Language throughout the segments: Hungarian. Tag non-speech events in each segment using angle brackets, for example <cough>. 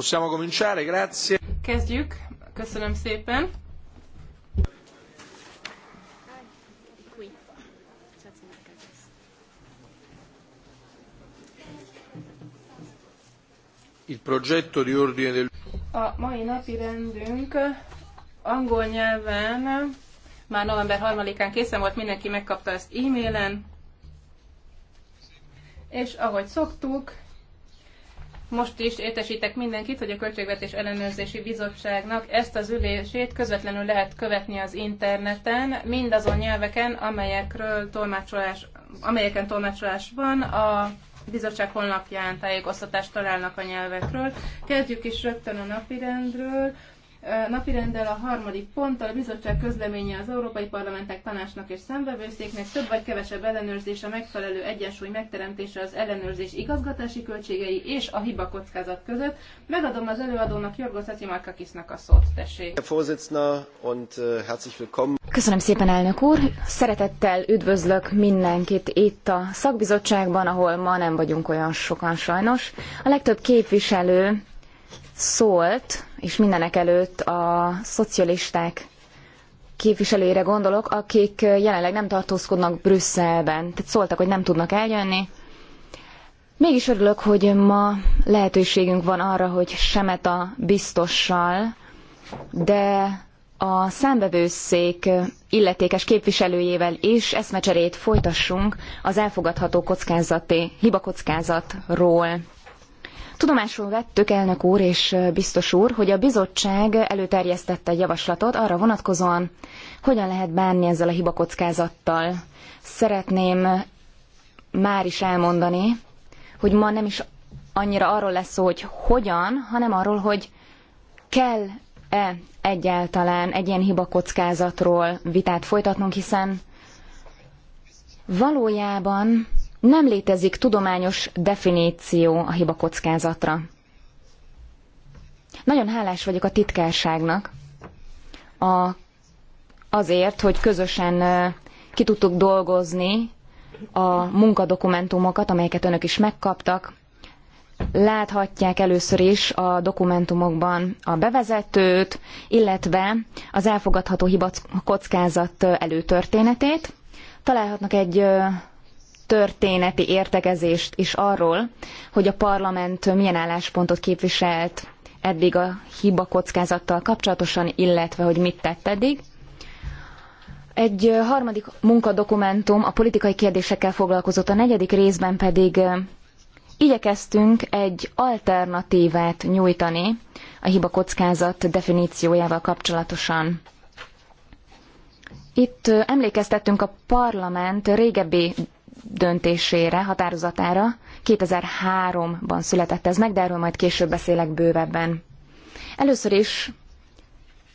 Possiamo cominciare, grazie. Kezdjük. Köszönöm szépen. Il progetto di ordine del... A mai napi rendünk angol nyelven már november 3-án készen volt, mindenki megkapta ezt e-mailen. És ahogy szoktuk, most is értesítek mindenkit, hogy a Költségvetés Ellenőrzési Bizottságnak ezt az ülését közvetlenül lehet követni az interneten, mindazon nyelveken, amelyekről tolmácsolás, amelyeken tolmácsolás van, a bizottság honlapján tájékoztatást találnak a nyelvekről. Kezdjük is rögtön a napirendről napirendel a harmadik ponttal a bizottság közleménye az Európai Parlamentek Tanácsnak és Szembevőszéknek több vagy kevesebb ellenőrzés a megfelelő egyensúly megteremtése az ellenőrzés igazgatási költségei és a hiba kockázat között. Megadom az előadónak Jorgos Acimarkakisnak a szót, tessék. Äh, Köszönöm szépen, elnök úr! Szeretettel üdvözlök mindenkit itt a szakbizottságban, ahol ma nem vagyunk olyan sokan sajnos. A legtöbb képviselő szólt, és mindenek előtt a szocialisták képviselőire gondolok, akik jelenleg nem tartózkodnak Brüsszelben. Tehát szóltak, hogy nem tudnak eljönni. Mégis örülök, hogy ma lehetőségünk van arra, hogy Semeta biztossal, de a számbevőszék illetékes képviselőjével is eszmecserét folytassunk az elfogadható kockázati, hibakockázatról. Tudomásul vettük, elnök úr és biztos úr, hogy a bizottság előterjesztette egy javaslatot arra vonatkozóan, hogyan lehet bánni ezzel a hibakockázattal. Szeretném már is elmondani, hogy ma nem is annyira arról lesz szó, hogy hogyan, hanem arról, hogy kell-e egyáltalán egy ilyen hibakockázatról vitát folytatnunk, hiszen valójában nem létezik tudományos definíció a hiba kockázatra. Nagyon hálás vagyok a titkárságnak a, azért, hogy közösen ki tudtuk dolgozni a munkadokumentumokat, amelyeket önök is megkaptak. Láthatják először is a dokumentumokban a bevezetőt, illetve az elfogadható hiba kockázat előtörténetét. Találhatnak egy történeti értekezést is arról, hogy a parlament milyen álláspontot képviselt eddig a hiba kockázattal kapcsolatosan, illetve hogy mit tett eddig. Egy harmadik munkadokumentum a politikai kérdésekkel foglalkozott, a negyedik részben pedig igyekeztünk egy alternatívát nyújtani a hiba kockázat definíciójával kapcsolatosan. Itt emlékeztettünk a parlament régebbi döntésére, határozatára. 2003-ban született ez meg, de erről majd később beszélek bővebben. Először is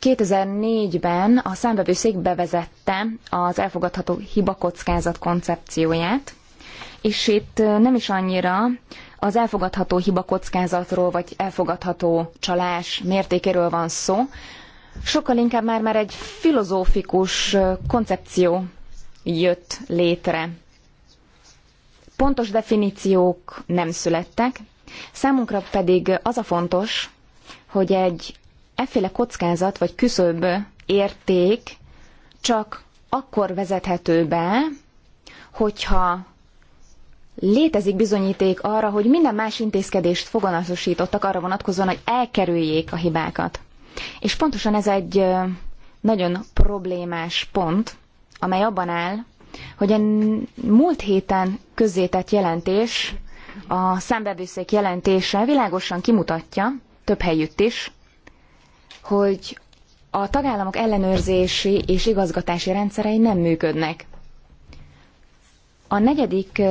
2004-ben a számbevőszék bevezette az elfogadható hibakockázat koncepcióját, és itt nem is annyira az elfogadható hibakockázatról vagy elfogadható csalás mértékéről van szó, sokkal inkább már, már egy filozófikus koncepció jött létre. Pontos definíciók nem születtek, számunkra pedig az a fontos, hogy egy efféle kockázat vagy küszöbb érték csak akkor vezethető be, hogyha létezik bizonyíték arra, hogy minden más intézkedést foganatosítottak arra vonatkozóan, hogy elkerüljék a hibákat. És pontosan ez egy nagyon problémás pont, amely abban áll, hogy a múlt héten közzétett jelentés, a számbevőszék jelentése világosan kimutatja, több helyütt is, hogy a tagállamok ellenőrzési és igazgatási rendszerei nem működnek. A negyedik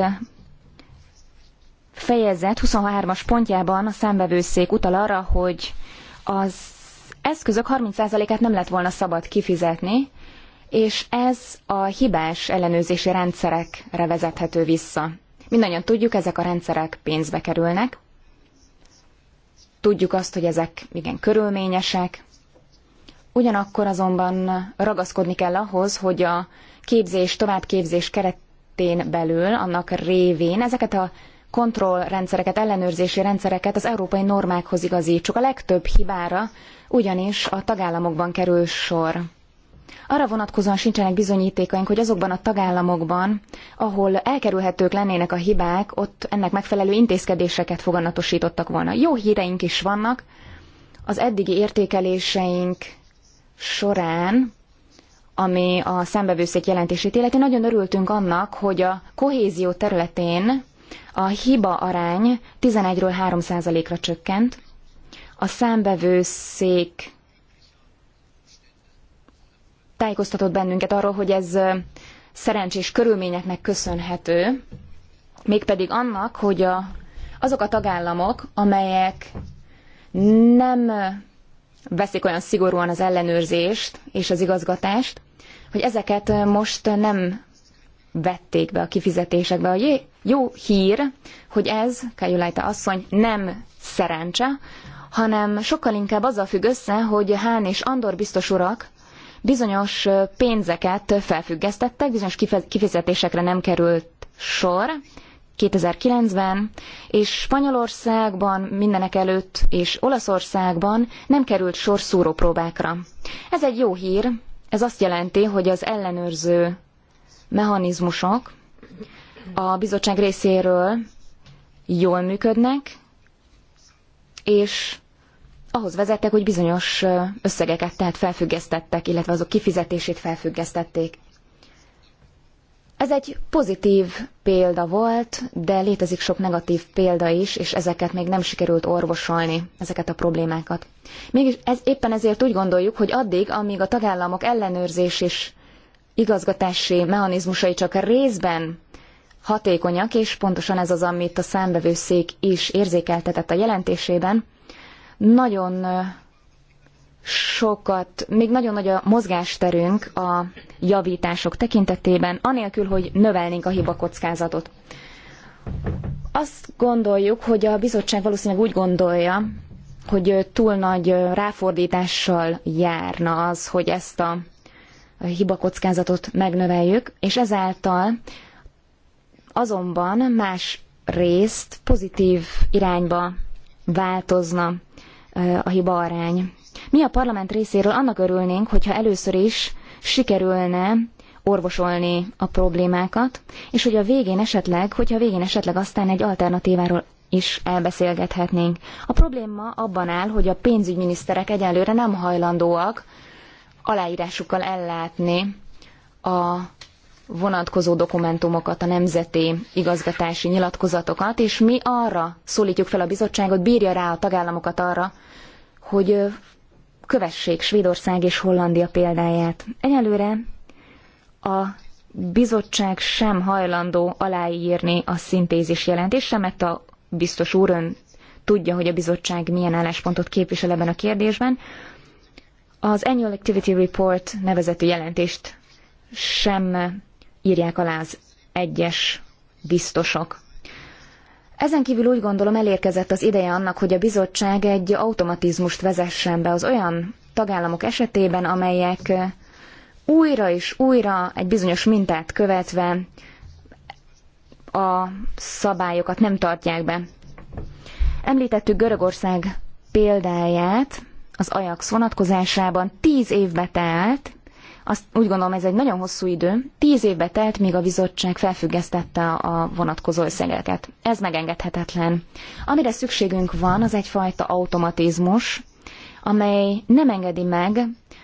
fejezet 23-as pontjában a számbevőszék utal arra, hogy az eszközök 30%-át nem lett volna szabad kifizetni, és ez a hibás ellenőrzési rendszerekre vezethető vissza. Mindannyian tudjuk, ezek a rendszerek pénzbe kerülnek, tudjuk azt, hogy ezek igen körülményesek, ugyanakkor azonban ragaszkodni kell ahhoz, hogy a képzés, továbbképzés keretén belül, annak révén ezeket a kontrollrendszereket, ellenőrzési rendszereket az európai normákhoz igazítsuk. A legtöbb hibára ugyanis a tagállamokban kerül sor. Arra vonatkozóan sincsenek bizonyítékaink, hogy azokban a tagállamokban, ahol elkerülhetők lennének a hibák, ott ennek megfelelő intézkedéseket foganatosítottak volna. Jó híreink is vannak. Az eddigi értékeléseink során, ami a szembevőszék jelentését illeti, nagyon örültünk annak, hogy a kohézió területén a hiba arány 11-ről 3%-ra csökkent, a számbevőszék tájékoztatott bennünket arról, hogy ez szerencsés körülményeknek köszönhető, mégpedig annak, hogy a, azok a tagállamok, amelyek nem veszik olyan szigorúan az ellenőrzést és az igazgatást, hogy ezeket most nem vették be a kifizetésekbe. A jó hír, hogy ez, Kajulajta asszony, nem szerencse, hanem sokkal inkább azzal függ össze, hogy Hán és Andor biztos urak bizonyos pénzeket felfüggesztettek, bizonyos kifizetésekre nem került sor 2009-ben, és Spanyolországban mindenek előtt és Olaszországban nem került sor szúrópróbákra. Ez egy jó hír, ez azt jelenti, hogy az ellenőrző mechanizmusok a bizottság részéről jól működnek, és ahhoz vezettek, hogy bizonyos összegeket tehát felfüggesztettek, illetve azok kifizetését felfüggesztették. Ez egy pozitív példa volt, de létezik sok negatív példa is, és ezeket még nem sikerült orvosolni, ezeket a problémákat. Mégis ez, éppen ezért úgy gondoljuk, hogy addig, amíg a tagállamok ellenőrzés és igazgatási mechanizmusai csak a részben hatékonyak, és pontosan ez az, amit a számbevőszék is érzékeltetett a jelentésében, nagyon sokat, még nagyon nagy a mozgásterünk a javítások tekintetében, anélkül, hogy növelnénk a hiba kockázatot. Azt gondoljuk, hogy a bizottság valószínűleg úgy gondolja, hogy túl nagy ráfordítással járna az, hogy ezt a hibakockázatot megnöveljük, és ezáltal azonban más részt pozitív irányba változna a hiba arány. Mi a parlament részéről annak örülnénk, hogyha először is sikerülne orvosolni a problémákat, és hogy a végén esetleg, hogyha a végén esetleg aztán egy alternatíváról is elbeszélgethetnénk. A probléma abban áll, hogy a pénzügyminiszterek egyelőre nem hajlandóak aláírásukkal ellátni a vonatkozó dokumentumokat, a nemzeti igazgatási nyilatkozatokat, és mi arra szólítjuk fel a bizottságot, bírja rá a tagállamokat arra, hogy kövessék Svédország és Hollandia példáját. Egyelőre a bizottság sem hajlandó aláírni a szintézis jelentést, mert a biztos úr ön tudja, hogy a bizottság milyen álláspontot képvisel ebben a kérdésben. Az Annual Activity Report nevezetű jelentést sem írják alá az egyes biztosok. Ezen kívül úgy gondolom elérkezett az ideje annak, hogy a bizottság egy automatizmust vezessen be az olyan tagállamok esetében, amelyek eh, újra és újra egy bizonyos mintát követve a szabályokat nem tartják be. Említettük Görögország példáját az Ajax vonatkozásában. Tíz évbe telt, azt úgy gondolom, ez egy nagyon hosszú idő. Tíz évbe telt, míg a bizottság felfüggesztette a vonatkozó összegeket. Ez megengedhetetlen. Amire szükségünk van, az egyfajta automatizmus, amely nem engedi meg,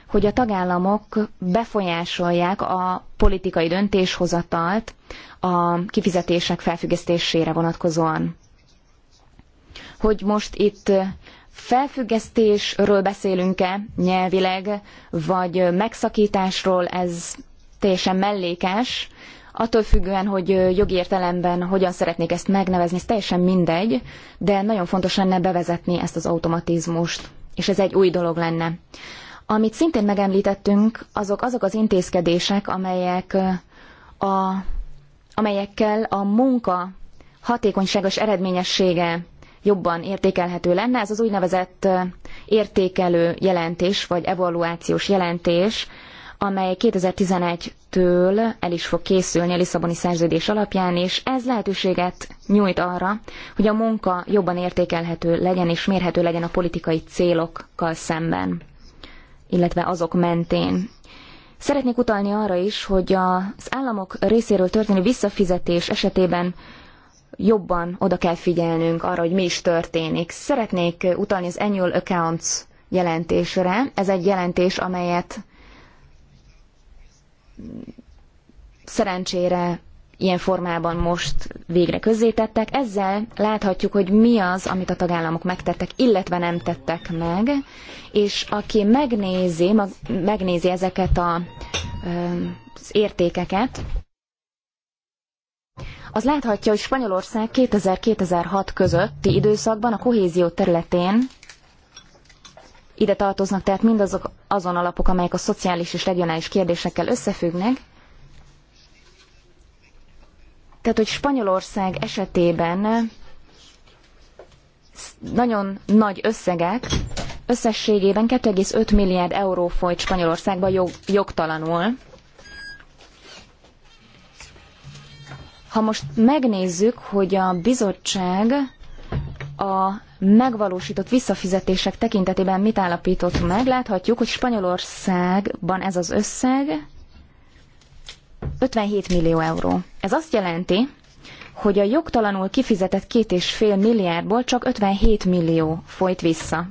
hogy a tagállamok befolyásolják a politikai döntéshozatalt a kifizetések felfüggesztésére vonatkozóan. Hogy most itt felfüggesztésről beszélünk-e nyelvileg, vagy megszakításról, ez teljesen mellékes, attól függően, hogy jogi értelemben hogyan szeretnék ezt megnevezni, ez teljesen mindegy, de nagyon fontos lenne bevezetni ezt az automatizmust, és ez egy új dolog lenne. Amit szintén megemlítettünk, azok azok az intézkedések, amelyek a, amelyekkel a munka hatékonyságos eredményessége jobban értékelhető lenne. Ez az úgynevezett értékelő jelentés, vagy evaluációs jelentés, amely 2011-től el is fog készülni a Lisszaboni szerződés alapján, és ez lehetőséget nyújt arra, hogy a munka jobban értékelhető legyen és mérhető legyen a politikai célokkal szemben, illetve azok mentén. Szeretnék utalni arra is, hogy az államok részéről történő visszafizetés esetében jobban oda kell figyelnünk arra, hogy mi is történik. Szeretnék utalni az Annual Accounts jelentésre. Ez egy jelentés, amelyet szerencsére ilyen formában most végre közzétettek. Ezzel láthatjuk, hogy mi az, amit a tagállamok megtettek, illetve nem tettek meg, és aki megnézi, megnézi ezeket a, az értékeket, az láthatja, hogy Spanyolország 2000-2006 közötti időszakban a kohézió területén ide tartoznak tehát mindazok azon alapok, amelyek a szociális és regionális kérdésekkel összefüggnek. Tehát, hogy Spanyolország esetében nagyon nagy összegek, összességében 2,5 milliárd euró folyt Spanyolországba jog, jogtalanul, Ha most megnézzük, hogy a bizottság a megvalósított visszafizetések tekintetében mit állapított meg, láthatjuk, hogy Spanyolországban ez az összeg 57 millió euró. Ez azt jelenti, hogy a jogtalanul kifizetett két és fél milliárdból csak 57 millió folyt vissza.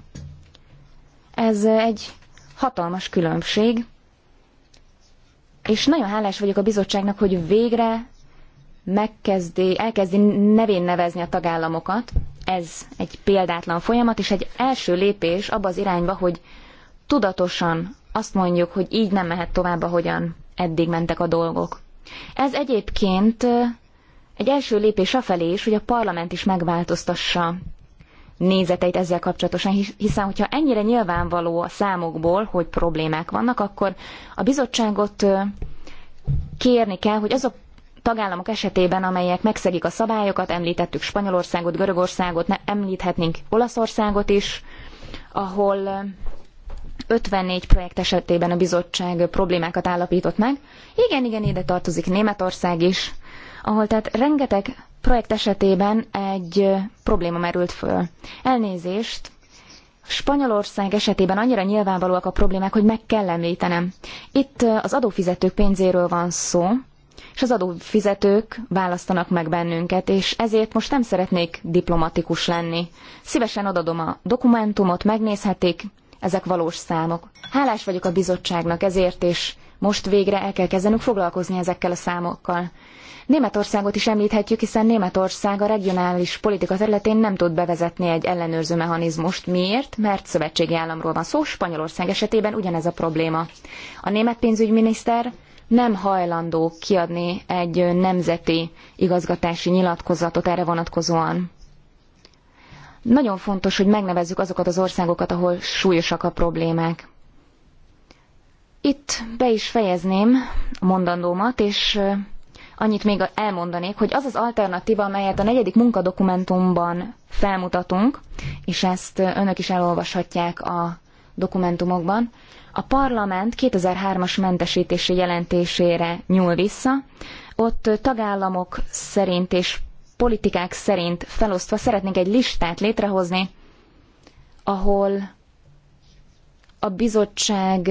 Ez egy hatalmas különbség, és nagyon hálás vagyok a bizottságnak, hogy végre megkezdi, elkezdi nevén nevezni a tagállamokat, ez egy példátlan folyamat, és egy első lépés abba az irányba, hogy tudatosan azt mondjuk, hogy így nem mehet tovább, ahogyan eddig mentek a dolgok. Ez egyébként egy első lépés afelé is, hogy a parlament is megváltoztassa nézeteit ezzel kapcsolatosan, hiszen hogyha ennyire nyilvánvaló a számokból, hogy problémák vannak, akkor a bizottságot kérni kell, hogy az a tagállamok esetében, amelyek megszegik a szabályokat, említettük Spanyolországot, Görögországot, ne, említhetnénk Olaszországot is, ahol 54 projekt esetében a bizottság problémákat állapított meg. Igen, igen, ide tartozik Németország is, ahol tehát rengeteg projekt esetében egy probléma merült föl. Elnézést, Spanyolország esetében annyira nyilvánvalóak a problémák, hogy meg kell említenem. Itt az adófizetők pénzéről van szó, és az adófizetők választanak meg bennünket, és ezért most nem szeretnék diplomatikus lenni. Szívesen odadom a dokumentumot, megnézhetik, ezek valós számok. Hálás vagyok a bizottságnak ezért, és most végre el kell kezdenünk foglalkozni ezekkel a számokkal. Németországot is említhetjük, hiszen Németország a regionális politika területén nem tud bevezetni egy ellenőrző mechanizmust. Miért? Mert szövetségi államról van szó, Spanyolország esetében ugyanez a probléma. A német pénzügyminiszter nem hajlandó kiadni egy nemzeti igazgatási nyilatkozatot erre vonatkozóan. Nagyon fontos, hogy megnevezzük azokat az országokat, ahol súlyosak a problémák. Itt be is fejezném a mondandómat, és annyit még elmondanék, hogy az az alternatíva, amelyet a negyedik munkadokumentumban felmutatunk, és ezt önök is elolvashatják a dokumentumokban, a parlament 2003-as mentesítési jelentésére nyúl vissza, ott tagállamok szerint és politikák szerint felosztva szeretnénk egy listát létrehozni, ahol a bizottság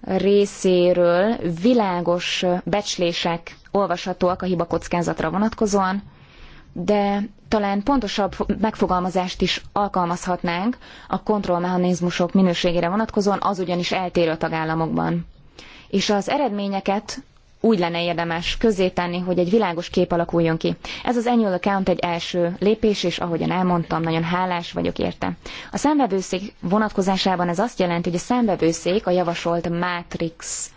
részéről világos becslések olvashatóak a hibakockázatra vonatkozóan, de talán pontosabb megfogalmazást is alkalmazhatnánk a kontrollmechanizmusok minőségére vonatkozóan, az ugyanis eltérő a tagállamokban. És az eredményeket úgy lenne érdemes közzétenni, hogy egy világos kép alakuljon ki. Ez az Annual Account egy első lépés, és ahogyan elmondtam, nagyon hálás vagyok érte. A számvevőszék vonatkozásában ez azt jelenti, hogy a számvevőszék a javasolt Matrix,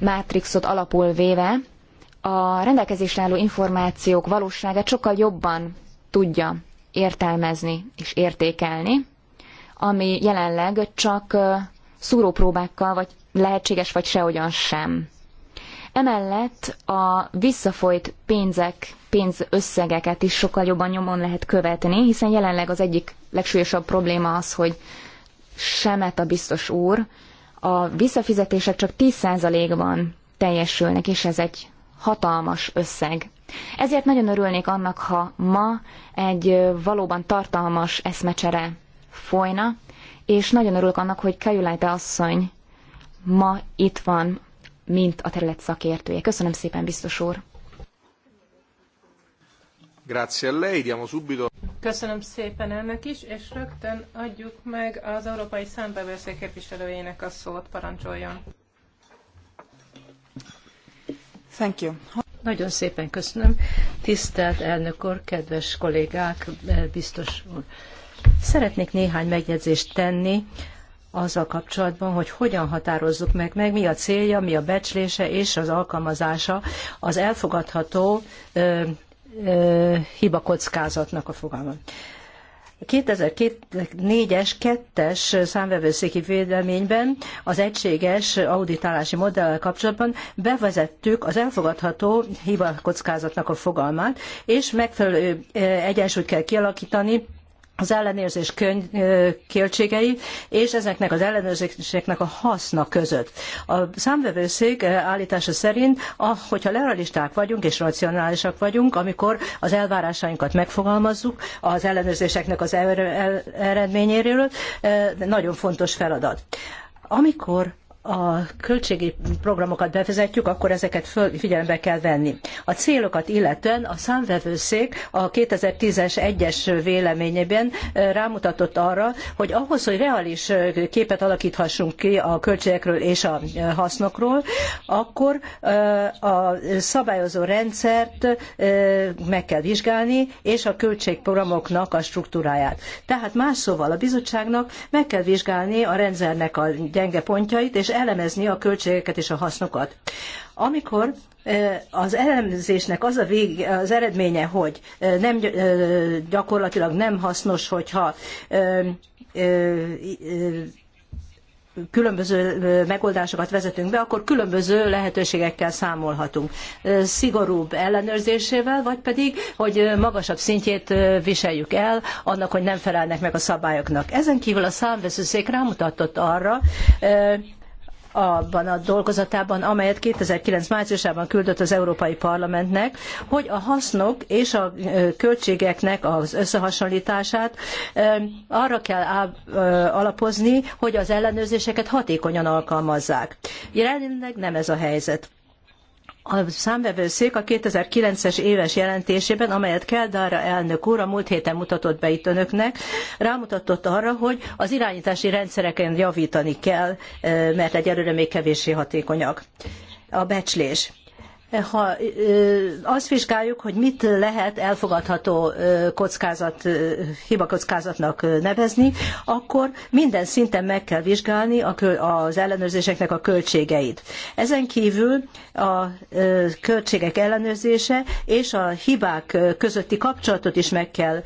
Matrixot alapul véve a rendelkezésre álló információk valóságát sokkal jobban tudja értelmezni és értékelni, ami jelenleg csak szúrópróbákkal vagy lehetséges, vagy sehogyan sem. Emellett a visszafolyt pénzek, pénzösszegeket is sokkal jobban nyomon lehet követni, hiszen jelenleg az egyik legsúlyosabb probléma az, hogy semet a biztos úr, a visszafizetések csak 10%-ban teljesülnek, és ez egy hatalmas összeg. Ezért nagyon örülnék annak, ha ma egy valóban tartalmas eszmecsere folyna, és nagyon örülök annak, hogy Kajulájte asszony ma itt van, mint a terület szakértője. Köszönöm szépen, biztos úr! Grazie a lei, diamo subito. Köszönöm szépen ennek is, és rögtön adjuk meg az Európai Számbevőszék képviselőjének a szót, parancsoljon. Thank you. Nagyon szépen köszönöm. Tisztelt elnök úr, kedves kollégák, biztos úr. Szeretnék néhány megjegyzést tenni azzal kapcsolatban, hogy hogyan határozzuk meg, meg mi a célja, mi a becslése és az alkalmazása az elfogadható ö, ö, hibakockázatnak a fogalma. 2004-es, 2-es számvevőszéki védelményben az egységes auditálási modellel kapcsolatban bevezettük az elfogadható hibakockázatnak a fogalmát, és megfelelő egyensúlyt kell kialakítani az ellenőrzés költségei és ezeknek az ellenőrzéseknek a haszna között. A számvevőszék állítása szerint, hogyha lealisták vagyunk és racionálisak vagyunk, amikor az elvárásainkat megfogalmazzuk az ellenőrzéseknek az er- eredményéről, nagyon fontos feladat. Amikor a költségi programokat bevezetjük, akkor ezeket föl, figyelembe kell venni. A célokat illetően a számvevőszék a 2010-es egyes véleményében rámutatott arra, hogy ahhoz, hogy reális képet alakíthassunk ki a költségekről és a hasznokról, akkor a szabályozó rendszert meg kell vizsgálni, és a költségprogramoknak a struktúráját. Tehát más szóval a bizottságnak meg kell vizsgálni a rendszernek a gyenge pontjait, és elemezni a költségeket és a hasznokat. Amikor az elemzésnek az a vég, az eredménye, hogy nem gyakorlatilag nem hasznos, hogyha különböző megoldásokat vezetünk be, akkor különböző lehetőségekkel számolhatunk. Szigorúbb ellenőrzésével, vagy pedig, hogy magasabb szintjét viseljük el annak, hogy nem felelnek meg a szabályoknak. Ezen kívül a számveszőszék rámutatott arra, abban a dolgozatában, amelyet 2009 márciusában küldött az Európai Parlamentnek, hogy a hasznok és a költségeknek az összehasonlítását arra kell alapozni, hogy az ellenőrzéseket hatékonyan alkalmazzák. Jelenleg nem ez a helyzet. A számvevőszék a 2009-es éves jelentésében, amelyet Keldára elnök úr a múlt héten mutatott be itt önöknek, rámutatott arra, hogy az irányítási rendszereken javítani kell, eh, mert egyelőre még kevéssé hatékonyak. A becslés ha azt vizsgáljuk, hogy mit lehet elfogadható kockázat, hibakockázatnak nevezni, akkor minden szinten meg kell vizsgálni az ellenőrzéseknek a költségeit. Ezen kívül a költségek ellenőrzése és a hibák közötti kapcsolatot is meg kell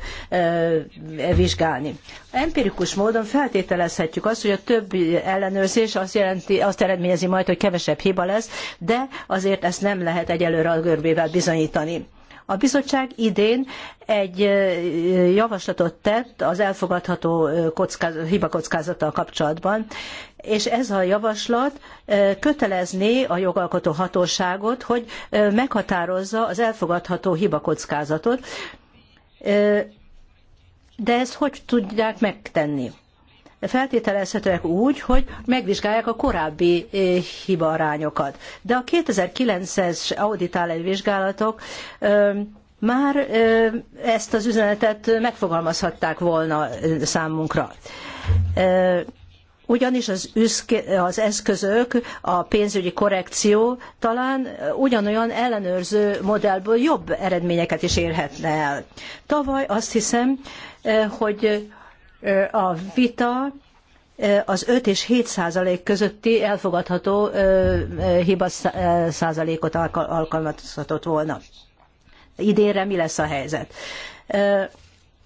vizsgálni empirikus módon feltételezhetjük azt, hogy a több ellenőrzés azt, jelenti, azt eredményezi majd, hogy kevesebb hiba lesz, de azért ezt nem lehet egyelőre a görbével bizonyítani. A bizottság idén egy javaslatot tett az elfogadható kockáz, hibakockázattal kapcsolatban, és ez a javaslat kötelezné a jogalkotó hatóságot, hogy meghatározza az elfogadható hibakockázatot, de ezt hogy tudják megtenni? feltételezhetőek úgy, hogy megvizsgálják a korábbi eh, hibarányokat. De a 2009-es auditált vizsgálatok eh, már eh, ezt az üzenetet megfogalmazhatták volna számunkra. Ugyanis az, üszke, az eszközök, a pénzügyi korrekció talán ugyanolyan ellenőrző modellből jobb eredményeket is érhetne el. Tavaly azt hiszem, Eh, hogy eh, a vita eh, az 5 és 7 százalék közötti elfogadható hiba százalékot alkalmazhatott volna. Idénre mi lesz a helyzet?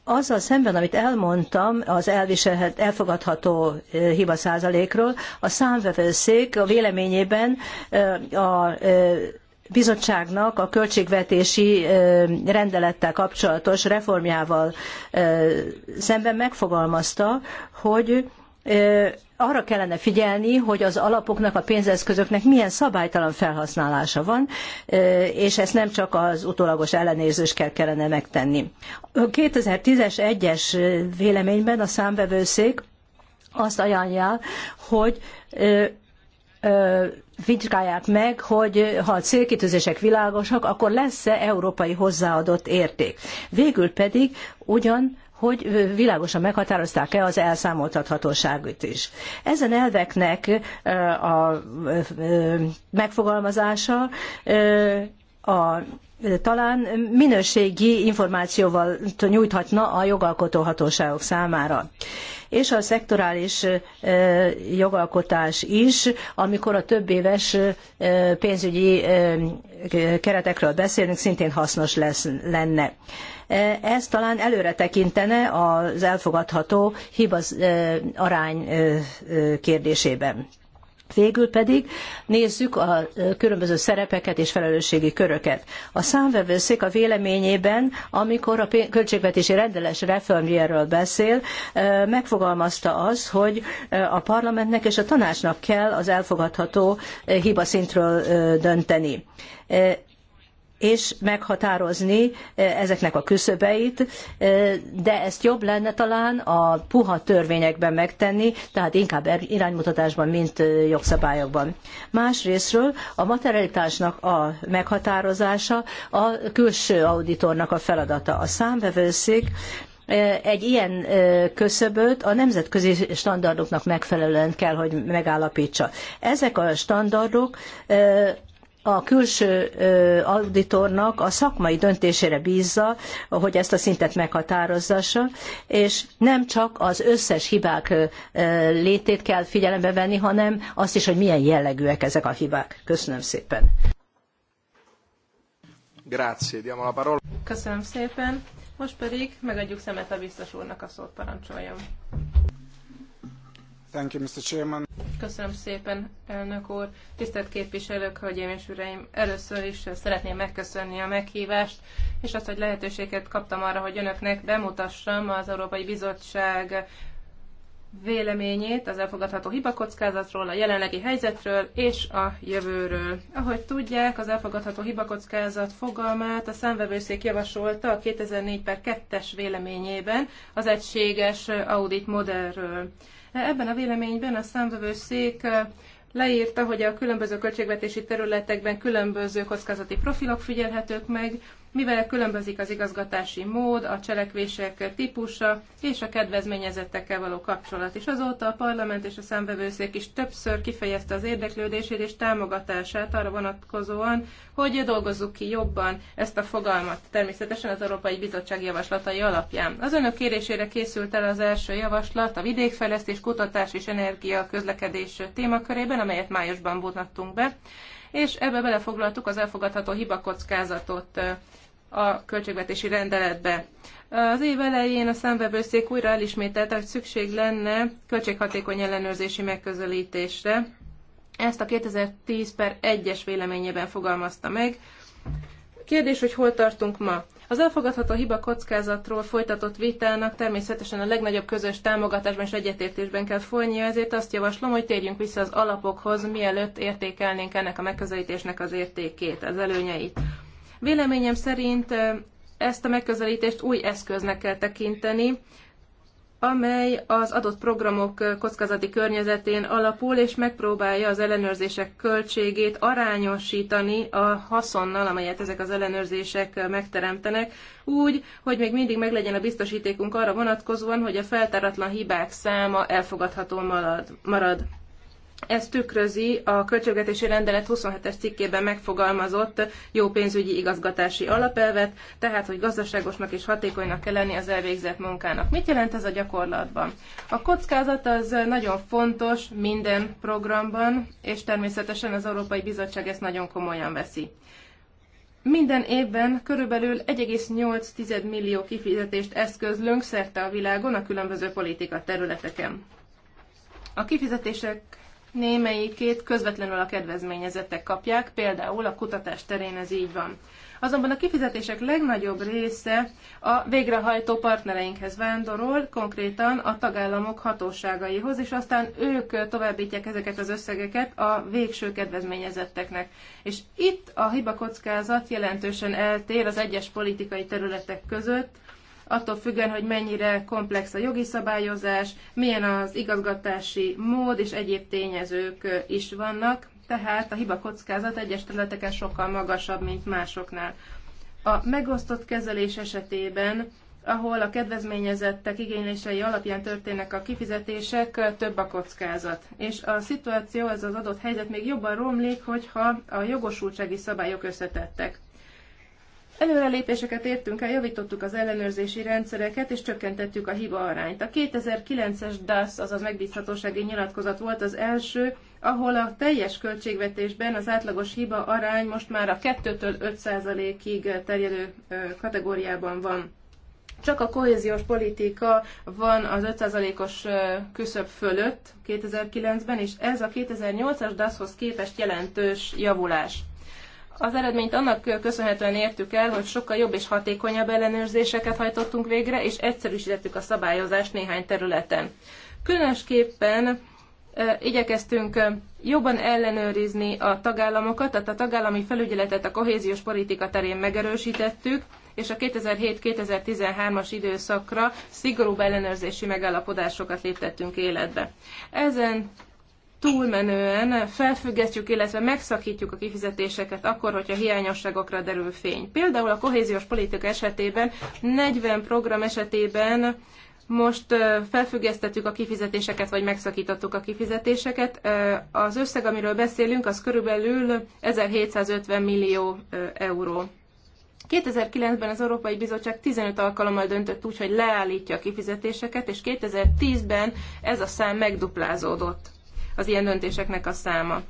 azzal szemben, amit elmondtam az elviselhet, elfogadható hiba százalékról, a számvevőszék a véleményében a bizottságnak a költségvetési rendelettel kapcsolatos reformjával szemben megfogalmazta, hogy arra kellene figyelni, hogy az alapoknak, a pénzeszközöknek milyen szabálytalan felhasználása van, és ezt nem csak az utólagos kell kellene megtenni. A 2010-es egyes véleményben a számvevőszék azt ajánlja, hogy vizsgálják meg, hogy ha a célkitűzések világosak, akkor lesz-e európai hozzáadott érték. Végül pedig ugyan hogy világosan meghatározták-e az elszámoltathatóságot is. Ezen elveknek a megfogalmazása a talán minőségi információval nyújthatna a jogalkotó hatóságok számára. És a szektorális jogalkotás is, amikor a több éves pénzügyi keretekről beszélünk, szintén hasznos lesz, lenne. Ez talán előre tekintene az elfogadható hiba arány kérdésében. Végül pedig nézzük a különböző szerepeket és felelősségi köröket. A számvevőszék a véleményében, amikor a költségvetési rendeles reformjéről beszél, megfogalmazta az, hogy a parlamentnek és a tanácsnak kell az elfogadható hibaszintről dönteni és meghatározni eh, ezeknek a küszöbeit, eh, de ezt jobb lenne talán a puha törvényekben megtenni, tehát inkább er- iránymutatásban, mint eh, jogszabályokban. Másrésztről a materialitásnak a meghatározása a külső auditornak a feladata. A számbevőszék egy ilyen köszöböt a nemzetközi standardoknak megfelelően kell, hogy megállapítsa. Ezek a standardok a külső auditornak a szakmai döntésére bízza, hogy ezt a szintet meghatározzassa, és nem csak az összes hibák létét kell figyelembe venni, hanem azt is, hogy milyen jellegűek ezek a hibák. Köszönöm szépen. Grazie, diamo la parola. Köszönöm szépen. Most pedig megadjuk szemet a biztos úrnak a szót, parancsoljon. Thank you, Mr. Chairman. Köszönöm szépen, elnök úr. Tisztelt képviselők, hölgyeim és uraim, először is szeretném megköszönni a meghívást, és azt, hogy lehetőséget kaptam arra, hogy önöknek bemutassam az Európai Bizottság véleményét az elfogadható hibakockázatról, a jelenlegi helyzetről és a jövőről. Ahogy tudják, az elfogadható hibakockázat fogalmát a számvevőszék javasolta a 2004 per 2-es véleményében az egységes audit modellről. Ebben a véleményben a számvevőszék leírta, hogy a különböző költségvetési területekben különböző kockázati profilok figyelhetők meg, mivel különbözik az igazgatási mód, a cselekvések típusa és a kedvezményezettekkel való kapcsolat. És azóta a parlament és a számvevőszék is többször kifejezte az érdeklődését és támogatását arra vonatkozóan, hogy dolgozzuk ki jobban ezt a fogalmat, természetesen az Európai Bizottság javaslatai alapján. Az önök kérésére készült el az első javaslat a vidékfejlesztés, kutatás és energia közlekedés témakörében, amelyet májusban mutattunk be és ebbe belefoglaltuk az elfogadható hibakockázatot a költségvetési rendeletbe. Az év elején a számvevőszék újra elismételte, hogy szükség lenne költséghatékony ellenőrzési megközelítésre. Ezt a 2010 per 1-es véleményében fogalmazta meg. Kérdés, hogy hol tartunk ma? Az elfogadható hiba kockázatról folytatott vitának természetesen a legnagyobb közös támogatásban és egyetértésben kell folynia, ezért azt javaslom, hogy térjünk vissza az alapokhoz, mielőtt értékelnénk ennek a megközelítésnek az értékét, az előnyeit. Véleményem szerint ezt a megközelítést új eszköznek kell tekinteni, amely az adott programok kockázati környezetén alapul, és megpróbálja az ellenőrzések költségét arányosítani a haszonnal, amelyet ezek az ellenőrzések megteremtenek, úgy, hogy még mindig meglegyen a biztosítékunk arra vonatkozóan, hogy a feltáratlan hibák száma elfogadható marad. Ez tükrözi a költségvetési rendelet 27-es cikkében megfogalmazott jó pénzügyi igazgatási alapelvet, tehát hogy gazdaságosnak és hatékonynak kell lenni az elvégzett munkának. Mit jelent ez a gyakorlatban? A kockázat az nagyon fontos minden programban, és természetesen az Európai Bizottság ezt nagyon komolyan veszi. Minden évben körülbelül 1,8 millió kifizetést eszközlünk szerte a világon a különböző politika területeken. A kifizetések némelyikét közvetlenül a kedvezményezettek kapják, például a kutatás terén ez így van. Azonban a kifizetések legnagyobb része a végrehajtó partnereinkhez vándorol, konkrétan a tagállamok hatóságaihoz, és aztán ők továbbítják ezeket az összegeket a végső kedvezményezetteknek. És itt a hibakockázat jelentősen eltér az egyes politikai területek között, attól függően, hogy mennyire komplex a jogi szabályozás, milyen az igazgatási mód és egyéb tényezők is vannak, tehát a hiba kockázat egyes területeken sokkal magasabb, mint másoknál. A megosztott kezelés esetében ahol a kedvezményezettek igénylései alapján történnek a kifizetések, több a kockázat. És a szituáció, ez az adott helyzet még jobban romlik, hogyha a jogosultsági szabályok összetettek. Előrelépéseket értünk el, javítottuk az ellenőrzési rendszereket, és csökkentettük a hiba arányt. A 2009-es DAS, azaz megbízhatósági nyilatkozat volt az első, ahol a teljes költségvetésben az átlagos hiba arány most már a 2-től 5%-ig terjedő kategóriában van. Csak a kohéziós politika van az 5%-os küszöb fölött 2009-ben, és ez a 2008-as dasz hoz képest jelentős javulás az eredményt annak köszönhetően értük el, hogy sokkal jobb és hatékonyabb ellenőrzéseket hajtottunk végre, és egyszerűsítettük a szabályozást néhány területen. Különösképpen igyekeztünk jobban ellenőrizni a tagállamokat, tehát a tagállami felügyeletet a kohéziós politika terén megerősítettük, és a 2007-2013-as időszakra szigorúbb ellenőrzési megállapodásokat léptettünk életbe. Ezen túlmenően felfüggesztjük, illetve megszakítjuk a kifizetéseket akkor, hogyha hiányosságokra derül fény. Például a kohéziós politika esetében 40 program esetében most felfüggesztettük a kifizetéseket, vagy megszakítottuk a kifizetéseket. Az összeg, amiről beszélünk, az körülbelül 1750 millió euró. 2009-ben az Európai Bizottság 15 alkalommal döntött úgy, hogy leállítja a kifizetéseket, és 2010-ben ez a szám megduplázódott az ilyen döntéseknek a száma.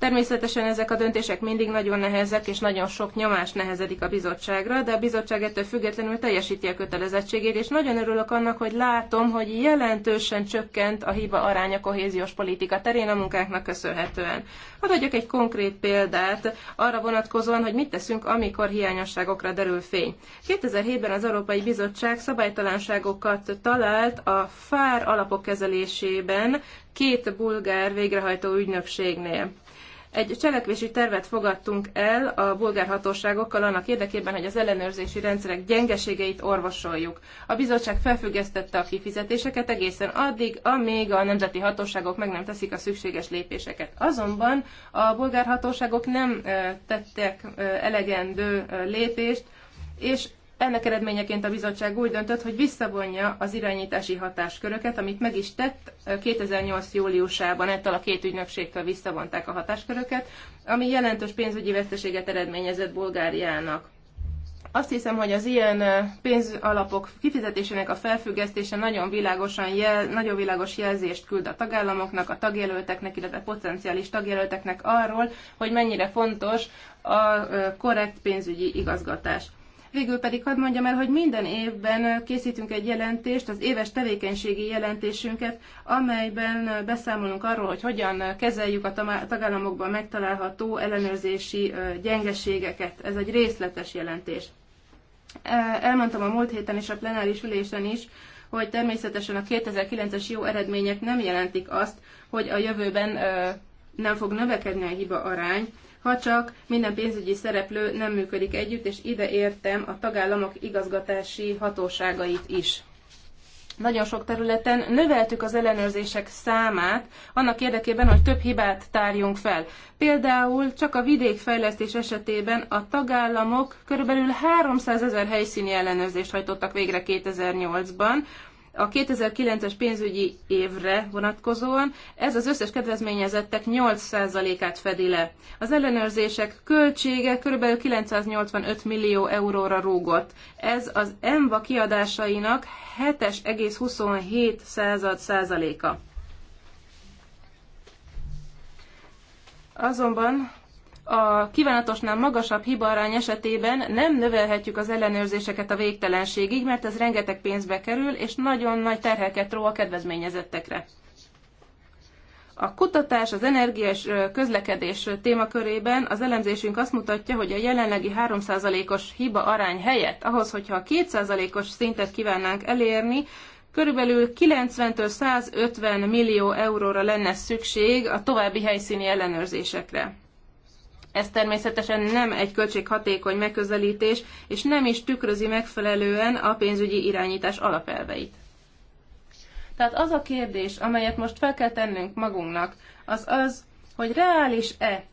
Természetesen ezek a döntések mindig nagyon nehezek, és nagyon sok nyomás nehezedik a bizottságra, de a bizottság ettől függetlenül teljesíti a kötelezettségét, és nagyon örülök annak, hogy látom, hogy jelentősen csökkent a hiba aránya kohéziós politika terén a munkáknak köszönhetően. Hadd adjak egy konkrét példát arra vonatkozóan, hogy mit teszünk, amikor hiányosságokra derül fény. 2007-ben az Európai Bizottság szabálytalanságokat talált a fár alapok kezelésében két bulgár végrehajtó ügynökségnél. Egy cselekvési tervet fogadtunk el a bulgár hatóságokkal annak érdekében, hogy az ellenőrzési rendszerek gyengeségeit orvosoljuk. A bizottság felfüggesztette a kifizetéseket egészen addig, amíg a nemzeti hatóságok meg nem teszik a szükséges lépéseket. Azonban a bulgár hatóságok nem eh, tettek eh, elegendő eh, lépést, és ennek eredményeként a bizottság úgy döntött, hogy visszavonja az irányítási hatásköröket, amit meg is tett 2008. Eh, júliusában, ettől a két ügynökségtől visszavonták a hatásköröket, ami jelentős pénzügyi veszteséget eredményezett Bulgáriának. Azt hiszem, hogy az ilyen eh, pénzalapok kifizetésének a felfüggesztése nagyon, világosan jel, nagyon világos jelzést küld a tagállamoknak, a tagjelölteknek, illetve potenciális tagjelölteknek arról, hogy mennyire fontos a eh, korrekt pénzügyi igazgatás. Végül pedig hadd mondjam el, hogy minden évben készítünk egy jelentést, az éves tevékenységi jelentésünket, amelyben beszámolunk arról, hogy hogyan kezeljük a tagállamokban megtalálható ellenőrzési gyengeségeket. Ez egy részletes jelentés. E, elmondtam a múlt héten és a plenáris ülésen is, hogy természetesen a 2009-es jó eredmények nem jelentik azt, hogy a jövőben nem fog növekedni a hiba arány, ha csak minden pénzügyi szereplő nem működik együtt, és ide értem a tagállamok igazgatási hatóságait is. Nagyon sok területen növeltük az ellenőrzések számát, annak érdekében, hogy több hibát tárjunk fel. Például csak a vidékfejlesztés esetében a tagállamok körülbelül 300 ezer helyszíni ellenőrzést hajtottak végre 2008-ban, a 2009-es pénzügyi évre vonatkozóan ez az összes kedvezményezettek 8%-át fedi le. Az ellenőrzések költsége kb. 985 millió euróra rúgott. Ez az EMVA kiadásainak 7,27%-a. Azonban a kívánatosnál magasabb hibarány esetében nem növelhetjük az ellenőrzéseket a végtelenségig, mert ez rengeteg pénzbe kerül, és nagyon nagy terheket ró a kedvezményezettekre. A kutatás, az energiás közlekedés témakörében az elemzésünk azt mutatja, hogy a jelenlegi 3%-os hiba arány helyett ahhoz, hogyha a 2%-os szintet kívánnánk elérni, körülbelül 90-től 150 millió euróra lenne szükség a további helyszíni ellenőrzésekre. Ez természetesen nem egy költséghatékony megközelítés, és nem is tükrözi megfelelően a pénzügyi irányítás alapelveit. Tehát az a kérdés, amelyet most fel kell tennünk magunknak, az az, hogy reális-e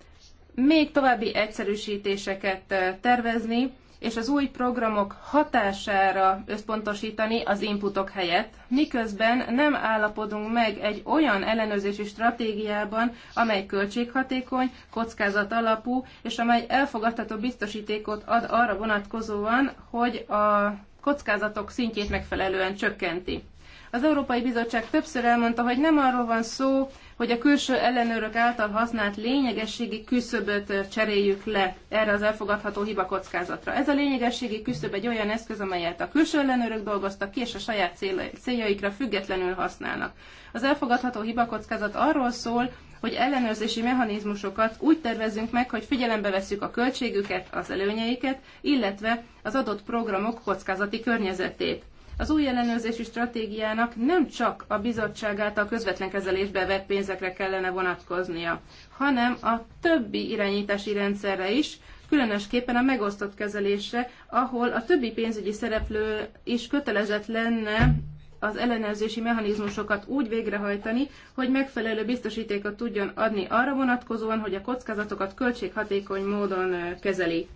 még további egyszerűsítéseket tervezni, és az új programok hatására összpontosítani az inputok helyett, miközben nem állapodunk meg egy olyan ellenőrzési stratégiában, amely költséghatékony, kockázat alapú, és amely elfogadható biztosítékot ad arra vonatkozóan, hogy a kockázatok szintjét megfelelően csökkenti. Az Európai Bizottság többször elmondta, hogy nem arról van szó, hogy a külső ellenőrök által használt lényegességi küszöböt cseréljük le erre az elfogadható hibakockázatra. Ez a lényegességi küszöb egy olyan eszköz, amelyet a külső ellenőrök dolgoztak ki, és a saját céljaikra függetlenül használnak. Az elfogadható hibakockázat arról szól, hogy ellenőrzési mechanizmusokat úgy tervezünk meg, hogy figyelembe veszük a költségüket, az előnyeiket, illetve az adott programok kockázati környezetét. Az új ellenőrzési stratégiának nem csak a bizottság által közvetlen kezelésbe vett pénzekre kellene vonatkoznia, hanem a többi irányítási rendszerre is, különösképpen a megosztott kezelésre, ahol a többi pénzügyi szereplő is kötelezett lenne az ellenőrzési mechanizmusokat úgy végrehajtani, hogy megfelelő biztosítékot tudjon adni arra vonatkozóan, hogy a kockázatokat költséghatékony módon kezeli.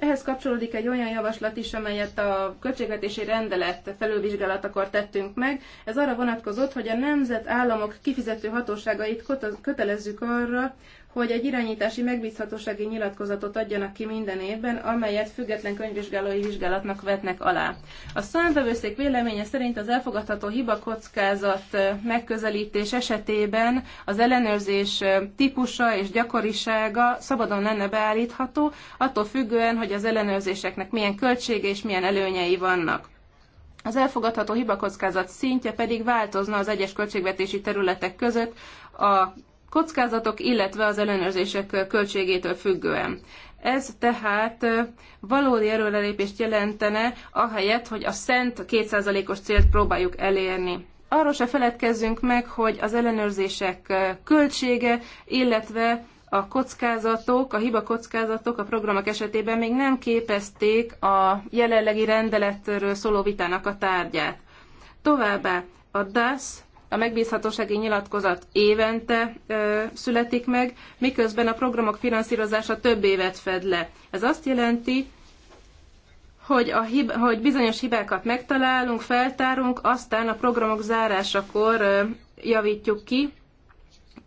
Ehhez kapcsolódik egy olyan javaslat is, amelyet a költségvetési rendelet felülvizsgálatakor tettünk meg. Ez arra vonatkozott, hogy a nemzetállamok kifizető hatóságait kötelezzük arra, hogy egy irányítási megbízhatósági nyilatkozatot adjanak ki minden évben, amelyet független könyvvizsgálói vizsgálatnak vetnek alá. A számvevőszék véleménye szerint az elfogadható hibakockázat megközelítés esetében az ellenőrzés típusa és gyakorisága szabadon lenne beállítható, attól függően, hogy az ellenőrzéseknek milyen költsége és milyen előnyei vannak. Az elfogadható hibakockázat szintje pedig változna az egyes költségvetési területek között a kockázatok, illetve az ellenőrzések költségétől függően. Ez tehát valódi erőrelépést jelentene, ahelyett, hogy a szent 2%-os célt próbáljuk elérni. Arról se feledkezzünk meg, hogy az ellenőrzések költsége, illetve a kockázatok, a hiba kockázatok a programok esetében még nem képezték a jelenlegi rendeletről szóló vitának a tárgyát. Továbbá a DASZ a megbízhatósági nyilatkozat évente ö, születik meg, miközben a programok finanszírozása több évet fed le. Ez azt jelenti, hogy, a hib- hogy bizonyos hibákat megtalálunk, feltárunk, aztán a programok zárásakor ö, javítjuk ki.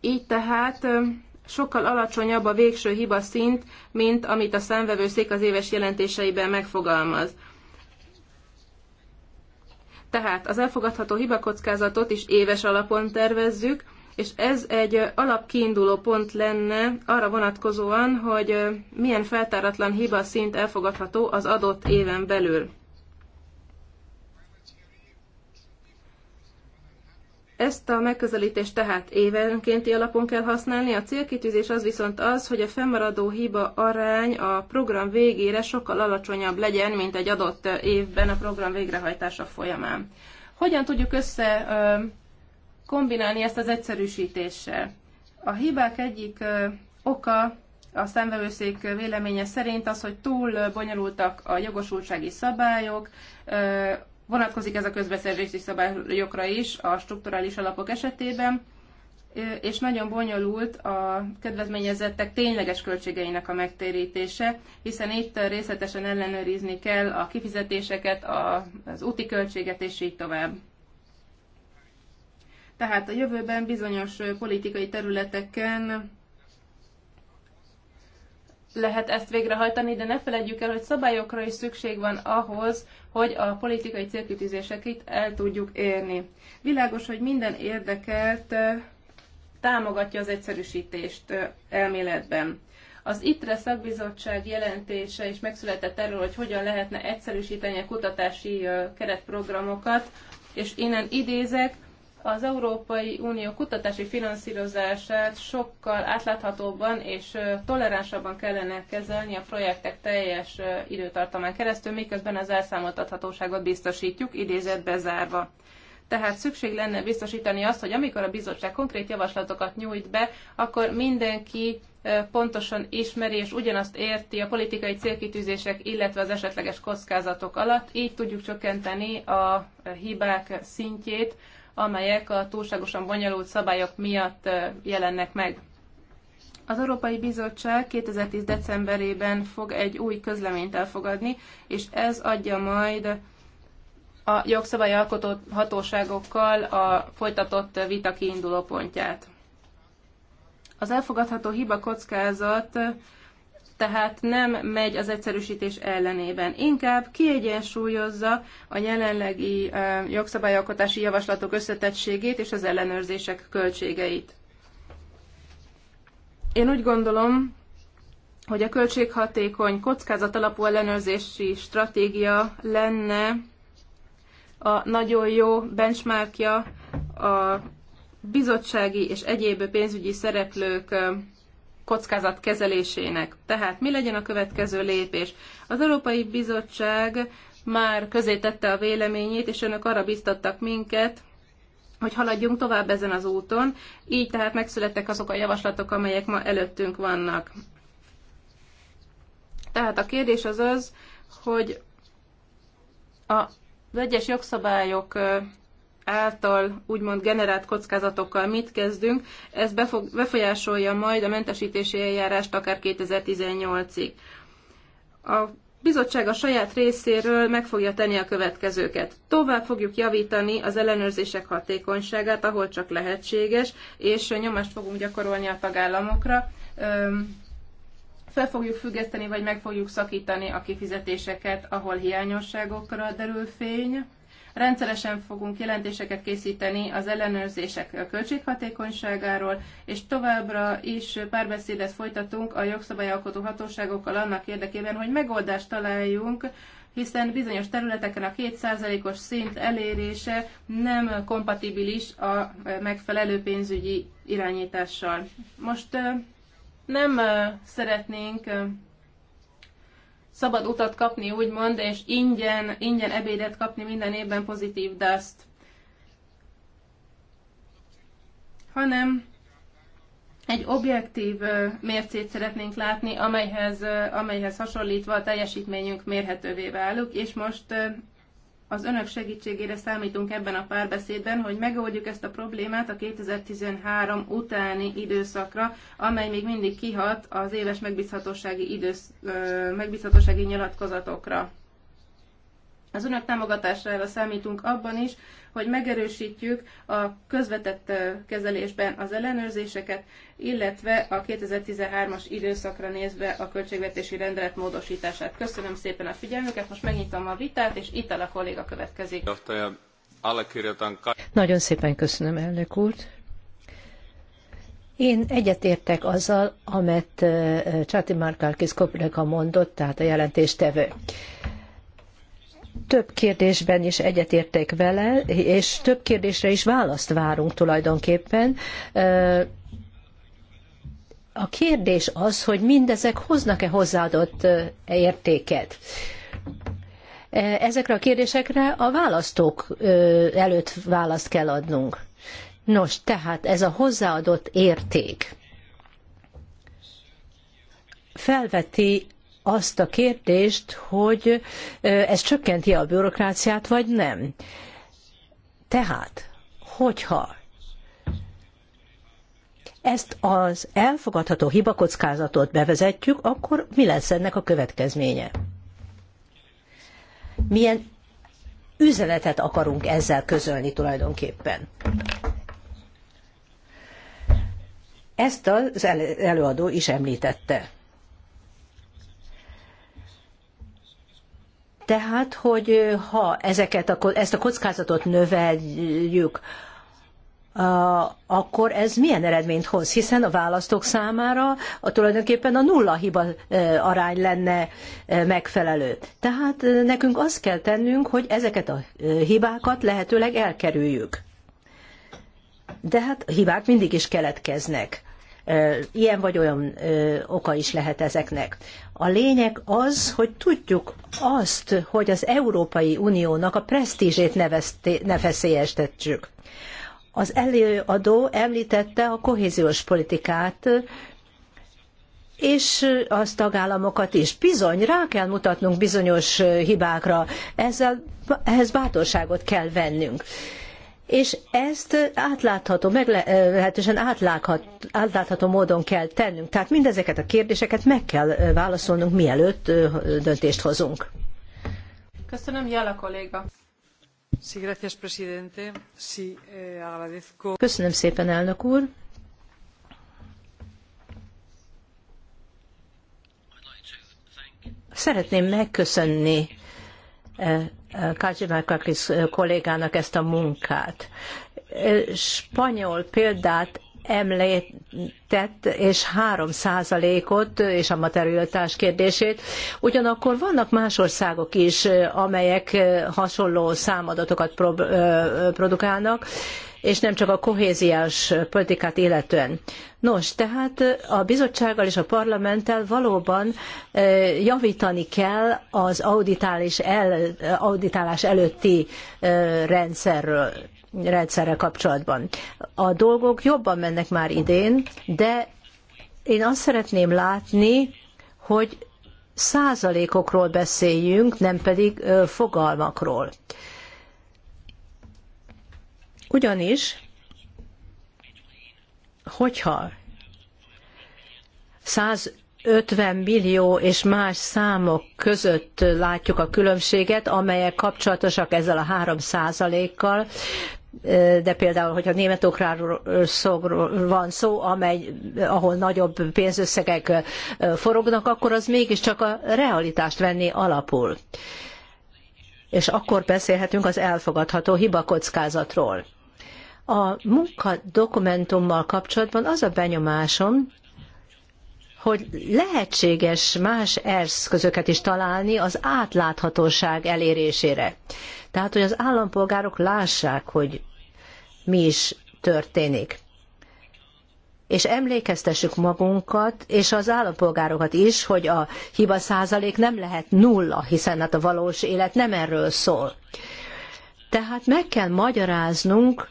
Így tehát ö, sokkal alacsonyabb a végső hiba szint, mint amit a számvevőszék az éves jelentéseiben megfogalmaz. Tehát az elfogadható hibakockázatot is éves alapon tervezzük, és ez egy alapkiinduló pont lenne arra vonatkozóan, hogy milyen feltáratlan hiba szint elfogadható az adott éven belül. Ezt a megközelítést tehát évenkénti alapon kell használni, a célkitűzés az viszont az, hogy a fennmaradó hiba arány a program végére sokkal alacsonyabb legyen, mint egy adott évben a program végrehajtása folyamán. Hogyan tudjuk össze kombinálni ezt az egyszerűsítéssel? A hibák egyik oka a szemvevőszék véleménye szerint az, hogy túl bonyolultak a jogosultsági szabályok, Vonatkozik ez a közbeszerzési szabályokra is a strukturális alapok esetében, és nagyon bonyolult a kedvezményezettek tényleges költségeinek a megtérítése, hiszen itt részletesen ellenőrizni kell a kifizetéseket, az úti költséget és így tovább. Tehát a jövőben bizonyos politikai területeken lehet ezt végrehajtani, de ne felejtjük el, hogy szabályokra is szükség van ahhoz, hogy a politikai célkitűzéseket el tudjuk érni. Világos, hogy minden érdekelt támogatja az egyszerűsítést elméletben. Az ITRE szakbizottság jelentése is megszületett erről, hogy hogyan lehetne egyszerűsíteni a kutatási keretprogramokat, és innen idézek, az Európai Unió kutatási finanszírozását sokkal átláthatóbban és toleránsabban kellene kezelni a projektek teljes időtartamán keresztül, miközben az elszámoltathatóságot biztosítjuk, idézet bezárva. Tehát szükség lenne biztosítani azt, hogy amikor a bizottság konkrét javaslatokat nyújt be, akkor mindenki pontosan ismeri és ugyanazt érti a politikai célkitűzések, illetve az esetleges kockázatok alatt. Így tudjuk csökkenteni a hibák szintjét, amelyek a túlságosan bonyolult szabályok miatt jelennek meg. Az Európai Bizottság 2010. decemberében fog egy új közleményt elfogadni, és ez adja majd a jogszabály alkotó hatóságokkal a folytatott vita kiinduló pontját. Az elfogadható hiba kockázat tehát nem megy az egyszerűsítés ellenében. Inkább kiegyensúlyozza a jelenlegi jogszabályalkotási javaslatok összetettségét és az ellenőrzések költségeit. Én úgy gondolom, hogy a költséghatékony kockázat alapú ellenőrzési stratégia lenne a nagyon jó benchmarkja a bizottsági és egyéb pénzügyi szereplők kockázat kezelésének. Tehát mi legyen a következő lépés? Az Európai Bizottság már közé tette a véleményét, és önök arra biztattak minket, hogy haladjunk tovább ezen az úton, így tehát megszülettek azok a javaslatok, amelyek ma előttünk vannak. Tehát a kérdés az az, hogy a vegyes jogszabályok által úgymond generált kockázatokkal mit kezdünk, ez befog, befolyásolja majd a mentesítési eljárást akár 2018-ig. A bizottság a saját részéről meg fogja tenni a következőket. Tovább fogjuk javítani az ellenőrzések hatékonyságát, ahol csak lehetséges, és nyomást fogunk gyakorolni a tagállamokra. Fel fogjuk függeszteni, vagy meg fogjuk szakítani a kifizetéseket, ahol hiányosságokra derül fény Rendszeresen fogunk jelentéseket készíteni az ellenőrzések költséghatékonyságáról, és továbbra is párbeszédet folytatunk a jogszabályalkotó hatóságokkal annak érdekében, hogy megoldást találjunk hiszen bizonyos területeken a 2%-os szint elérése nem kompatibilis a megfelelő pénzügyi irányítással. Most nem szeretnénk szabad utat kapni, úgymond, és ingyen, ingyen ebédet kapni minden évben pozitív dust. Hanem egy objektív mércét szeretnénk látni, amelyhez, amelyhez hasonlítva a teljesítményünk mérhetővé válik, és most az önök segítségére számítunk ebben a párbeszédben, hogy megoldjuk ezt a problémát a 2013 utáni időszakra, amely még mindig kihat az éves megbízhatósági, idősz, megbízhatósági nyilatkozatokra. Az önök támogatására számítunk abban is, hogy megerősítjük a közvetett kezelésben az ellenőrzéseket, illetve a 2013-as időszakra nézve a költségvetési rendelet módosítását. Köszönöm szépen a figyelmüket, most megnyitom a vitát, és itt a kolléga következik. Nagyon szépen köszönöm, elnök úr. Én egyetértek azzal, amit Csati Markálkis Koprika mondott, tehát a jelentéstevő több kérdésben is egyetértek vele, és több kérdésre is választ várunk tulajdonképpen. A kérdés az, hogy mindezek hoznak-e hozzáadott értéket. Ezekre a kérdésekre a választók előtt választ kell adnunk. Nos, tehát ez a hozzáadott érték felveti azt a kérdést, hogy ez csökkenti a bürokráciát, vagy nem. Tehát, hogyha ezt az elfogadható hibakockázatot bevezetjük, akkor mi lesz ennek a következménye? Milyen üzenetet akarunk ezzel közölni tulajdonképpen? Ezt az előadó is említette. Tehát, hogy ha ezeket a, ezt a kockázatot növeljük, akkor ez milyen eredményt hoz? Hiszen a választók számára a tulajdonképpen a nulla hiba arány lenne megfelelő. Tehát nekünk azt kell tennünk, hogy ezeket a hibákat lehetőleg elkerüljük. De hát hibák mindig is keletkeznek. Ilyen vagy olyan oka is lehet ezeknek. A lényeg az, hogy tudjuk azt, hogy az Európai Uniónak a presztízsét ne veszélyeztetsük. Az előadó említette a kohéziós politikát, és az tagállamokat is. Bizony, rá kell mutatnunk bizonyos hibákra, ezzel, ehhez bátorságot kell vennünk és ezt átlátható, meglehetősen átlátható módon kell tennünk. Tehát mindezeket a kérdéseket meg kell válaszolnunk, mielőtt döntést hozunk. Köszönöm, Jala kolléga. Eh, Köszönöm szépen, elnök úr. Szeretném megköszönni eh, Kacsimákaklis kollégának ezt a munkát. Spanyol példát említett, és három százalékot, és a materialitás kérdését. Ugyanakkor vannak más országok is, amelyek hasonló számadatokat produkálnak, és nem csak a kohéziós politikát illetően. Nos, tehát a bizottsággal és a parlamenttel valóban javítani kell az auditálás, el, auditálás előtti rendszerről rendszerrel kapcsolatban. A dolgok jobban mennek már idén, de én azt szeretném látni, hogy százalékokról beszéljünk, nem pedig fogalmakról. Ugyanis, hogyha 150 millió és más számok között látjuk a különbséget, amelyek kapcsolatosak ezzel a 3 kal de például, hogyha németokráról van szó, amely, ahol nagyobb pénzösszegek forognak, akkor az mégiscsak a realitást venni alapul. És akkor beszélhetünk az elfogadható hibakockázatról. A munka dokumentummal kapcsolatban az a benyomásom, hogy lehetséges más eszközöket is találni az átláthatóság elérésére. Tehát, hogy az állampolgárok lássák, hogy mi is történik. És emlékeztessük magunkat, és az állampolgárokat is, hogy a hiba százalék nem lehet nulla, hiszen hát a valós élet nem erről szól. Tehát meg kell magyaráznunk,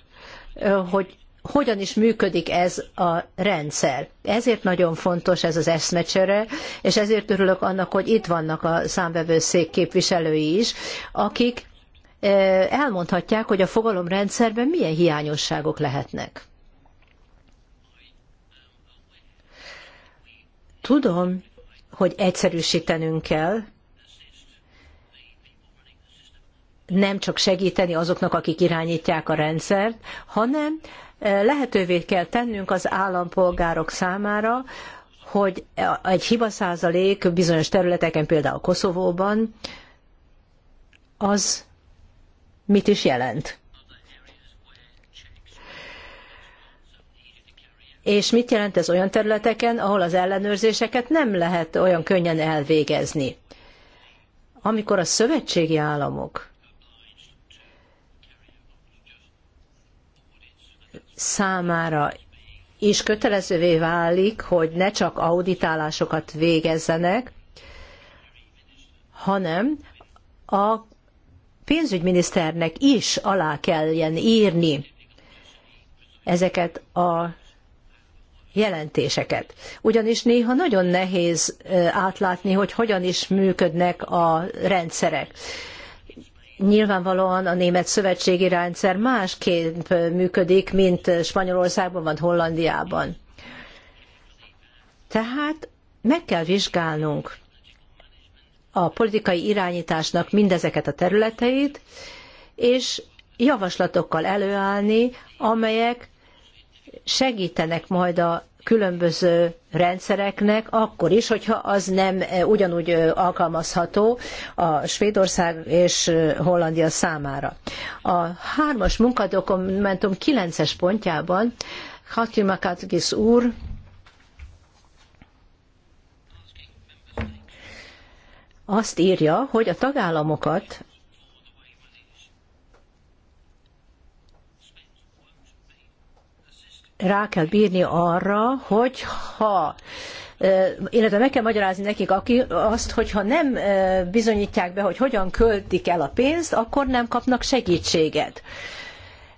hogy hogyan is működik ez a rendszer. Ezért nagyon fontos ez az eszmecsere, és ezért örülök annak, hogy itt vannak a számvevőszék képviselői is, akik elmondhatják, hogy a fogalomrendszerben milyen hiányosságok lehetnek. Tudom, hogy egyszerűsítenünk kell, nem csak segíteni azoknak, akik irányítják a rendszert, hanem eh, lehetővé kell tennünk az állampolgárok számára, hogy egy hiba százalék bizonyos területeken, például Koszovóban, az mit is jelent. És mit jelent ez olyan területeken, ahol az ellenőrzéseket nem lehet olyan könnyen elvégezni? Amikor a szövetségi államok számára is kötelezővé válik, hogy ne csak auditálásokat végezzenek, hanem a pénzügyminiszternek is alá kelljen írni ezeket a jelentéseket. Ugyanis néha nagyon nehéz átlátni, hogy hogyan is működnek a rendszerek nyilvánvalóan a német szövetségi rendszer másképp működik, mint Spanyolországban vagy Hollandiában. Tehát meg kell vizsgálnunk a politikai irányításnak mindezeket a területeit, és javaslatokkal előállni, amelyek segítenek majd a különböző rendszereknek, akkor is, hogyha az nem eh, ugyanúgy eh, alkalmazható a Svédország és eh, Hollandia számára. A hármas munkadokumentum kilences pontjában Hatimakakis úr azt írja, hogy a tagállamokat rá kell bírni arra, hogy ha illetve meg kell magyarázni nekik aki azt, hogyha nem bizonyítják be, hogy hogyan költik el a pénzt, akkor nem kapnak segítséget.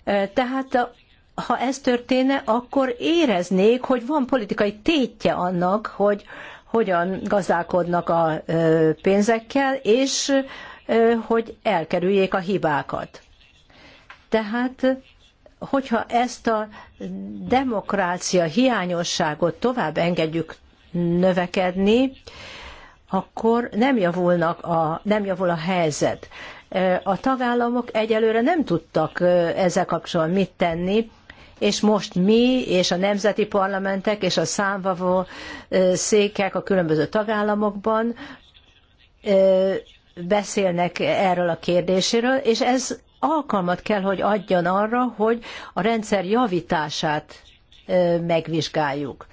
Tehát ha ez történne, akkor éreznék, hogy van politikai tétje annak, hogy hogyan gazdálkodnak a pénzekkel, és hogy elkerüljék a hibákat. Tehát Hogyha ezt a demokrácia hiányosságot tovább engedjük növekedni, akkor nem, javulnak a, nem javul a helyzet. A tagállamok egyelőre nem tudtak ezzel kapcsolatban mit tenni, és most mi és a nemzeti parlamentek és a számvavó székek a különböző tagállamokban beszélnek erről a kérdéséről, és ez alkalmat kell, hogy adjon arra, hogy a rendszer javítását megvizsgáljuk.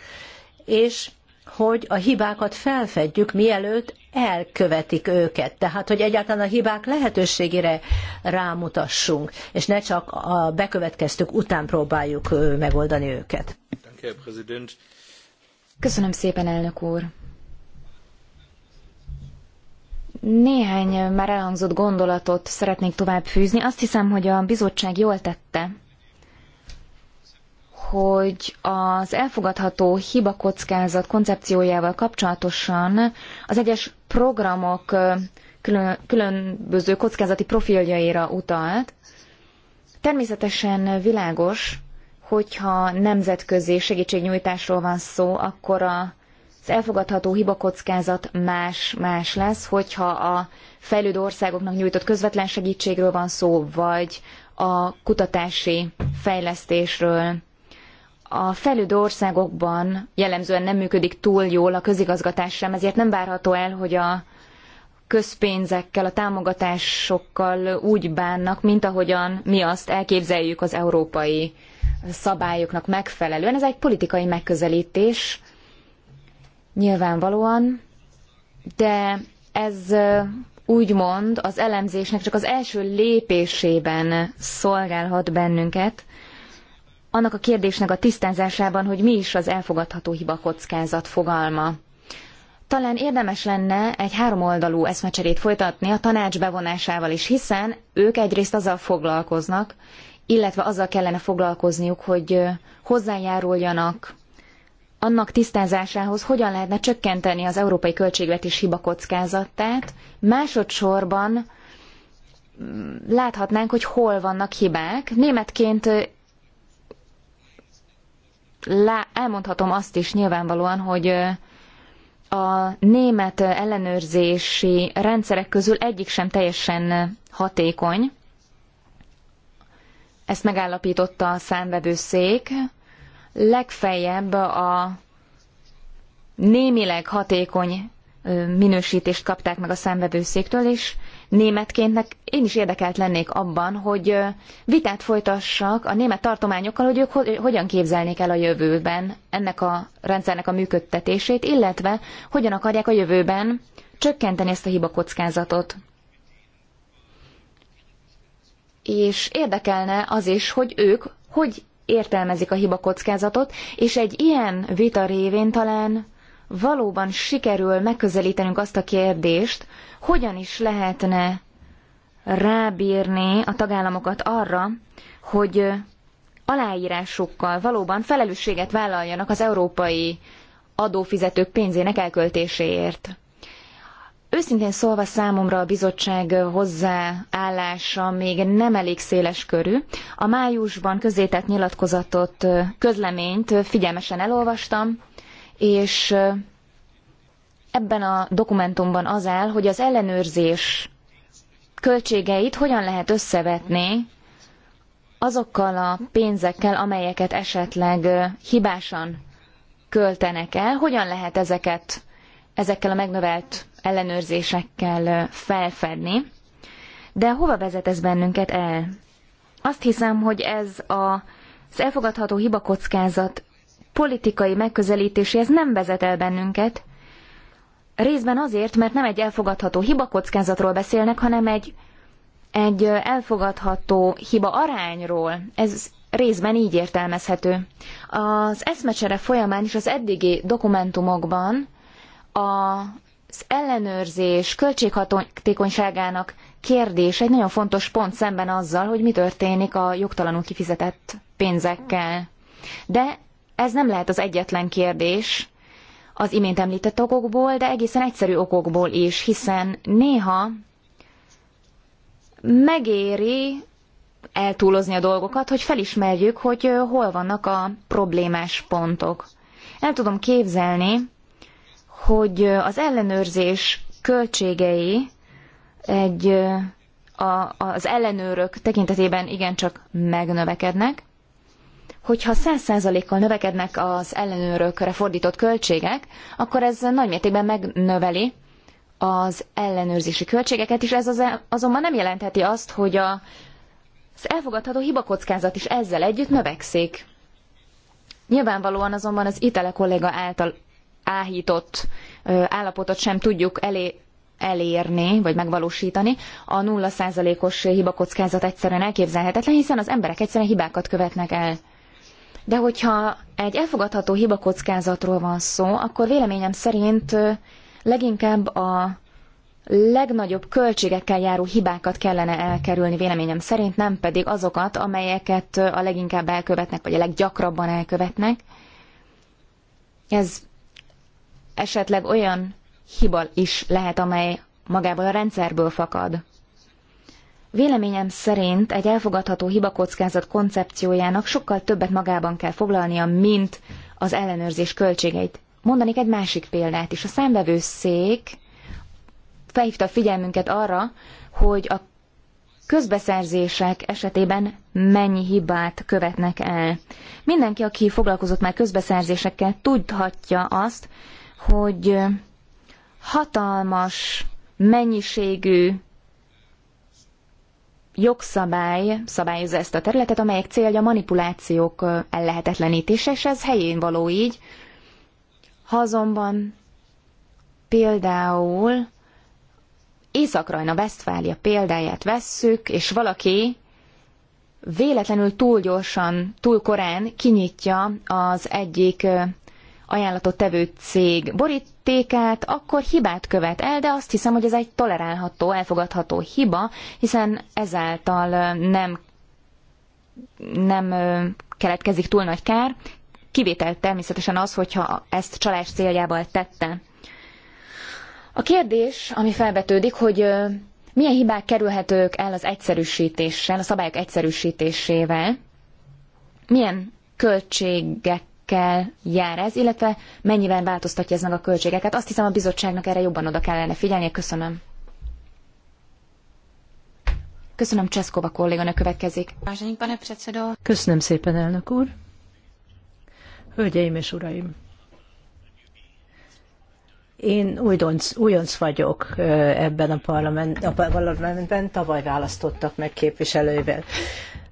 És hogy a hibákat felfedjük, mielőtt elkövetik őket. Tehát, hogy egyáltalán a hibák lehetőségére rámutassunk, és ne csak a bekövetkeztük után próbáljuk megoldani őket. Köszönöm szépen, elnök úr! Néhány eh, már elhangzott gondolatot szeretnék tovább fűzni. Azt hiszem, hogy a bizottság jól tette, hogy az elfogadható hibakockázat koncepciójával kapcsolatosan az egyes programok eh, külön, különböző kockázati profiljaira utalt. Természetesen világos, hogyha nemzetközi segítségnyújtásról van szó, akkor a az elfogadható hibakockázat más-más lesz, hogyha a fejlődő országoknak nyújtott közvetlen segítségről van szó, vagy a kutatási fejlesztésről. A fejlődő országokban jellemzően nem működik túl jól a közigazgatás sem, ezért nem várható el, hogy a közpénzekkel, a támogatásokkal úgy bánnak, mint ahogyan mi azt elképzeljük az európai szabályoknak megfelelően. Ez egy politikai megközelítés, nyilvánvalóan, de ez úgymond az elemzésnek csak az első lépésében szolgálhat bennünket, annak a kérdésnek a tisztázásában, hogy mi is az elfogadható hiba kockázat fogalma. Talán érdemes lenne egy háromoldalú eszmecserét folytatni a tanács bevonásával is, hiszen ők egyrészt azzal foglalkoznak, illetve azzal kellene foglalkozniuk, hogy hozzájáruljanak annak tisztázásához hogyan lehetne csökkenteni az európai költségvetés hiba kockázatát. Másodszorban mm, láthatnánk, hogy hol vannak hibák. Németként elmondhatom azt is nyilvánvalóan, hogy a német ellenőrzési rendszerek közül egyik sem teljesen hatékony. Ezt megállapította a számvevőszék, legfeljebb a némileg hatékony minősítést kapták meg a szenvedőszéktől, és németként én is érdekelt lennék abban, hogy vitát folytassak a német tartományokkal, hogy ők hogyan képzelnék el a jövőben ennek a rendszernek a működtetését, illetve hogyan akarják a jövőben csökkenteni ezt a hiba kockázatot. És érdekelne az is, hogy ők hogy értelmezik a hiba kockázatot, és egy ilyen vita révén talán valóban sikerül megközelítenünk azt a kérdést, hogyan is lehetne rábírni a tagállamokat arra, hogy aláírásukkal valóban felelősséget vállaljanak az európai adófizetők pénzének elköltéséért. Őszintén szólva számomra a bizottság hozzáállása még nem elég széles körű. A májusban közétett nyilatkozatot, közleményt figyelmesen elolvastam, és ebben a dokumentumban az áll, hogy az ellenőrzés költségeit hogyan lehet összevetni azokkal a pénzekkel, amelyeket esetleg hibásan költenek el, hogyan lehet ezeket ezekkel a megnövelt ellenőrzésekkel felfedni. De hova vezet ez bennünket el? Azt hiszem, hogy ez a, az elfogadható hibakockázat politikai megközelítéséhez nem vezet el bennünket, részben azért, mert nem egy elfogadható hibakockázatról beszélnek, hanem egy, egy elfogadható hiba arányról. Ez részben így értelmezhető. Az eszmecsere folyamán és az eddigi dokumentumokban a az ellenőrzés költséghatékonyságának kérdés egy nagyon fontos pont szemben azzal, hogy mi történik a jogtalanul kifizetett pénzekkel. De ez nem lehet az egyetlen kérdés az imént említett okokból, de egészen egyszerű okokból is, hiszen néha megéri eltúlozni a dolgokat, hogy felismerjük, hogy hol vannak a problémás pontok. El tudom képzelni, hogy az ellenőrzés költségei egy, a, az ellenőrök tekintetében igencsak megnövekednek, hogyha 100%-kal növekednek az ellenőrökre fordított költségek, akkor ez nagymértékben megnöveli az ellenőrzési költségeket, és ez az, e- azonban nem jelentheti azt, hogy a, az elfogadható hibakockázat is ezzel együtt növekszik. Nyilvánvalóan azonban az itele kolléga által áhított állapotot sem tudjuk elé, elérni, vagy megvalósítani, a 0%-os hibakockázat egyszerűen elképzelhetetlen, hiszen az emberek egyszerűen hibákat követnek el. De hogyha egy elfogadható hibakockázatról van szó, akkor véleményem szerint leginkább a legnagyobb költségekkel járó hibákat kellene elkerülni véleményem szerint, nem pedig azokat, amelyeket a leginkább elkövetnek, vagy a leggyakrabban elkövetnek. Ez esetleg olyan hiba is lehet, amely magából a rendszerből fakad. Véleményem szerint egy elfogadható hibakockázat koncepciójának sokkal többet magában kell foglalnia, mint az ellenőrzés költségeit. Mondanék egy másik példát is. A számvevőszék felhívta a figyelmünket arra, hogy a közbeszerzések esetében mennyi hibát követnek el. Mindenki, aki foglalkozott már közbeszerzésekkel, tudhatja azt, hogy hatalmas mennyiségű jogszabály szabályozza ezt a területet, amelyek célja a manipulációk ellehetetlenítése, és ez helyén való így. Ha azonban például Észak-Rajna Westfália példáját vesszük, és valaki véletlenül túl gyorsan, túl korán kinyitja az egyik ajánlatot tevő cég borítékát, akkor hibát követ el, de azt hiszem, hogy ez egy tolerálható, elfogadható hiba, hiszen ezáltal nem, nem keletkezik túl nagy kár, kivétel természetesen az, hogyha ezt csalás céljával tette. A kérdés, ami felvetődik, hogy milyen hibák kerülhetők el az egyszerűsítéssel, a szabályok egyszerűsítésével? Milyen költségek költségekkel jár ez, illetve mennyiben változtatja ez meg a költségeket. Azt hiszem a bizottságnak erre jobban oda kellene figyelni, Köszönöm. Köszönöm, Cseszkova kolléganő következik. Köszönöm szépen, elnök úr. Hölgyeim és uraim! Én újdonc, újonc vagyok ebben a, parlament, a parlamentben, tavaly választottak meg képviselővel.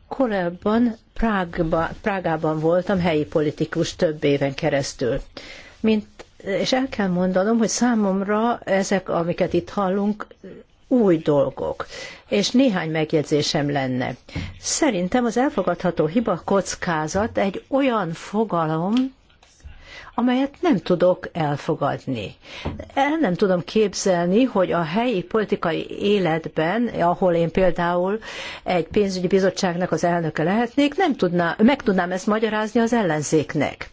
Korábban Prágba, Prágában voltam helyi politikus több éven keresztül. Mint, és el kell mondanom, hogy számomra ezek, amiket itt hallunk, új dolgok, és néhány megjegyzésem lenne. Szerintem az elfogadható hiba kockázat egy olyan fogalom, amelyet nem tudok elfogadni. El nem tudom képzelni, hogy a helyi politikai életben, ahol én például egy pénzügyi bizottságnak az elnöke lehetnék, nem tudná, meg tudnám ezt magyarázni az ellenzéknek.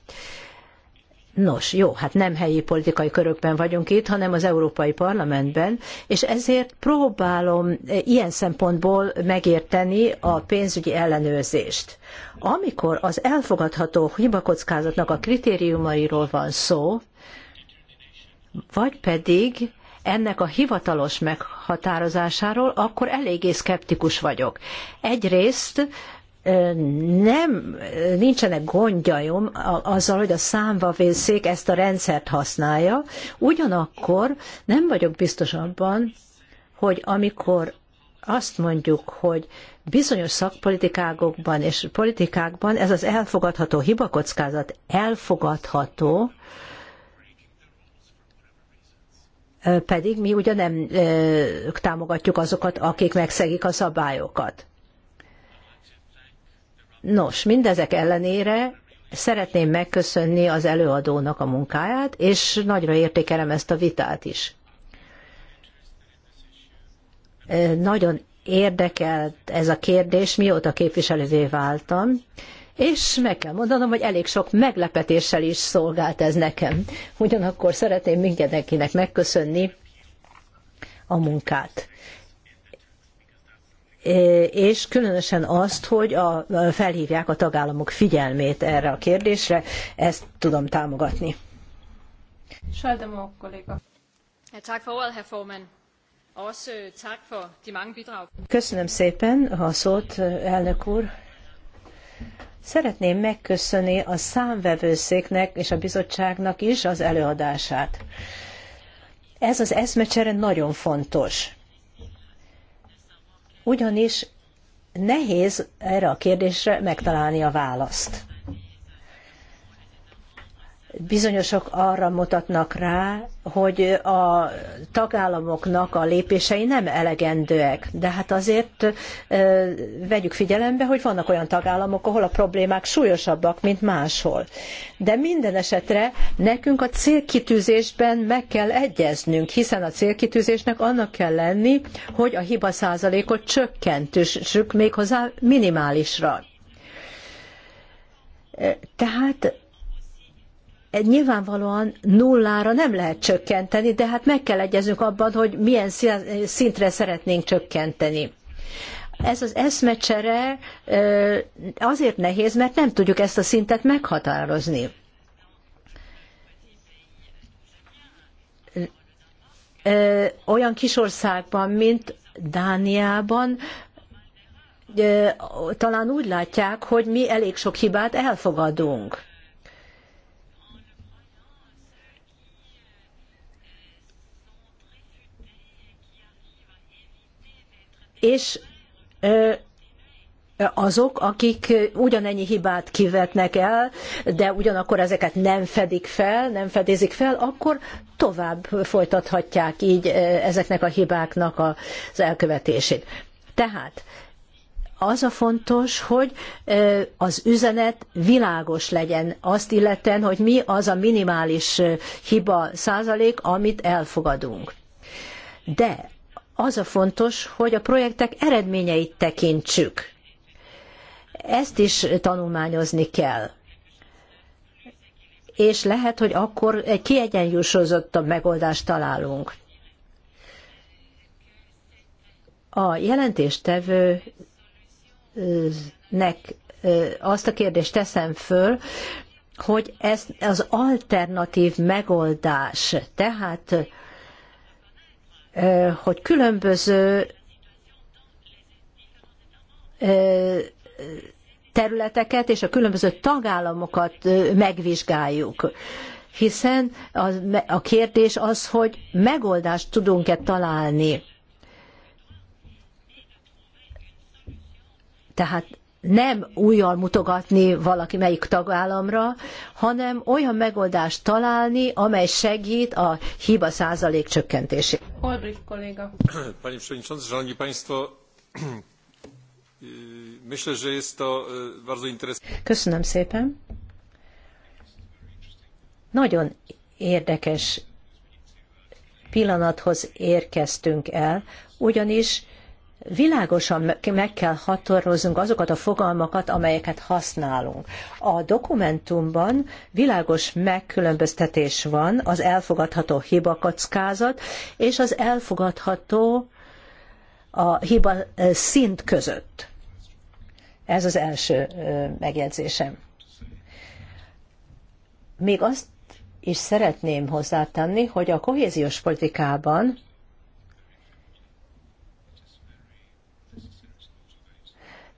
Nos, jó, hát nem helyi politikai körökben vagyunk itt, hanem az Európai Parlamentben, és ezért próbálom eh, ilyen szempontból megérteni a pénzügyi ellenőrzést. Amikor az elfogadható hibakockázatnak a kritériumairól van szó, vagy pedig ennek a hivatalos meghatározásáról, akkor eléggé szkeptikus vagyok. Egyrészt nem, nincsenek gondjaim azzal, hogy a számvavészék ezt a rendszert használja, ugyanakkor nem vagyok biztos abban, hogy amikor azt mondjuk, hogy bizonyos szakpolitikákban és politikákban ez az elfogadható hibakockázat elfogadható, pedig mi ugye nem támogatjuk azokat, akik megszegik a szabályokat. Nos, mindezek ellenére szeretném megköszönni az előadónak a munkáját, és nagyra értékelem ezt a vitát is. Nagyon érdekelt ez a kérdés, mióta képviselővé váltam, és meg kell mondanom, hogy elég sok meglepetéssel is szolgált ez nekem. Ugyanakkor szeretném mindenkinek megköszönni a munkát. Eh, és különösen azt, hogy a, felhívják a tagállamok figyelmét erre a kérdésre, ezt tudom támogatni. Saldemó kolléga. Tak for ordet, herr formand. Også eh, tak for de mange bidrag. Köszönöm szépen a szót, eh, elnök úr. Szeretném megköszönni a számvevőszéknek és a bizottságnak is az előadását. Ez az eszmecsere nagyon fontos ugyanis nehéz erre a kérdésre megtalálni a választ bizonyosok arra mutatnak rá, hogy a tagállamoknak a lépései nem elegendőek. De hát azért vegyük figyelembe, hogy vannak olyan tagállamok, ahol a problémák súlyosabbak, mint máshol. De minden esetre nekünk a célkitűzésben meg kell egyeznünk, hiszen a célkitűzésnek annak kell lenni, hogy a hiba százalékot csökkentsük méghozzá minimálisra. Tehát nyilvánvalóan nullára nem lehet csökkenteni, de hát meg kell egyeznünk abban, hogy milyen szintre szeretnénk csökkenteni. Ez az eszmecsere azért nehéz, mert nem tudjuk ezt a szintet meghatározni. Olyan kis országban, mint Dániában talán úgy látják, hogy mi elég sok hibát elfogadunk és azok, akik ugyanennyi hibát kivetnek el, de ugyanakkor ezeket nem fedik fel, nem fedézik fel, akkor tovább folytathatják így ezeknek a hibáknak az elkövetését. Tehát az a fontos, hogy az üzenet világos legyen azt illeten, hogy mi az a minimális hiba százalék, amit elfogadunk. De az a fontos, hogy a projektek eredményeit tekintsük. Ezt is tanulmányozni kell. És lehet, hogy akkor egy kiegyensúlyozottabb megoldást találunk. A jelentéstevőnek azt a kérdést teszem föl, hogy ez az alternatív megoldás, tehát hogy különböző területeket és a különböző tagállamokat megvizsgáljuk. Hiszen a kérdés az, hogy megoldást tudunk-e találni. Tehát nem újjal mutogatni valaki melyik tagállamra, hanem olyan megoldást találni, amely segít a hiba százalék csökkentését. Olbrich kolléga. Panie Przewodniczący, Szanowni Państwo, <clears throat> myślę, że jest to e, bardzo interesujące. Köszönöm szépen. Nagyon érdekes pillanathoz érkeztünk el, ugyanis világosan meg kell határoznunk azokat a fogalmakat, amelyeket használunk. A dokumentumban világos megkülönböztetés van az elfogadható hibakockázat és az elfogadható a hiba szint között. Ez az első megjegyzésem. Még azt is szeretném hozzátenni, hogy a kohéziós politikában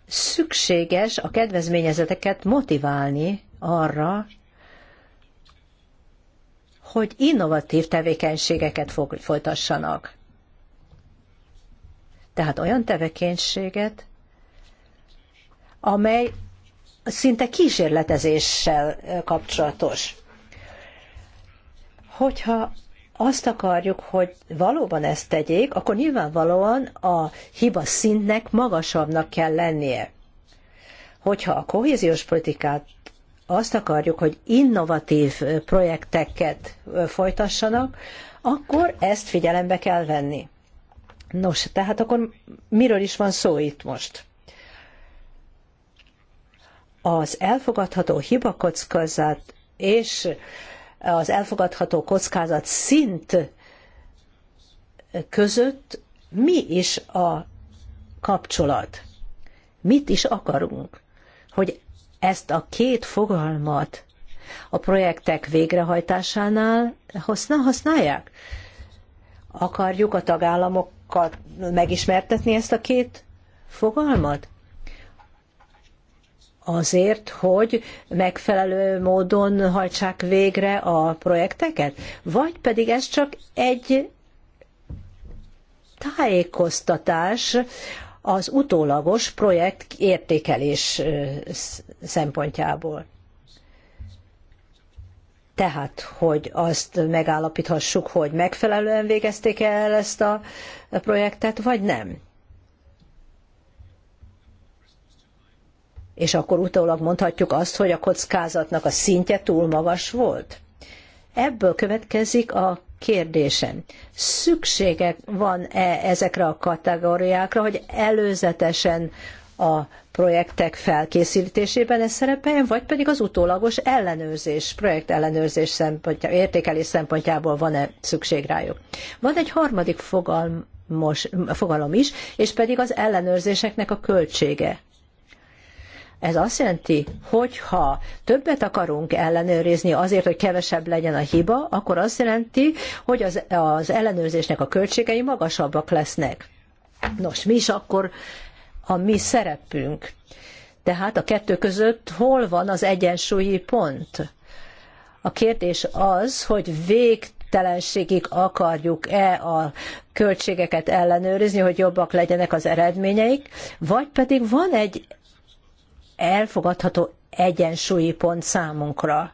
szükséges a kedvezményezeteket motiválni arra, hogy innovatív tevékenységeket folytassanak. Tehát olyan tevékenységet, amely szinte kísérletezéssel kapcsolatos. Hogyha azt akarjuk, hogy valóban ezt tegyék, akkor nyilvánvalóan a hiba szintnek magasabbnak kell lennie. Hogyha a kohéziós politikát azt akarjuk, hogy innovatív projekteket folytassanak, akkor ezt figyelembe kell venni. Nos, tehát akkor miről is van szó itt most? Az elfogadható hibakockázat és az elfogadható kockázat szint között mi is a kapcsolat? Mit is akarunk? Hogy ezt a két fogalmat a projektek végrehajtásánál használják? Akarjuk a tagállamokkal megismertetni ezt a két fogalmat? azért, hogy megfelelő módon hajtsák végre a projekteket? Vagy pedig ez csak egy tájékoztatás az utólagos projekt értékelés szempontjából? Tehát, hogy azt megállapíthassuk, hogy megfelelően végezték el ezt a projektet, vagy nem. és akkor utólag mondhatjuk azt, hogy a kockázatnak a szintje túl magas volt. Ebből következik a kérdésem. Szüksége van-e ezekre a kategóriákra, hogy előzetesen a projektek felkészítésében ez szerepeljen, vagy pedig az utólagos ellenőrzés, projekt ellenőrzés szempontjából, értékelés szempontjából van-e szükség rájuk. Van egy harmadik fogalmos, fogalom is, és pedig az ellenőrzéseknek a költsége. Ez azt jelenti, hogy ha többet akarunk ellenőrizni azért, hogy kevesebb legyen a hiba, akkor azt jelenti, hogy az, az ellenőrzésnek a költségei magasabbak lesznek. Nos, mi is akkor a mi szerepünk? Tehát a kettő között hol van az egyensúlyi pont? A kérdés az, hogy végtelenségig akarjuk-e a költségeket ellenőrizni, hogy jobbak legyenek az eredményeik, vagy pedig van egy elfogadható egyensúlyi pont számunkra.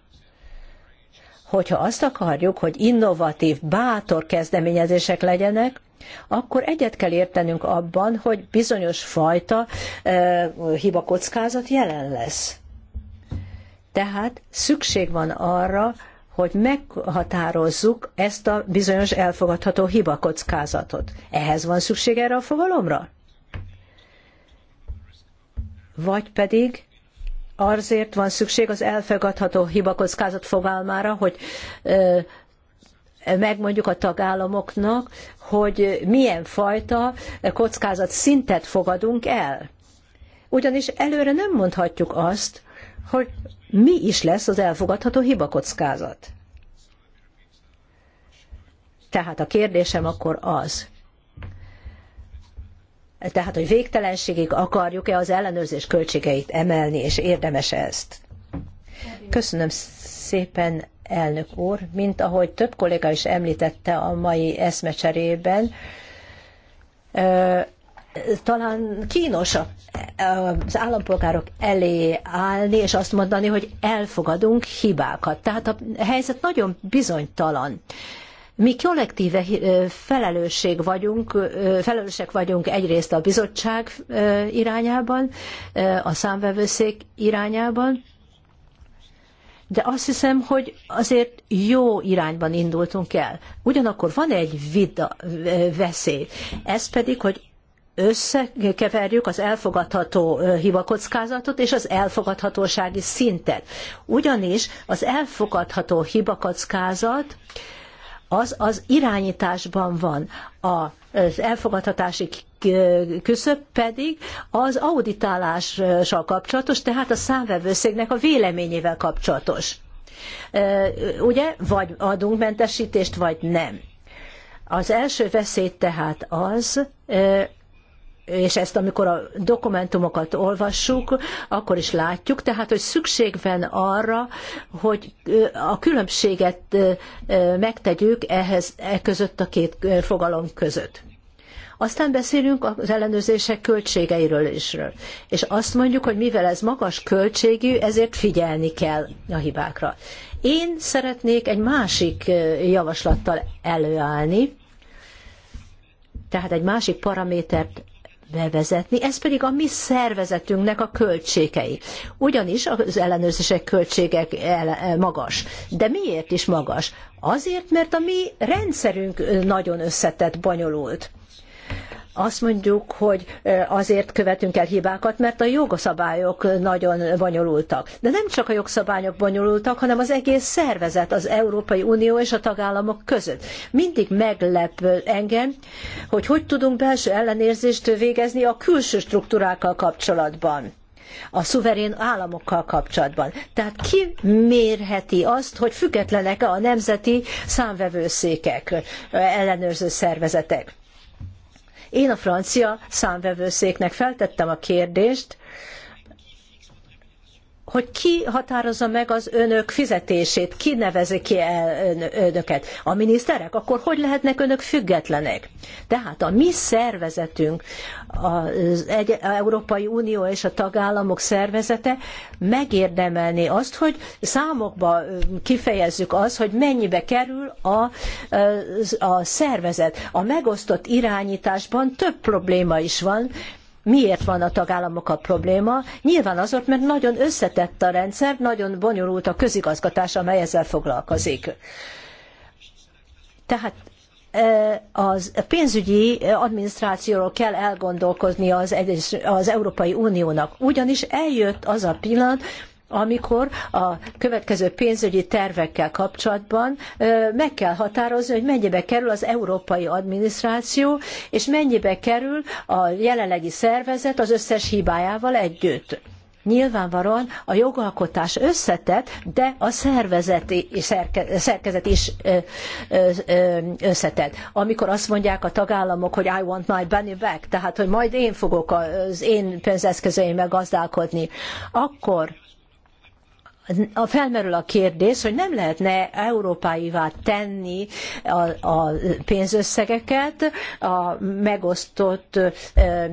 Hogyha azt akarjuk, hogy innovatív, bátor kezdeményezések legyenek, akkor egyet kell értenünk abban, hogy bizonyos fajta e, hibakockázat jelen lesz. Tehát szükség van arra, hogy meghatározzuk ezt a bizonyos elfogadható hibakockázatot. Ehhez van szükség erre a fogalomra? vagy pedig azért van szükség az elfogadható hibakockázat fogalmára, hogy megmondjuk a tagállamoknak, hogy milyen fajta kockázat szintet fogadunk el. Ugyanis előre nem mondhatjuk azt, hogy mi is lesz az elfogadható hibakockázat. Tehát a kérdésem akkor az, tehát, hogy végtelenségig akarjuk-e az ellenőrzés költségeit emelni, és érdemes -e ezt? Köszönöm szépen, elnök úr. Mint ahogy több kolléga is említette a mai eszmecserében, talán kínos az állampolgárok elé állni, és azt mondani, hogy elfogadunk hibákat. Tehát a helyzet nagyon bizonytalan. Mi kollektíve eh, felelősség vagyunk, eh, felelősek vagyunk egyrészt a bizottság eh, irányában, a számvevőszék irányában, de azt hiszem, hogy azért jó irányban indultunk el. Ugyanakkor van egy vida, veszély, ez pedig, hogy összekeverjük az elfogadható hibakockázatot és az elfogadhatósági szintet. Ugyanis az elfogadható hibakockázat az az irányításban van. Az elfogadhatási küszöb pedig az auditálással kapcsolatos, tehát a számvevőszégnek a véleményével kapcsolatos. Ugye, vagy adunk mentesítést, vagy nem. Az első veszély tehát az, és ezt amikor a dokumentumokat olvassuk, akkor is látjuk, tehát hogy szükség van arra, hogy a különbséget megtegyük ehhez, e között a két fogalom között. Aztán beszélünk az ellenőrzések költségeiről is. És azt mondjuk, hogy mivel ez magas költségű, ezért figyelni kell a hibákra. Én szeretnék egy másik javaslattal előállni, tehát egy másik paramétert bevezetni, ez pedig a mi szervezetünknek a költségei. Ugyanis az ellenőrzések költségek e, magas. De miért is magas? Azért, mert a mi rendszerünk nagyon összetett, bonyolult azt mondjuk, hogy azért követünk el hibákat, mert a jogszabályok nagyon bonyolultak. De nem csak a jogszabályok bonyolultak, hanem az egész szervezet az Európai Unió és a tagállamok között. Mindig meglep engem, hogy hogy tudunk belső ellenérzést végezni a külső struktúrákkal kapcsolatban a szuverén államokkal kapcsolatban. Tehát ki mérheti azt, hogy függetlenek -e a nemzeti számvevőszékek, ellenőrző szervezetek? Én a francia számvevőszéknek feltettem a kérdést, hogy ki határozza meg az önök fizetését, ki nevezi ki el ön, önöket. A miniszterek? Akkor hogy lehetnek önök függetlenek? Tehát a mi szervezetünk, az egy, Európai Unió és a tagállamok szervezete megérdemelni azt, hogy számokba kifejezzük azt, hogy mennyibe kerül a, a szervezet. A megosztott irányításban több probléma is van, miért van a tagállamokkal probléma? Nyilván azért, mert nagyon összetett a rendszer, nagyon bonyolult a közigazgatás, amely ezzel foglalkozik. Tehát e, az pénzügyi adminisztrációról kell elgondolkozni az, az Európai Uniónak. Ugyanis eljött az a pillanat, amikor a következő pénzügyi tervekkel kapcsolatban meg kell határozni, hogy mennyibe kerül az európai adminisztráció, és mennyibe kerül a jelenlegi szervezet az összes hibájával együtt. Nyilvánvalóan a jogalkotás összetett, de a szervezeti, szerke, szerkezet is ö, ö, ö, összetett. Amikor azt mondják a tagállamok, hogy I want my money back, tehát hogy majd én fogok az én pénzeszközeimmel gazdálkodni, akkor a felmerül a kérdés, hogy nem lehetne európáivá tenni a, a pénzösszegeket a megosztott e,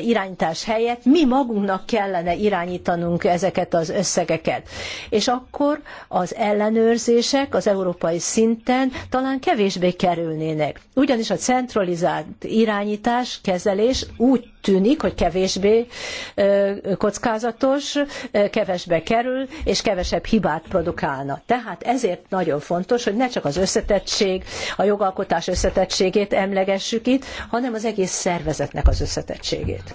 irányítás helyett. Mi magunknak kellene irányítanunk ezeket az összegeket. És akkor az ellenőrzések az európai szinten talán kevésbé kerülnének. Ugyanis a centralizált irányítás, kezelés úgy tűnik, hogy kevésbé kockázatos, kevesbe kerül, és kevesebb hibát produkálna. Tehát ezért nagyon fontos, hogy ne csak az összetettség, a jogalkotás összetettségét emlegessük itt, hanem az egész szervezetnek az összetettségét.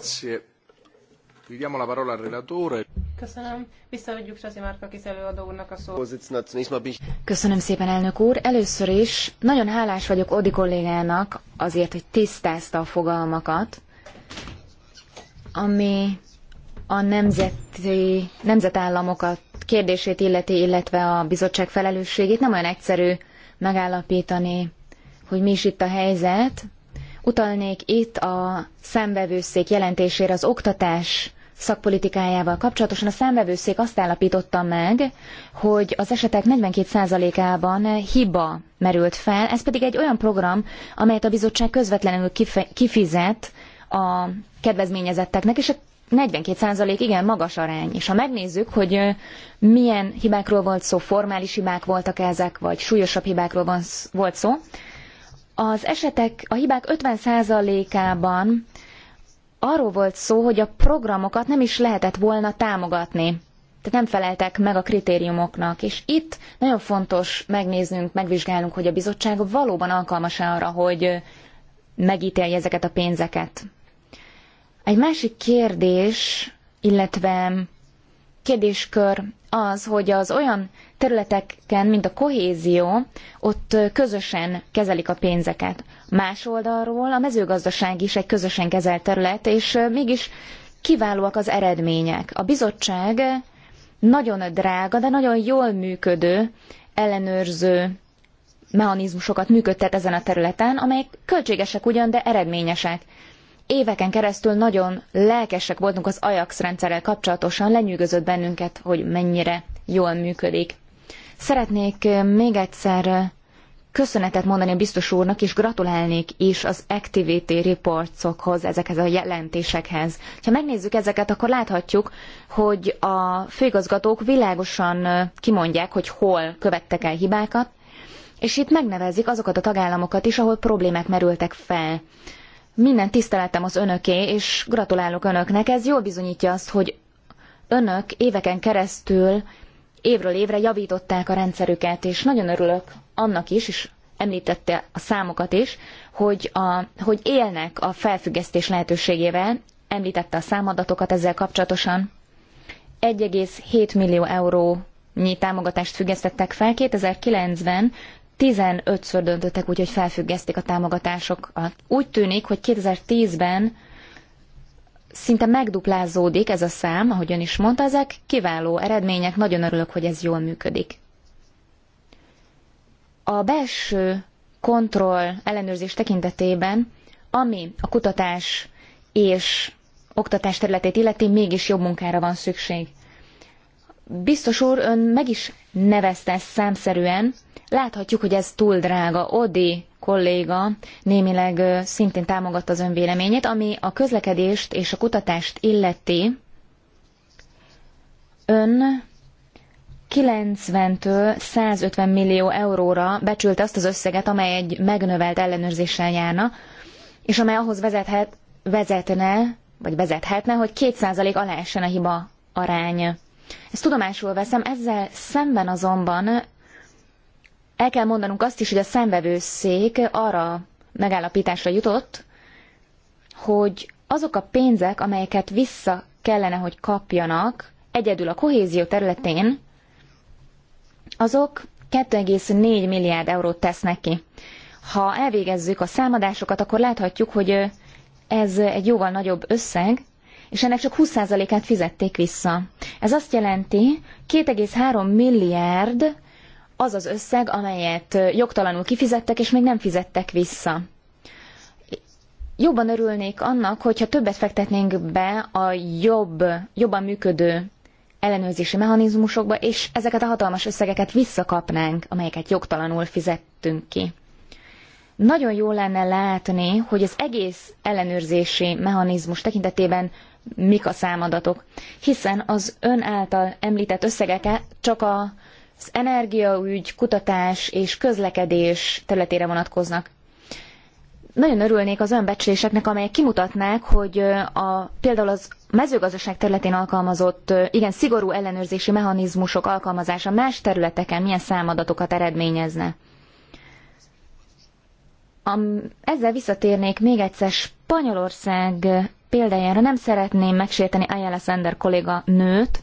la parola al relatore. Köszönöm. Köszönöm szépen, elnök úr. Először is nagyon hálás vagyok Odi kollégának azért, hogy tisztázta a fogalmakat, ami a nemzeti, nemzetállamokat kérdését illeti, illetve a bizottság felelősségét nem olyan egyszerű megállapítani, hogy mi is itt a helyzet. Utalnék itt a szembevőszék jelentésére az oktatás szakpolitikájával kapcsolatosan a számvevőszék azt állapította meg, hogy az esetek 42%-ában hiba merült fel, ez pedig egy olyan program, amelyet a bizottság közvetlenül kifizet a kedvezményezetteknek, és a 42% igen magas arány, és ha megnézzük, hogy milyen hibákról volt szó, formális hibák voltak ezek, vagy súlyosabb hibákról van, volt szó, az esetek, a hibák 50%-ában arról volt szó, hogy a programokat nem is lehetett volna támogatni. Tehát nem feleltek meg a kritériumoknak, és itt nagyon fontos megnéznünk, megvizsgálnunk, hogy a bizottság valóban alkalmas -e arra, hogy megítélje ezeket a pénzeket. Egy másik kérdés, illetve kérdéskör az, hogy az olyan területeken, mint a kohézió, ott közösen kezelik a pénzeket. Más oldalról a mezőgazdaság is egy közösen kezelt terület, és mégis kiválóak az eredmények. A bizottság nagyon drága, de nagyon jól működő ellenőrző mechanizmusokat működtet ezen a területen, amelyek költségesek ugyan, de eredményesek éveken keresztül nagyon lelkesek voltunk az Ajax rendszerrel kapcsolatosan, lenyűgözött bennünket, hogy mennyire jól működik. Szeretnék még egyszer köszönetet mondani a biztos úrnak, és gratulálnék is az activity reportsokhoz, ezekhez a jelentésekhez. Ha megnézzük ezeket, akkor láthatjuk, hogy a főigazgatók világosan kimondják, hogy hol követtek el hibákat, és itt megnevezik azokat a tagállamokat is, ahol problémák merültek fel. Minden tiszteletem az önöké, és gratulálok önöknek. Ez jól bizonyítja azt, hogy önök éveken keresztül évről évre javították a rendszerüket, és nagyon örülök annak is, és említette a számokat is, hogy, a, hogy élnek a felfüggesztés lehetőségével, említette a számadatokat ezzel kapcsolatosan. 1,7 millió eurónyi támogatást függesztettek fel, 2009-ben 15-ször döntöttek úgy, hogy felfüggesztik a támogatásokat. Úgy tűnik, hogy 2010-ben szinte megduplázódik ez a szám, ahogy ön is mondta, ezek kiváló eredmények, nagyon örülök, hogy ez jól működik. A belső kontroll ellenőrzés tekintetében, ami a kutatás és oktatás területét illeti, mégis jobb munkára van szükség. Biztos úr, ön meg is nevezte ezt számszerűen, Láthatjuk, hogy ez túl drága. Odi kolléga némileg szintén támogatta az önvéleményét, ami a közlekedést és a kutatást illeti. Ön 90-től 150 millió euróra becsült azt az összeget, amely egy megnövelt ellenőrzéssel járna, és amely ahhoz vezethet, vezetne, vagy vezethetne, hogy 2% alá essen a hiba arány. Ezt tudomásul veszem, ezzel szemben azonban el kell mondanunk azt is, hogy a számvevőszék arra megállapításra jutott, hogy azok a pénzek, amelyeket vissza kellene, hogy kapjanak egyedül a kohézió területén, azok 2,4 milliárd eurót tesznek ki. Ha elvégezzük a számadásokat, akkor láthatjuk, hogy ez egy jóval nagyobb összeg, és ennek csak 20%-át fizették vissza. Ez azt jelenti, 2,3 milliárd az az összeg, amelyet jogtalanul kifizettek, és még nem fizettek vissza. Jobban örülnék annak, hogyha többet fektetnénk be a jobb, jobban működő ellenőrzési mechanizmusokba, és ezeket a hatalmas összegeket visszakapnánk, amelyeket jogtalanul fizettünk ki. Nagyon jó lenne látni, hogy az egész ellenőrzési mechanizmus tekintetében mik a számadatok, hiszen az ön által említett összegeket csak a az energiaügy, kutatás és közlekedés területére vonatkoznak. Nagyon örülnék az becsléseknek, amelyek kimutatnák, hogy a, például az mezőgazdaság területén alkalmazott igen szigorú ellenőrzési mechanizmusok alkalmazása más területeken milyen számadatokat eredményezne. Am, ezzel visszatérnék még egyszer Spanyolország példájára. Nem szeretném megsérteni Ayala Sender kolléga nőt,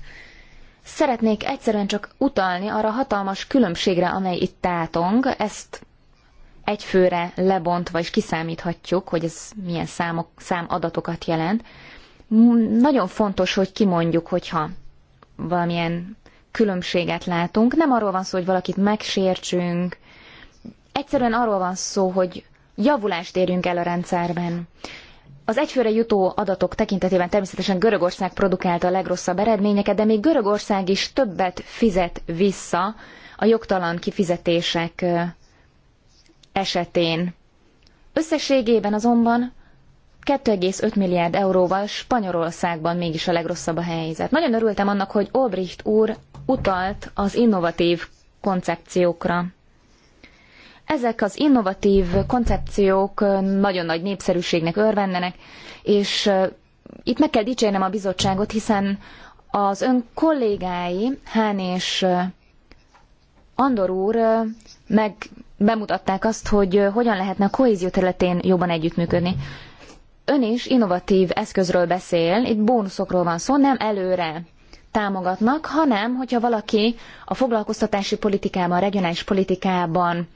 Szeretnék egyszerűen csak utalni arra hatalmas különbségre, amely itt tátong, ezt egy főre lebontva is kiszámíthatjuk, hogy ez milyen számok, számadatokat jelent. Nagyon fontos, hogy kimondjuk, hogyha valamilyen különbséget látunk. Nem arról van szó, hogy valakit megsértsünk, egyszerűen arról van szó, hogy javulást érjünk el a rendszerben. Az egyfőre jutó adatok tekintetében természetesen Görögország produkálta a legrosszabb eredményeket, de még Görögország is többet fizet vissza a jogtalan kifizetések esetén. Összességében azonban 2,5 milliárd euróval Spanyolországban mégis a legrosszabb a helyzet. Nagyon örültem annak, hogy Olbricht úr utalt az innovatív koncepciókra. Ezek az innovatív koncepciók nagyon nagy népszerűségnek örvendenek, és itt meg kell dicsérnem a bizottságot, hiszen az ön kollégái, Hán és Andor úr meg bemutatták azt, hogy hogyan lehetne a kohézió területén jobban együttműködni. Ön is innovatív eszközről beszél, itt bónuszokról van szó, nem előre támogatnak, hanem hogyha valaki a foglalkoztatási politikában, a regionális politikában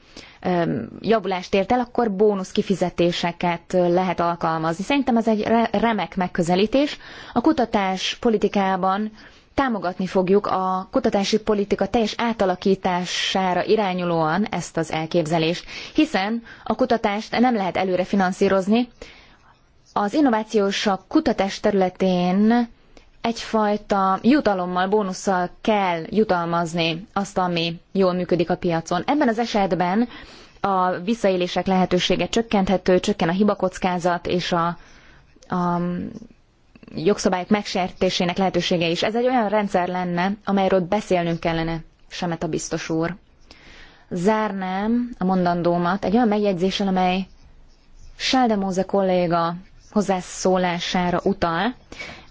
javulást ért el, akkor bónusz kifizetéseket lehet alkalmazni. Szerintem ez egy remek megközelítés. A kutatás politikában támogatni fogjuk a kutatási politika teljes átalakítására irányulóan ezt az elképzelést, hiszen a kutatást nem lehet előre finanszírozni. Az innovációs kutatás területén egyfajta jutalommal, bónusszal kell jutalmazni azt, ami jól működik a piacon. Ebben az esetben a visszaélések lehetősége csökkenthető, csökken a hibakockázat és a, a jogszabályok megsértésének lehetősége is. Ez egy olyan rendszer lenne, amelyről beszélnünk kellene, Semet a biztos úr. Zárnám a mondandómat egy olyan megjegyzéssel, amely Sáldemóze kolléga hozzászólására utal.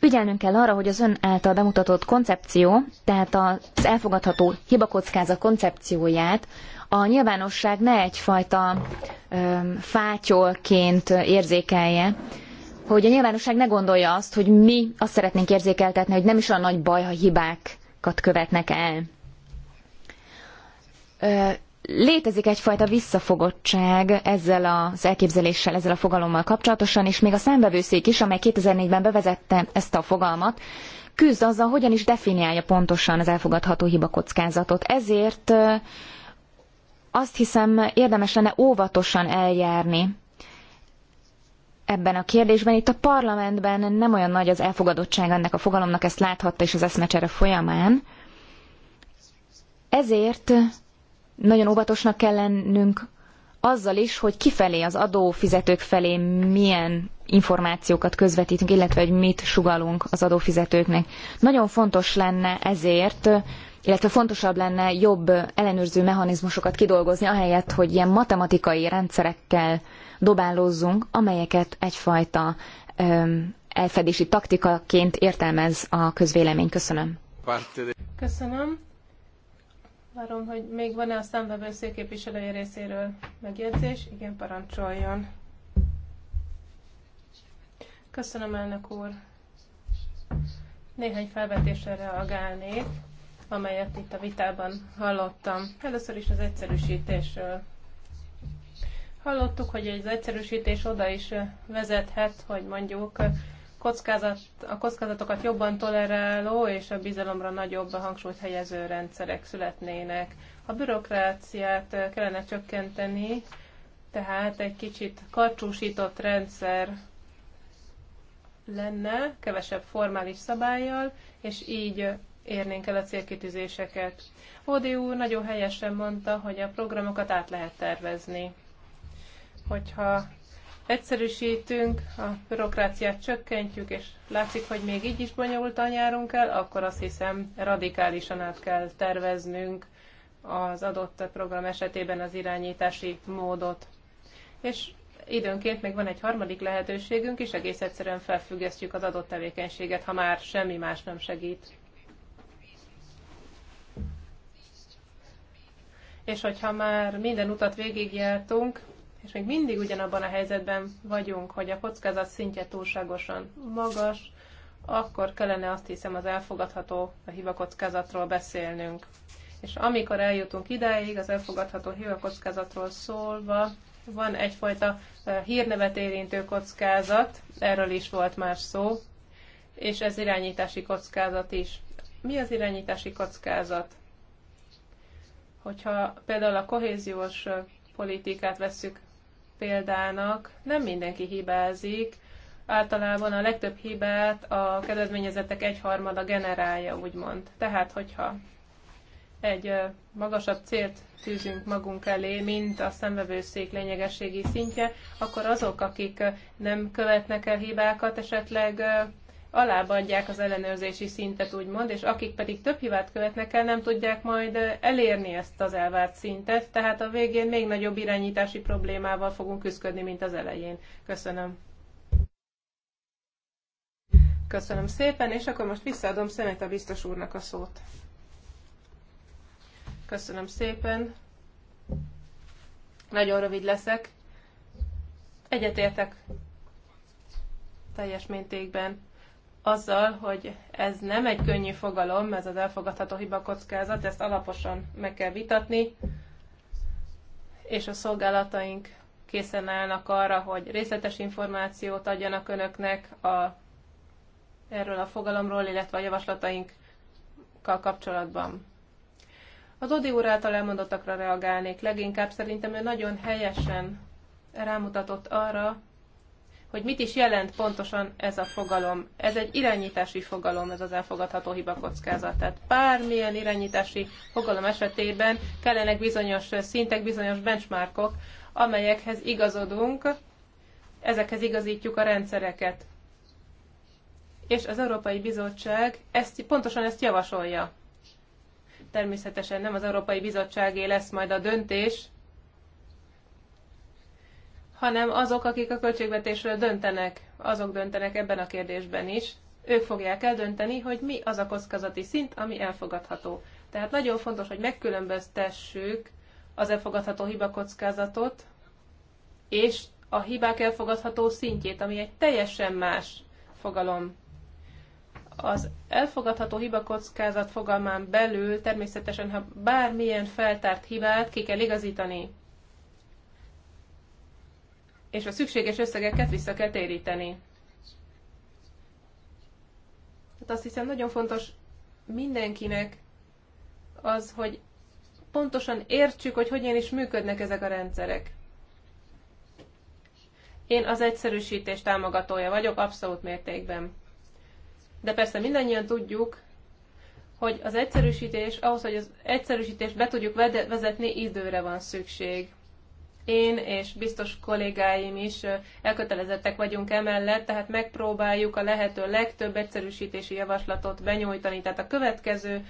Ügyelnünk kell arra, hogy az ön által bemutatott koncepció, tehát az elfogadható hibakockázat koncepcióját a nyilvánosság ne egyfajta ö, fátyolként érzékelje, hogy a nyilvánosság ne gondolja azt, hogy mi azt szeretnénk érzékeltetni, hogy nem is olyan nagy baj, ha hibákat követnek el létezik egyfajta visszafogottság ezzel az elképzeléssel, ezzel a fogalommal kapcsolatosan, és még a számbevőszék is, amely 2004-ben bevezette ezt a fogalmat, küzd azzal, hogyan is definiálja pontosan az elfogadható hibakockázatot. Ezért azt hiszem érdemes lenne óvatosan eljárni ebben a kérdésben. Itt a parlamentben nem olyan nagy az elfogadottság ennek a fogalomnak, ezt láthatta is az eszmecsere folyamán. Ezért nagyon óvatosnak kell lennünk azzal is, hogy kifelé, az adófizetők felé milyen információkat közvetítünk, illetve hogy mit sugalunk az adófizetőknek. Nagyon fontos lenne ezért, illetve fontosabb lenne jobb ellenőrző mechanizmusokat kidolgozni, ahelyett, hogy ilyen matematikai rendszerekkel dobálózzunk, amelyeket egyfajta öm, elfedési taktikaként értelmez a közvélemény. Köszönöm. Köszönöm. Várom, hogy még van-e a számvevőszék képviselője részéről megjegyzés. Igen, parancsoljon. Köszönöm, elnök úr. Néhány felvetésre reagálnék, amelyet itt a vitában hallottam. Először is az egyszerűsítésről. Hallottuk, hogy az egyszerűsítés oda is vezethet, hogy mondjuk kockázat, a kockázatokat jobban toleráló és a bizalomra nagyobb a hangsúlyt helyező rendszerek születnének. A bürokráciát kellene csökkenteni, tehát egy kicsit karcsúsított rendszer lenne, kevesebb formális szabályjal, és így érnénk el a célkitűzéseket. Ódi úr nagyon helyesen mondta, hogy a programokat át lehet tervezni. Hogyha egyszerűsítünk, a bürokráciát csökkentjük, és látszik, hogy még így is bonyolultan járunk el, akkor azt hiszem radikálisan át kell terveznünk az adott program esetében az irányítási módot. És időnként még van egy harmadik lehetőségünk is, egész egyszerűen felfüggesztjük az adott tevékenységet, ha már semmi más nem segít. És hogyha már minden utat végigjártunk, és még mindig ugyanabban a helyzetben vagyunk, hogy a kockázat szintje túlságosan magas, akkor kellene azt hiszem az elfogadható a hibakockázatról beszélnünk. És amikor eljutunk ideig, az elfogadható hibakockázatról szólva, van egyfajta hírnevet érintő kockázat, erről is volt már szó, és ez irányítási kockázat is. Mi az irányítási kockázat? Hogyha például a kohéziós politikát vesszük példának nem mindenki hibázik, általában a legtöbb hibát a kedvezményezettek egyharmada generálja, úgymond. Tehát, hogyha egy magasabb célt tűzünk magunk elé, mint a szemvevőszék lényegességi szintje, akkor azok, akik nem követnek el hibákat, esetleg alábbadják az ellenőrzési szintet, úgymond, és akik pedig több hibát követnek el, nem tudják majd elérni ezt az elvárt szintet, tehát a végén még nagyobb irányítási problémával fogunk küzdködni, mint az elején. Köszönöm. Köszönöm szépen, és akkor most visszaadom szemét a biztos úrnak a szót. Köszönöm szépen. Nagyon rövid leszek. Egyetértek teljes mértékben azzal, hogy ez nem egy könnyű fogalom, ez az elfogadható hibakockázat, ezt alaposan meg kell vitatni, és a szolgálataink készen állnak arra, hogy részletes információt adjanak önöknek a, erről a fogalomról, illetve a javaslatainkkal kapcsolatban. Az Odi úr által elmondottakra reagálnék. Leginkább szerintem ő nagyon helyesen rámutatott arra, hogy mit is jelent pontosan ez a fogalom. Ez egy irányítási fogalom, ez az elfogadható hiba kockázat. Tehát bármilyen irányítási fogalom esetében kellenek bizonyos szintek, bizonyos benchmarkok, amelyekhez igazodunk, ezekhez igazítjuk a rendszereket. És az Európai Bizottság ezt, pontosan ezt javasolja. Természetesen nem az Európai Bizottságé lesz majd a döntés, hanem azok, akik a költségvetésről döntenek, azok döntenek ebben a kérdésben is. Ők fogják eldönteni, hogy mi az a kockázati szint, ami elfogadható. Tehát nagyon fontos, hogy megkülönböztessük az elfogadható hibakockázatot, és a hibák elfogadható szintjét, ami egy teljesen más fogalom. Az elfogadható hibakockázat fogalmán belül természetesen, ha bármilyen feltárt hibát ki kell igazítani, és a szükséges összegeket vissza kell téríteni. Tehát azt hiszem nagyon fontos mindenkinek az, hogy pontosan értsük, hogy hogyan is működnek ezek a rendszerek. Én az egyszerűsítés támogatója vagyok, abszolút mértékben. De persze mindannyian tudjuk, hogy az egyszerűsítés, ahhoz, hogy az egyszerűsítést be tudjuk vezetni, időre van szükség én és biztos kollégáim is elkötelezettek vagyunk emellett, tehát megpróbáljuk a lehető legtöbb egyszerűsítési javaslatot benyújtani. Tehát a következő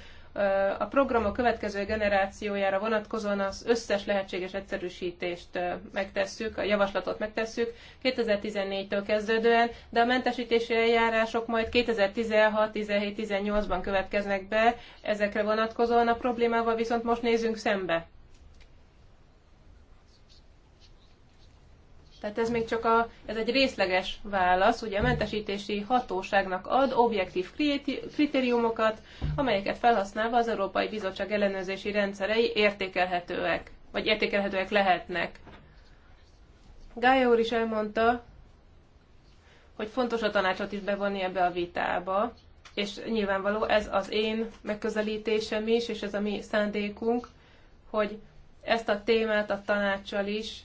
a program a következő generációjára vonatkozóan az összes lehetséges egyszerűsítést megtesszük, a javaslatot megtesszük 2014-től kezdődően, de a mentesítési eljárások majd 2016, 17, 18-ban következnek be ezekre vonatkozóan. A problémával viszont most nézzünk szembe. Tehát ez még csak a, ez egy részleges válasz, ugye a mentesítési hatóságnak ad objektív kritériumokat, amelyeket felhasználva az Európai Bizottság ellenőrzési rendszerei értékelhetőek, vagy értékelhetőek lehetnek. Gája úr is elmondta, hogy fontos a tanácsot is bevonni ebbe a vitába, és nyilvánvaló ez az én megközelítésem is, és ez a mi szándékunk, hogy ezt a témát a tanácssal is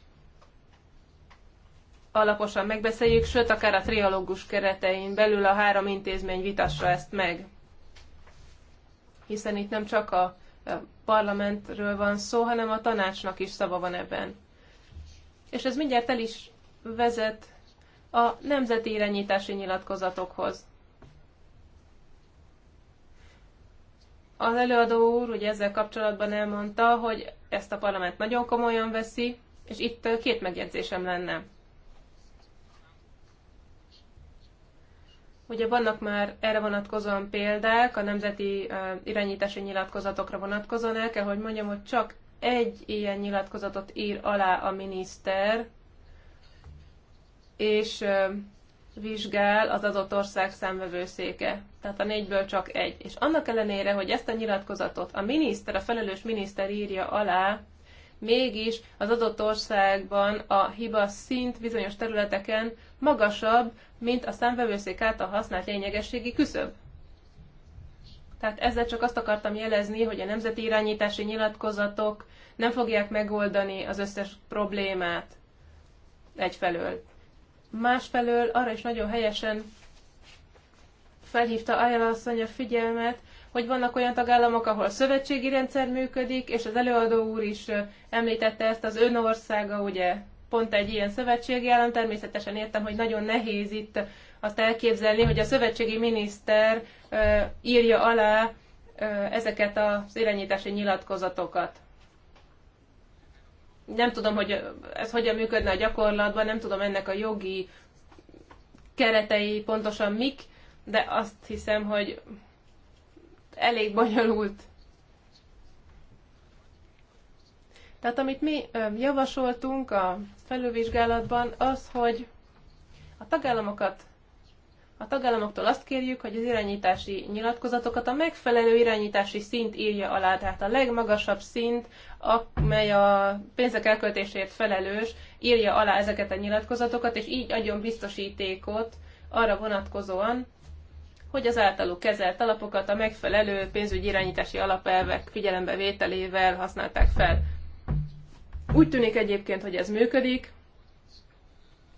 alaposan megbeszéljük, sőt, akár a trialógus keretein belül a három intézmény vitassa ezt meg. Hiszen itt nem csak a parlamentről van szó, hanem a tanácsnak is szava van ebben. És ez mindjárt el is vezet a nemzeti irányítási nyilatkozatokhoz. Az előadó úr ugye ezzel kapcsolatban elmondta, hogy ezt a parlament nagyon komolyan veszi, és itt két megjegyzésem lenne. Ugye vannak már erre vonatkozóan példák, a nemzeti irányítási nyilatkozatokra vonatkozóan el kell, hogy mondjam, hogy csak egy ilyen nyilatkozatot ír alá a miniszter, és vizsgál az adott ország számvevőszéke. Tehát a négyből csak egy. És annak ellenére, hogy ezt a nyilatkozatot a miniszter, a felelős miniszter írja alá, mégis az adott országban a hiba szint bizonyos területeken magasabb, mint a számvevőszék által használt lényegességi küszöb. Tehát ezzel csak azt akartam jelezni, hogy a nemzeti irányítási nyilatkozatok nem fogják megoldani az összes problémát egyfelől. Másfelől arra is nagyon helyesen felhívta Ayala asszony a figyelmet, hogy vannak olyan tagállamok, ahol szövetségi rendszer működik, és az előadó úr is említette ezt, az ön országa ugye pont egy ilyen szövetségi állam. Természetesen értem, hogy nagyon nehéz itt azt elképzelni, hogy a szövetségi miniszter írja alá ezeket az irányítási nyilatkozatokat. Nem tudom, hogy ez hogyan működne a gyakorlatban, nem tudom ennek a jogi keretei pontosan mik, de azt hiszem, hogy elég bonyolult Tehát amit mi javasoltunk a felülvizsgálatban, az, hogy a tagállamokat a tagállamoktól azt kérjük, hogy az irányítási nyilatkozatokat a megfelelő irányítási szint írja alá, tehát a legmagasabb szint, amely a pénzek elköltésért felelős, írja alá ezeket a nyilatkozatokat, és így adjon biztosítékot arra vonatkozóan, hogy az általuk kezelt alapokat a megfelelő pénzügyi irányítási alapelvek figyelembevételével használták fel. Úgy tűnik egyébként, hogy ez működik.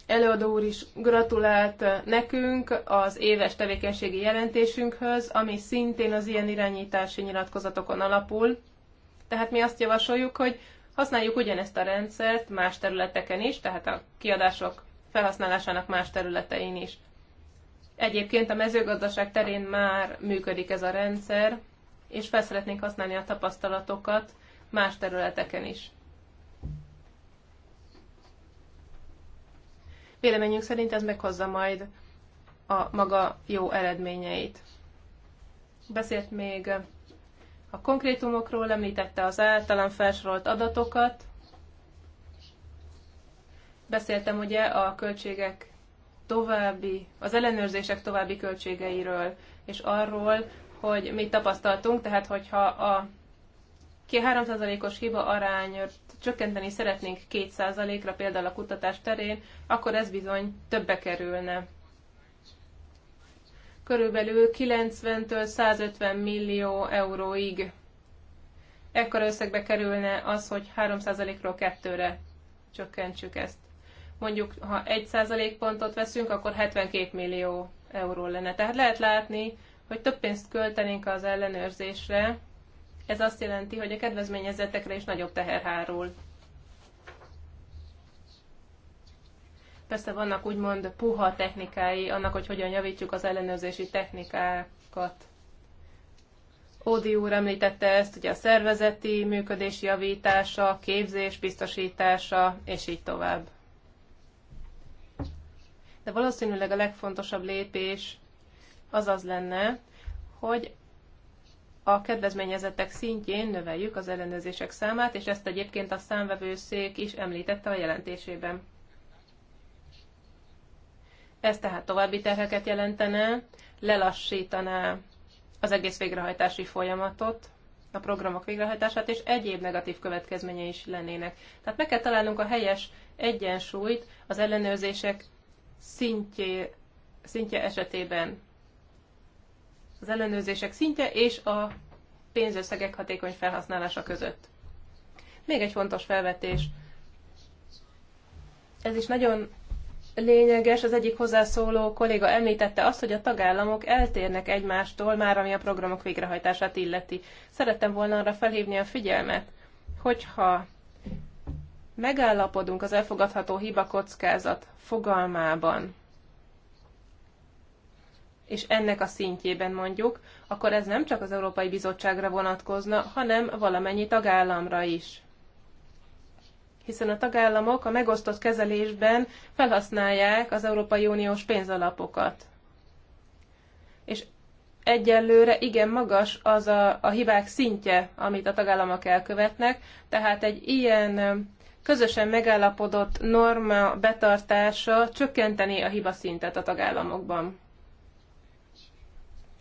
Előadó úr is gratulált eh, nekünk az éves tevékenységi jelentésünkhöz, ami szintén az ilyen irányítási nyilatkozatokon alapul. Tehát mi azt javasoljuk, hogy használjuk ugyanezt a rendszert más területeken is, tehát a kiadások felhasználásának más területein is. Egyébként a mezőgazdaság terén már működik ez a rendszer, és fel szeretnénk használni a tapasztalatokat más területeken is. Véleményünk szerint ez meghozza majd a maga jó eredményeit. Beszélt még a konkrétumokról, említette az általán felsorolt adatokat. Beszéltem ugye a költségek további, az ellenőrzések további költségeiről, és arról, hogy mit tapasztaltunk, tehát hogyha a 3%-os hiba arányot csökkenteni szeretnénk 2%-ra például a kutatás terén, akkor ez bizony többe kerülne. Körülbelül 90-től 150 millió euróig. Ekkora összegbe kerülne az, hogy 3%-ról 2-re csökkentsük ezt. Mondjuk, ha 1 pontot veszünk, akkor 72 millió euró lenne. Tehát lehet látni, hogy több pénzt költenénk az ellenőrzésre, ez azt jelenti, hogy a kedvezményezettekre is nagyobb teher hárul. Persze vannak úgymond puha technikái annak, hogy hogyan javítjuk az ellenőrzési technikákat. Ódi úr említette ezt, ugye a szervezeti működés javítása, képzés biztosítása, és így tovább. De valószínűleg a legfontosabb lépés az az lenne, hogy a kedvezményezettek szintjén növeljük az ellenőrzések számát, és ezt egyébként a számvevőszék is említette a jelentésében. Ez tehát további terheket jelentene, lelassítaná az egész végrehajtási folyamatot, a programok végrehajtását, és egyéb negatív következményei is lennének. Tehát meg kell találnunk a helyes egyensúlyt az ellenőrzések szintjé, szintje esetében az ellenőrzések szintje és a pénzösszegek hatékony felhasználása között. Még egy fontos felvetés. Ez is nagyon lényeges, az egyik hozzászóló kolléga említette azt, hogy a tagállamok eltérnek egymástól már, ami a programok végrehajtását illeti. Szerettem volna arra felhívni a figyelmet, hogyha megállapodunk az elfogadható hiba kockázat fogalmában, és ennek a szintjében mondjuk, akkor ez nem csak az Európai Bizottságra vonatkozna, hanem valamennyi tagállamra is. Hiszen a tagállamok a megosztott kezelésben felhasználják az Európai Uniós pénzalapokat. És egyelőre igen magas az a, a hibák szintje, amit a tagállamok elkövetnek, tehát egy ilyen közösen megállapodott norma betartása csökkenteni a hiba szintet a tagállamokban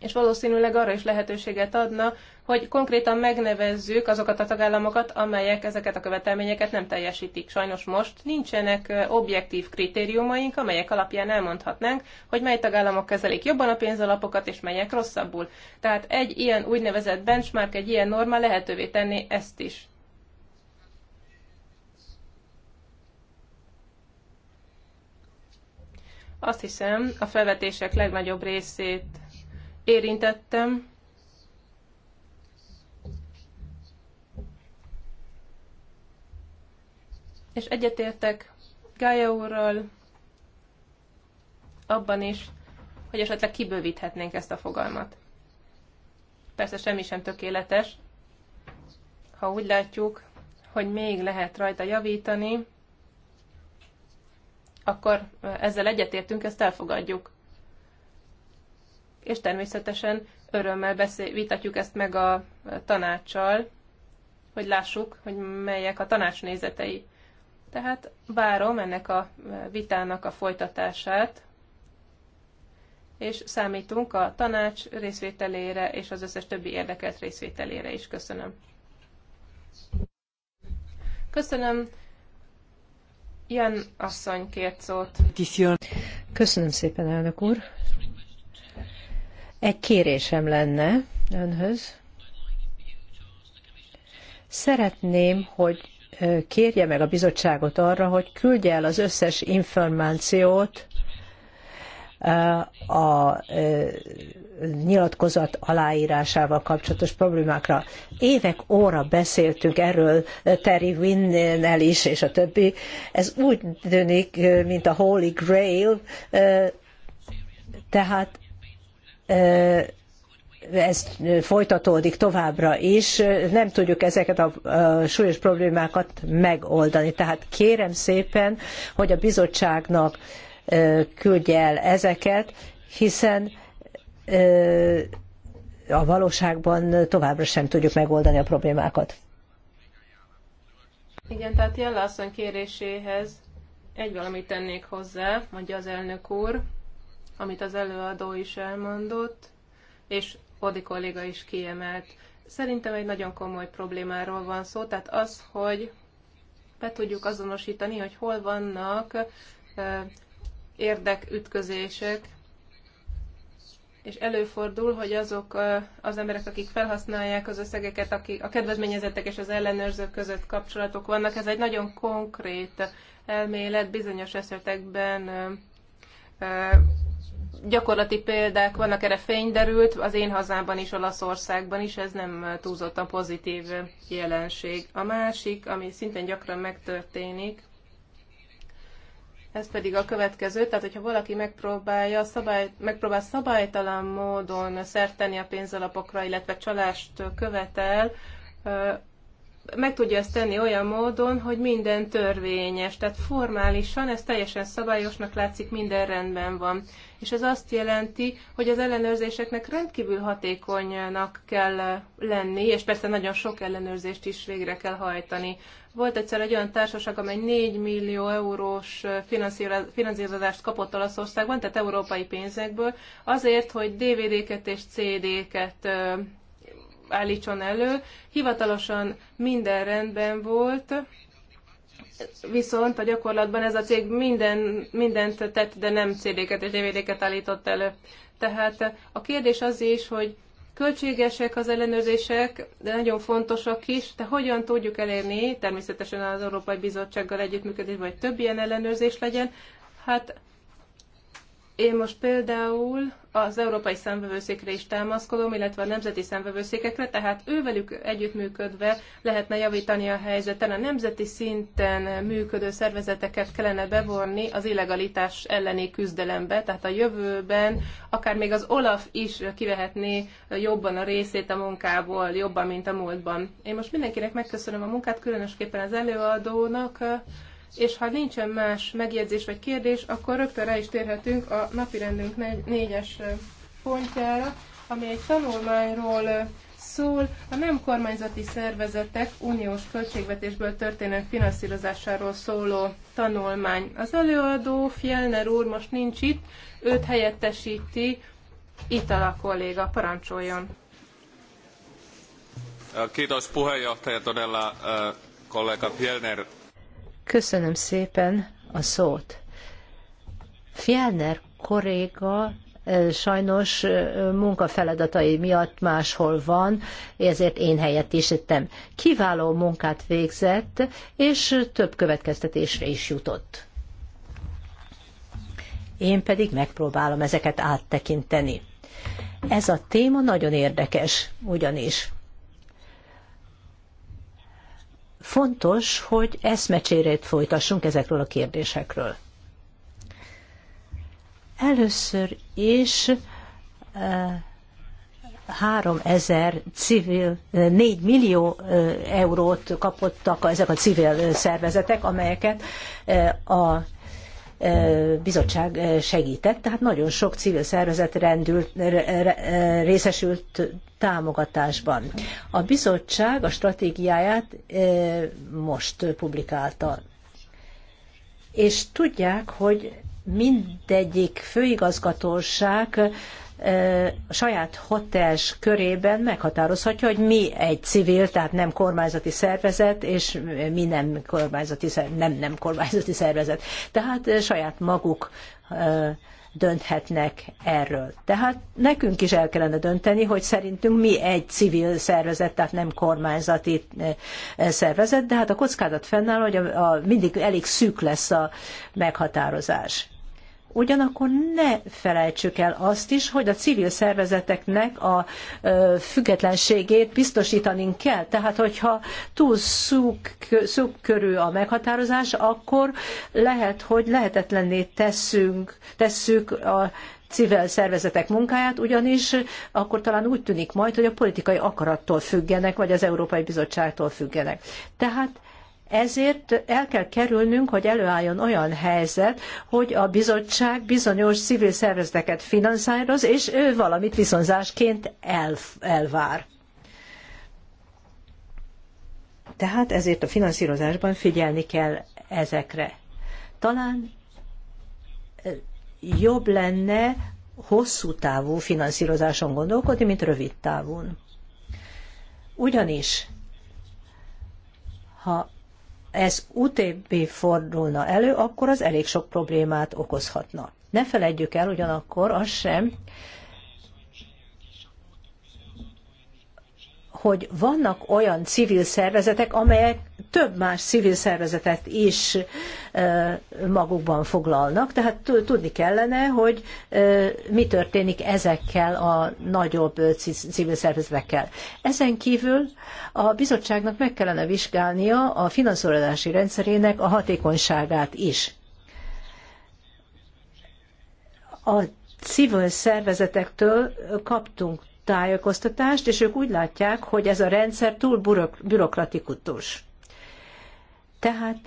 és valószínűleg arra is lehetőséget adna, hogy konkrétan megnevezzük azokat a tagállamokat, amelyek ezeket a követelményeket nem teljesítik. Sajnos most nincsenek objektív kritériumaink, amelyek alapján elmondhatnánk, hogy mely tagállamok kezelik jobban a pénzalapokat, és melyek rosszabbul. Tehát egy ilyen úgynevezett benchmark, egy ilyen norma lehetővé tenni ezt is. Azt hiszem, a felvetések legnagyobb részét érintettem. És egyetértek Gája úrral abban is, hogy esetleg kibővíthetnénk ezt a fogalmat. Persze semmi sem tökéletes, ha úgy látjuk, hogy még lehet rajta javítani, akkor ezzel egyetértünk, ezt elfogadjuk és természetesen örömmel beszél, vitatjuk ezt meg a tanácssal, hogy lássuk, hogy melyek a tanács nézetei. Tehát várom ennek a vitának a folytatását, és számítunk a tanács részvételére és az összes többi érdekelt részvételére is. Köszönöm. Köszönöm. Jan asszony kért szót. Köszönöm szépen, elnök úr. Egy kérésem lenne önhöz. Szeretném, hogy kérje meg a bizottságot arra, hogy küldje el az összes információt a nyilatkozat aláírásával kapcsolatos problémákra. Évek óra beszéltünk erről Terry Winnel is, és a többi. Ez úgy tűnik, mint a Holy Grail, tehát ez folytatódik továbbra is, nem tudjuk ezeket a súlyos problémákat megoldani. Tehát kérem szépen, hogy a bizottságnak küldje el ezeket, hiszen a valóságban továbbra sem tudjuk megoldani a problémákat. Igen, tehát Jella kéréséhez egy valamit tennék hozzá, mondja az elnök úr amit az előadó is elmondott, és Odi kolléga is kiemelt. Szerintem egy nagyon komoly problémáról van szó, tehát az, hogy be tudjuk azonosítani, hogy hol vannak érdekütközések, és előfordul, hogy azok az emberek, akik felhasználják az összegeket, akik a kedvezményezettek és az ellenőrzők között kapcsolatok vannak, ez egy nagyon konkrét elmélet, bizonyos esetekben gyakorlati példák vannak erre fényderült, az én hazámban is, Olaszországban is, ez nem túlzottan pozitív jelenség. A másik, ami szintén gyakran megtörténik, ez pedig a következő, tehát hogyha valaki megpróbálja szabály, megpróbál szabálytalan módon szerteni a pénzalapokra, illetve csalást követel, meg tudja ezt tenni olyan módon, hogy minden törvényes, tehát formálisan ez teljesen szabályosnak látszik, minden rendben van. És ez azt jelenti, hogy az ellenőrzéseknek rendkívül hatékonynak kell lenni, és persze nagyon sok ellenőrzést is végre kell hajtani. Volt egyszer egy olyan társaság, amely 4 millió eurós finanszírozást kapott Olaszországban, tehát európai pénzekből, azért, hogy DVD-ket és CD-ket állítson elő. Hivatalosan minden rendben volt, viszont a gyakorlatban ez a cég minden, mindent tett, de nem CD-ket és DVD-ket állított elő. Tehát a kérdés az is, hogy költségesek az ellenőrzések, de nagyon fontosak is, de hogyan tudjuk elérni, természetesen az Európai Bizottsággal együttműködés vagy több ilyen ellenőrzés legyen, hát én most például az európai Szemvevőszékre is támaszkodom, illetve a nemzeti Szemvevőszékekre, tehát ővelük együttműködve lehetne javítani a helyzeten. A nemzeti szinten működő szervezeteket kellene bevonni az illegalitás elleni küzdelembe, tehát a jövőben akár még az OLAF is kivehetné jobban a részét a munkából, jobban, mint a múltban. Én most mindenkinek megköszönöm a munkát, különösképpen az előadónak, és ha nincsen más megjegyzés vagy kérdés, akkor rögtön rá is térhetünk a napirendünk négyes pontjára, ami egy tanulmányról szól a nem kormányzati szervezetek uniós költségvetésből történő finanszírozásáról szóló tanulmány. Az előadó Fjellner úr most nincs itt, őt helyettesíti Itala kolléga. Parancsoljon! Kiitos puheenjohtaja todella kollega Fjellner Köszönöm szépen a szót. Fjellner kolléga sajnos munkafeladatai miatt máshol van, ezért én helyett ettem. Kiváló munkát végzett, és több következtetésre is jutott. Én pedig megpróbálom ezeket áttekinteni. Ez a téma nagyon érdekes, ugyanis Fontos, hogy eszmecsérét folytassunk ezekről a kérdésekről. Először is e, eh, 3000 civil, 4 eh, millió eh, eurót kapottak ezek a civil szervezetek, amelyeket a bizottság segített, tehát nagyon sok civil szervezet rendült, részesült támogatásban. A bizottság a stratégiáját most publikálta. És tudják, hogy mindegyik főigazgatóság a saját hotels körében meghatározhatja, hogy mi egy civil, tehát nem kormányzati szervezet, és mi nem kormányzati, nem, nem kormányzati szervezet. Tehát saját maguk dönthetnek erről. Tehát nekünk is el kellene dönteni, hogy szerintünk mi egy civil szervezet, tehát nem kormányzati szervezet, de hát a kockázat fennáll, hogy a, a mindig elég szűk lesz a meghatározás. Ugyanakkor ne felejtsük el azt is, hogy a civil szervezeteknek a függetlenségét biztosítani kell. Tehát, hogyha túl szűk, körül a meghatározás, akkor lehet, hogy lehetetlenné tesszünk, tesszük a civil szervezetek munkáját, ugyanis akkor talán úgy tűnik majd, hogy a politikai akarattól függenek, vagy az Európai Bizottságtól függenek. Tehát ezért el kell kerülnünk, hogy előálljon olyan helyzet, hogy a bizottság bizonyos civil szervezeteket finanszíroz, és ő valamit viszonzásként elvár. Tehát ezért a finanszírozásban figyelni kell ezekre. Talán jobb lenne hosszú távú finanszírozáson gondolkodni, mint rövid távon. Ugyanis, ha ez utóbbi fordulna elő, akkor az elég sok problémát okozhatna. Ne feledjük el ugyanakkor azt sem, hogy vannak olyan civil szervezetek, amelyek több más civil szervezetet is magukban foglalnak, tehát tudni kellene, hogy mi történik ezekkel a nagyobb civil szervezetekkel. Ezen kívül a bizottságnak meg kellene vizsgálnia a finanszírozási rendszerének a hatékonyságát is. A civil szervezetektől kaptunk tájékoztatást, és ők úgy látják, hogy ez a rendszer túl bürokratikus. Tehát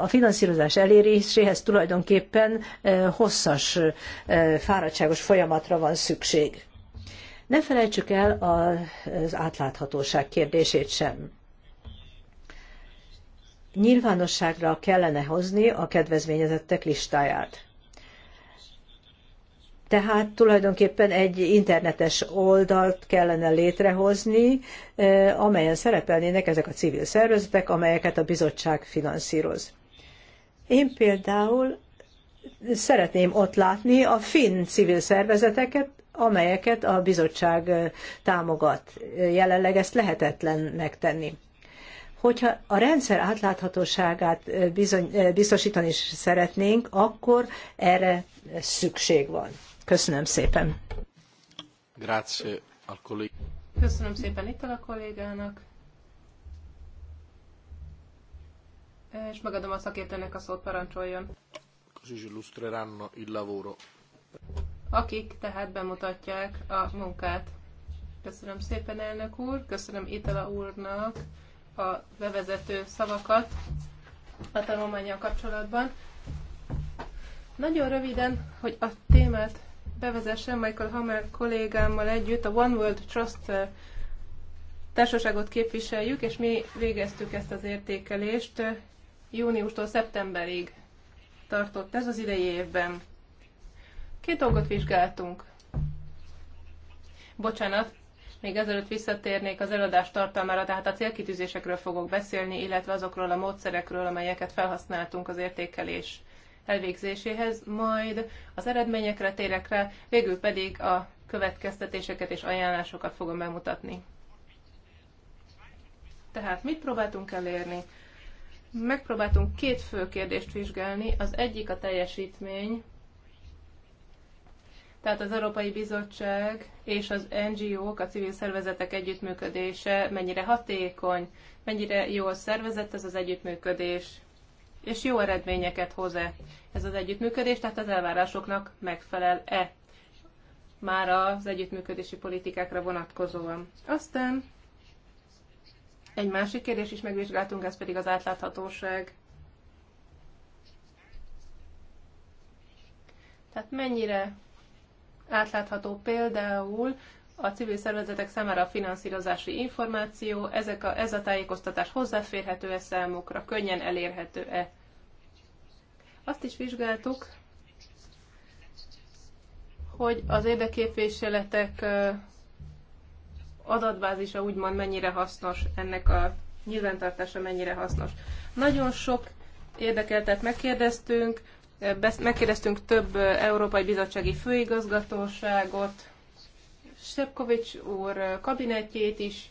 a finanszírozás eléréséhez tulajdonképpen hosszas, fáradtságos folyamatra van szükség. Ne felejtsük el az átláthatóság kérdését sem. Nyilvánosságra kellene hozni a kedvezményezettek listáját. Tehát tulajdonképpen egy internetes oldalt kellene létrehozni, eh, amelyen szerepelnének ezek a civil szervezetek, amelyeket a bizottság finanszíroz. Én például szeretném ott látni a finn civil szervezeteket, amelyeket a bizottság eh, támogat. Jelenleg ezt lehetetlen megtenni. Hogyha a rendszer átláthatóságát eh, bizony, biztosítani is szeretnénk, akkor erre szükség van. Köszönöm szépen. Grazie al collega. Köszönöm szépen itt a kollégának. És megadom a szakértőnek a szót, parancsoljon. Akik tehát bemutatják a munkát. Köszönöm szépen, elnök úr, köszönöm Itala úrnak a bevezető szavakat a tanulmányjal kapcsolatban. Nagyon röviden, hogy a témát bevezessem Michael Hammer kollégámmal együtt a One World Trust eh, társaságot képviseljük, és mi végeztük ezt az értékelést eh, júniustól szeptemberig tartott ez az idei évben. Két dolgot vizsgáltunk. Bocsánat, még ezelőtt visszatérnék az előadás tartalmára, tehát a célkitűzésekről fogok beszélni, illetve azokról a módszerekről, amelyeket felhasználtunk az értékelés elvégzéséhez, majd az eredményekre térek rá, végül pedig a következtetéseket és ajánlásokat fogom bemutatni. Tehát mit próbáltunk elérni? Megpróbáltunk két fő kérdést vizsgálni. Az egyik a teljesítmény, tehát az Európai Bizottság és az NGO-k, a civil szervezetek együttműködése mennyire hatékony, mennyire jól szervezett ez az együttműködés és jó eredményeket hoz-e ez az együttműködés, tehát az elvárásoknak megfelel-e már az együttműködési politikákra vonatkozóan. Aztán egy másik kérdés is megvizsgáltunk, ez pedig az átláthatóság. Tehát mennyire átlátható például a civil szervezetek számára a finanszírozási információ, ezek a, ez a tájékoztatás hozzáférhető-e számukra, könnyen elérhető-e. Azt is vizsgáltuk, hogy az érdeképviseletek adatbázisa úgymond mennyire hasznos, ennek a nyilvántartása mennyire hasznos. Nagyon sok érdekeltet megkérdeztünk, megkérdeztünk több Európai Bizottsági Főigazgatóságot, Sepkovics úr kabinetjét is,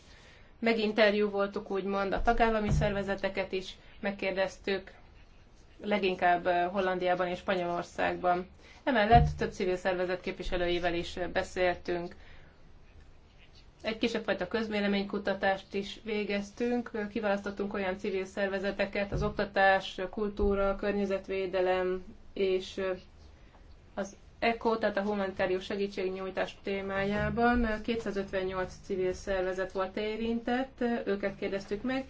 meginterjú voltuk úgymond a tagállami szervezeteket is, megkérdeztük leginkább Hollandiában és Spanyolországban. Emellett több civil szervezet képviselőivel is beszéltünk. Egy kisebb fajta közvéleménykutatást is végeztünk, kiválasztottunk olyan civil szervezeteket, az oktatás, kultúra, környezetvédelem és az ECO, tehát a humanitárius segítségnyújtás témájában 258 civil szervezet volt érintett, őket kérdeztük meg.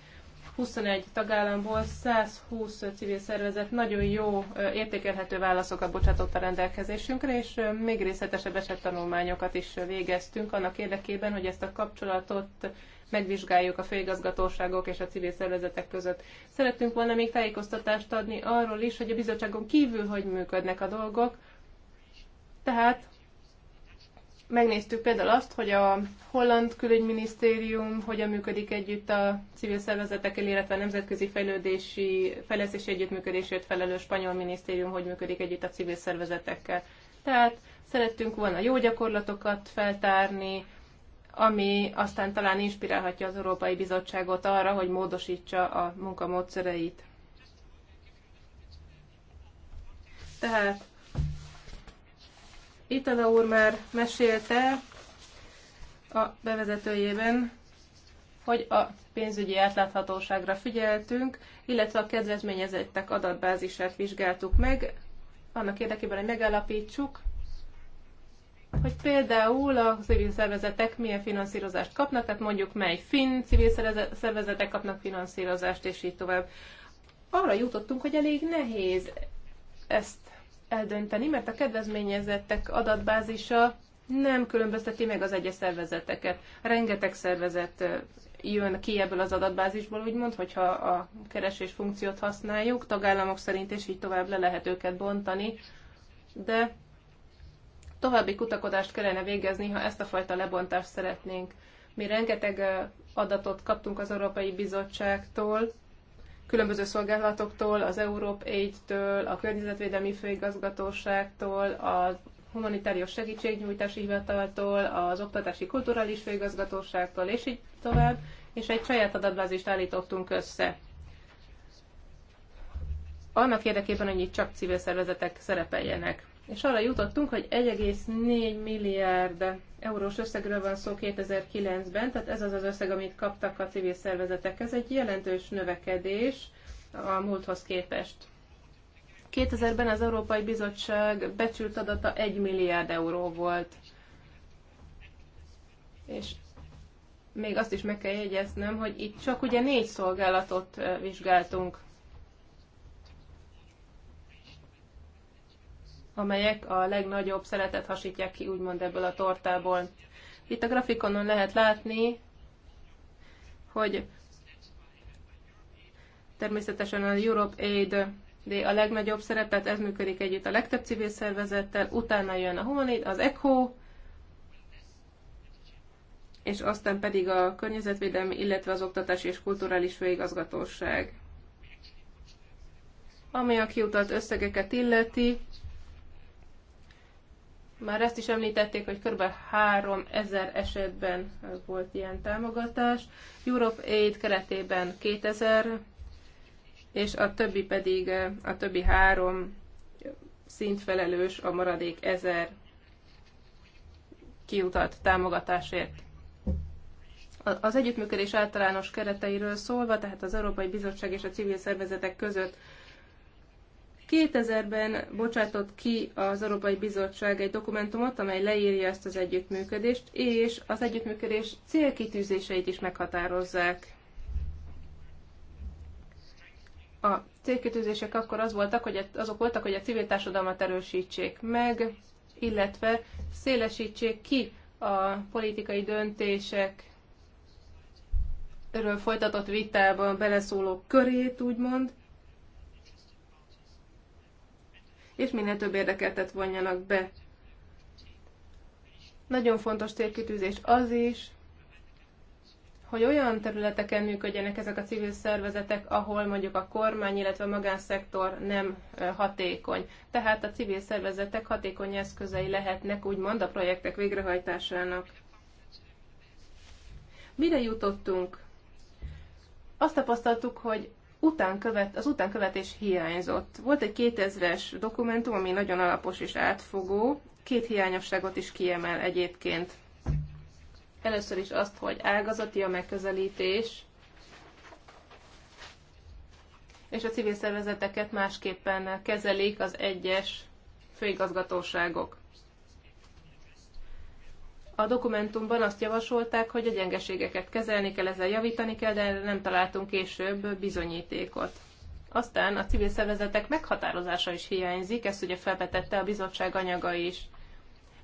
21 tagállamból 120 civil szervezet nagyon jó értékelhető válaszokat bocsátott a rendelkezésünkre, és még részletesebb esettanulmányokat is végeztünk annak érdekében, hogy ezt a kapcsolatot megvizsgáljuk a főigazgatóságok és a civil szervezetek között. Szerettünk volna még tájékoztatást adni arról is, hogy a bizottságon kívül hogy működnek a dolgok, tehát megnéztük például azt, hogy a holland külügyminisztérium hogyan működik együtt a civil szervezetekkel, illetve a nemzetközi fejlődési, fejlesztési együttműködésért felelős spanyol minisztérium hogy működik együtt a civil szervezetekkel. Tehát szerettünk volna jó gyakorlatokat feltárni, ami aztán talán inspirálhatja az Európai Bizottságot arra, hogy módosítsa a munkamódszereit. Tehát Itala úr már mesélte a bevezetőjében, hogy a pénzügyi átláthatóságra figyeltünk, illetve a kedvezményezettek adatbázisát vizsgáltuk meg, annak érdekében, hogy megállapítsuk, hogy például a civil szervezetek milyen finanszírozást kapnak, tehát mondjuk mely finn civil szervezetek kapnak finanszírozást, és így tovább. Arra jutottunk, hogy elég nehéz ezt eldönteni, mert a kedvezményezettek adatbázisa nem különbözteti meg az egyes szervezeteket. Rengeteg szervezet jön ki ebből az adatbázisból, úgymond, hogyha a keresés funkciót használjuk, tagállamok szerint és így tovább le lehet őket bontani, de további kutakodást kellene végezni, ha ezt a fajta lebontást szeretnénk. Mi rengeteg adatot kaptunk az Európai Bizottságtól, különböző szolgálatoktól, az Europe től a Környezetvédelmi Főigazgatóságtól, a Humanitárius Segítségnyújtási Hivataltól, az Oktatási Kulturális Főigazgatóságtól, és így tovább, és egy saját adatbázist állítottunk össze. Annak érdekében, hogy itt csak civil szervezetek szerepeljenek és arra jutottunk, hogy 1,4 milliárd eurós összegről van szó 2009-ben, tehát ez az az összeg, amit kaptak a civil szervezetek. Ez egy jelentős növekedés a múlthoz képest. 2000-ben az Európai Bizottság becsült adata 1 milliárd euró volt. És még azt is meg kell jegyeznem, hogy itt csak ugye négy szolgálatot vizsgáltunk amelyek a legnagyobb szeretet hasítják ki úgymond ebből a tortából. Itt a grafikonon lehet látni, hogy természetesen a Europe Aid de a legnagyobb szerepet, ez működik együtt a legtöbb civil szervezettel, utána jön a Humanit, az ECHO, és aztán pedig a környezetvédelmi, illetve az oktatási és kulturális főigazgatóság. Ami a kiutalt összegeket illeti, már ezt is említették, hogy kb. 3000 esetben volt ilyen támogatás. Europe Aid keretében 2000, és a többi pedig, a többi három szintfelelős a maradék 1000 kiutalt támogatásért. Az együttműködés általános kereteiről szólva, tehát az Európai Bizottság és a civil szervezetek között 2000-ben bocsátott ki az Európai Bizottság egy dokumentumot, amely leírja ezt az együttműködést, és az együttműködés célkitűzéseit is meghatározzák. A célkitűzések akkor az voltak, hogy azok voltak, hogy a civil társadalmat erősítsék meg, illetve szélesítsék ki a politikai döntések erről folytatott vitában beleszóló körét, úgymond, és minél több érdekeltet vonjanak be. Nagyon fontos térkitűzés az is, hogy olyan területeken működjenek ezek a civil szervezetek, ahol mondjuk a kormány, illetve a magánszektor nem hatékony. Tehát a civil szervezetek hatékony eszközei lehetnek úgymond a projektek végrehajtásának. Mire jutottunk? Azt tapasztaltuk, hogy utánkövet, az utánkövetés hiányzott. Volt egy 2000-es dokumentum, ami nagyon alapos és átfogó, két hiányosságot is kiemel egyébként. Először is azt, hogy ágazati a megközelítés, és a civil szervezeteket másképpen kezelik az egyes főigazgatóságok. A dokumentumban azt javasolták, hogy a gyengeségeket kezelni kell, ezzel javítani kell, de erre nem találtunk később bizonyítékot. Aztán a civil szervezetek meghatározása is hiányzik, ezt ugye felvetette a bizottság anyaga is.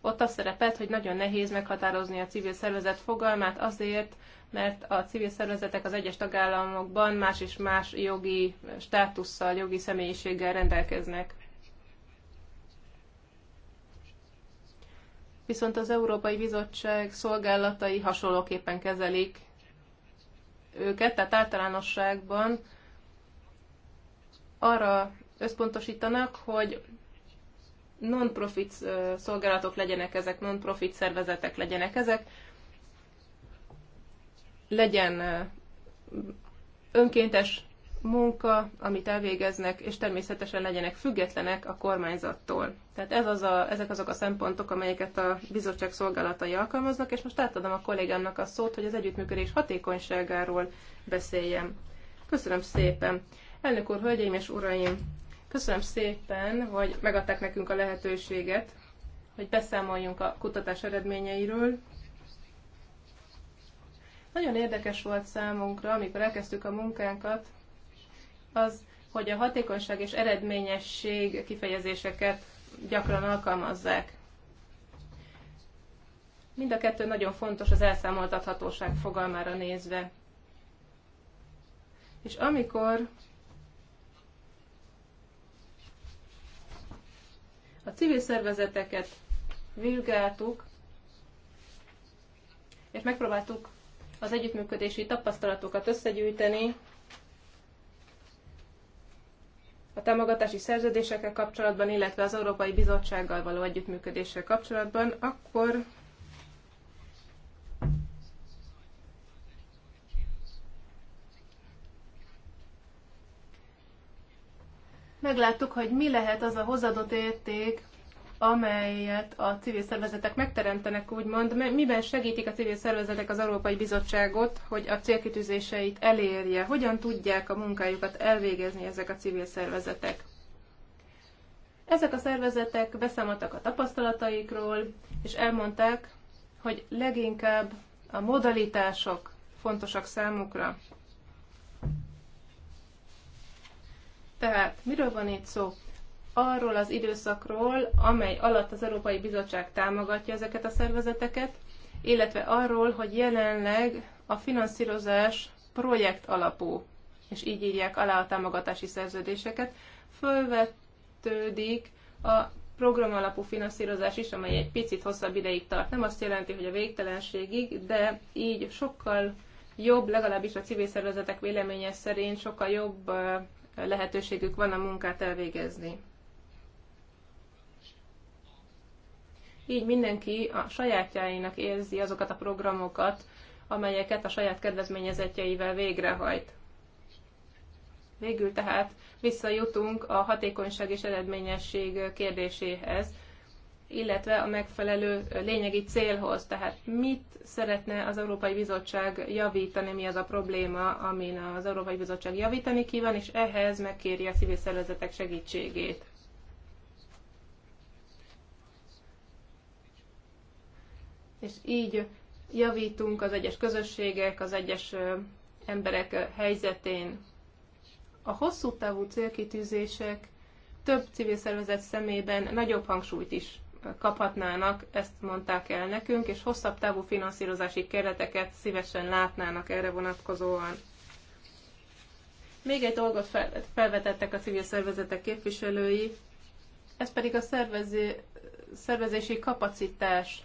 Ott az szerepelt, hogy nagyon nehéz meghatározni a civil szervezet fogalmát azért, mert a civil szervezetek az egyes tagállamokban más és más jogi státusszal, jogi személyiséggel rendelkeznek. viszont az Európai Bizottság szolgálatai hasonlóképpen kezelik őket, tehát általánosságban arra összpontosítanak, hogy non-profit szolgálatok legyenek ezek, non-profit szervezetek legyenek ezek, legyen önkéntes munka, amit elvégeznek, és természetesen legyenek függetlenek a kormányzattól. Tehát ez az a, ezek azok a szempontok, amelyeket a bizottság szolgálatai alkalmaznak, és most átadom a kollégámnak a szót, hogy az együttműködés hatékonyságáról beszéljem. Köszönöm szépen. Elnök úr, hölgyeim és uraim, köszönöm szépen, hogy megadták nekünk a lehetőséget, hogy beszámoljunk a kutatás eredményeiről, nagyon érdekes volt számunkra, amikor elkezdtük a munkánkat, az, hogy a hatékonyság és eredményesség kifejezéseket gyakran alkalmazzák. Mind a kettő nagyon fontos az elszámoltathatóság fogalmára nézve. És amikor a civil szervezeteket vizsgáltuk, és megpróbáltuk az együttműködési tapasztalatokat összegyűjteni, a támogatási szerződésekkel kapcsolatban, illetve az Európai Bizottsággal való együttműködéssel kapcsolatban, akkor megláttuk, hogy mi lehet az a hozadott érték, amelyet a civil szervezetek megteremtenek, úgymond, miben segítik a civil szervezetek az Európai Bizottságot, hogy a célkitűzéseit elérje? Hogyan tudják a munkájukat elvégezni ezek a civil szervezetek? Ezek a szervezetek beszámoltak a tapasztalataikról, és elmondták, hogy leginkább a modalitások fontosak számukra. Tehát miről van itt szó? arról az időszakról, amely alatt az Európai Bizottság támogatja ezeket a szervezeteket, illetve arról, hogy jelenleg a finanszírozás projekt alapú, és így írják alá a támogatási szerződéseket, fölvetődik a program alapú finanszírozás is, amely egy picit hosszabb ideig tart. Nem azt jelenti, hogy a végtelenségig, de így sokkal jobb, legalábbis a civil szervezetek véleménye szerint sokkal jobb lehetőségük van a munkát elvégezni. Így mindenki a sajátjáinak érzi azokat a programokat, amelyeket a saját kedvezményezetjeivel végrehajt. Végül tehát visszajutunk a hatékonyság és eredményesség kérdéséhez, illetve a megfelelő lényegi célhoz. Tehát mit szeretne az Európai Bizottság javítani, mi az a probléma, amin az Európai Bizottság javítani kíván, és ehhez megkéri a civil szervezetek segítségét. és így javítunk az egyes közösségek, az egyes emberek helyzetén. A hosszú távú célkitűzések több civil szervezet szemében nagyobb hangsúlyt is kaphatnának, ezt mondták el nekünk, és hosszabb távú finanszírozási kereteket szívesen látnának erre vonatkozóan. Még egy dolgot felvetettek a civil szervezetek képviselői, ez pedig a szervezi, szervezési kapacitás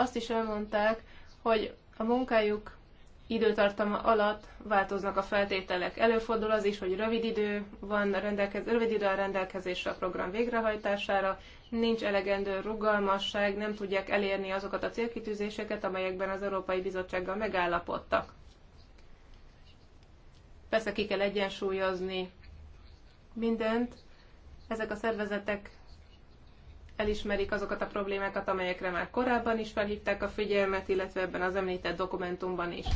azt is elmondták, hogy a munkájuk időtartama alatt változnak a feltételek. Előfordul az is, hogy rövid idő van rendelkez, rövid idő a rendelkezésre a program végrehajtására, nincs elegendő rugalmasság, nem tudják elérni azokat a célkitűzéseket, amelyekben az Európai Bizottsággal megállapodtak. Persze ki kell egyensúlyozni mindent. Ezek a szervezetek elismerik azokat a problémákat, amelyekre már korábban is felhívták a figyelmet, illetve ebben az említett dokumentumban is.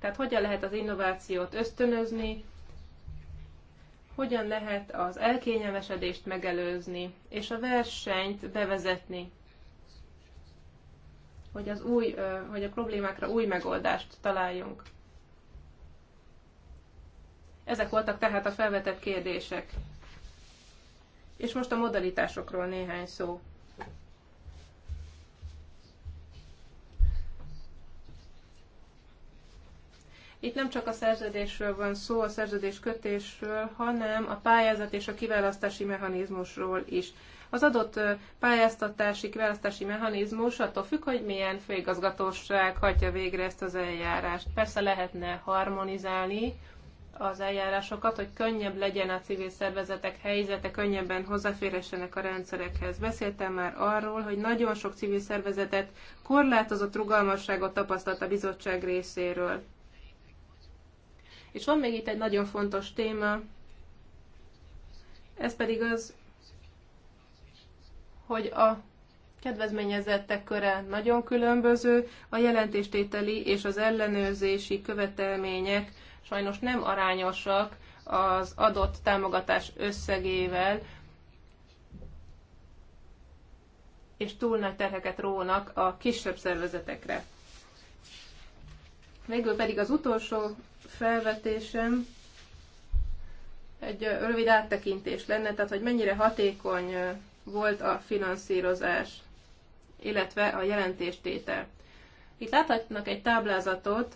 Tehát hogyan lehet az innovációt ösztönözni, hogyan lehet az elkényelmesedést megelőzni, és a versenyt bevezetni, hogy, az új, hogy a problémákra új megoldást találjunk. Ezek voltak tehát a felvetett kérdések. És most a modalitásokról néhány szó. Itt nem csak a szerződésről van szó, a szerződés kötésről, hanem a pályázat és a kiválasztási mechanizmusról is. Az adott pályáztatási, kiválasztási mechanizmus attól függ, hogy milyen főigazgatóság hagyja végre ezt az eljárást. Persze lehetne harmonizálni, az eljárásokat, hogy könnyebb legyen a civil szervezetek helyzete, könnyebben hozzáférhessenek a rendszerekhez. Beszéltem már arról, hogy nagyon sok civil szervezetet korlátozott rugalmasságot tapasztalt a bizottság részéről. És van még itt egy nagyon fontos téma, ez pedig az, hogy a kedvezményezettek köre nagyon különböző, a jelentéstételi és az ellenőrzési követelmények sajnos nem arányosak az adott támogatás összegével, és túl nagy terheket rónak a kisebb szervezetekre. Végül pedig az utolsó felvetésem egy rövid áttekintés lenne, tehát hogy mennyire hatékony volt a finanszírozás, illetve a jelentéstétel. Itt láthatnak egy táblázatot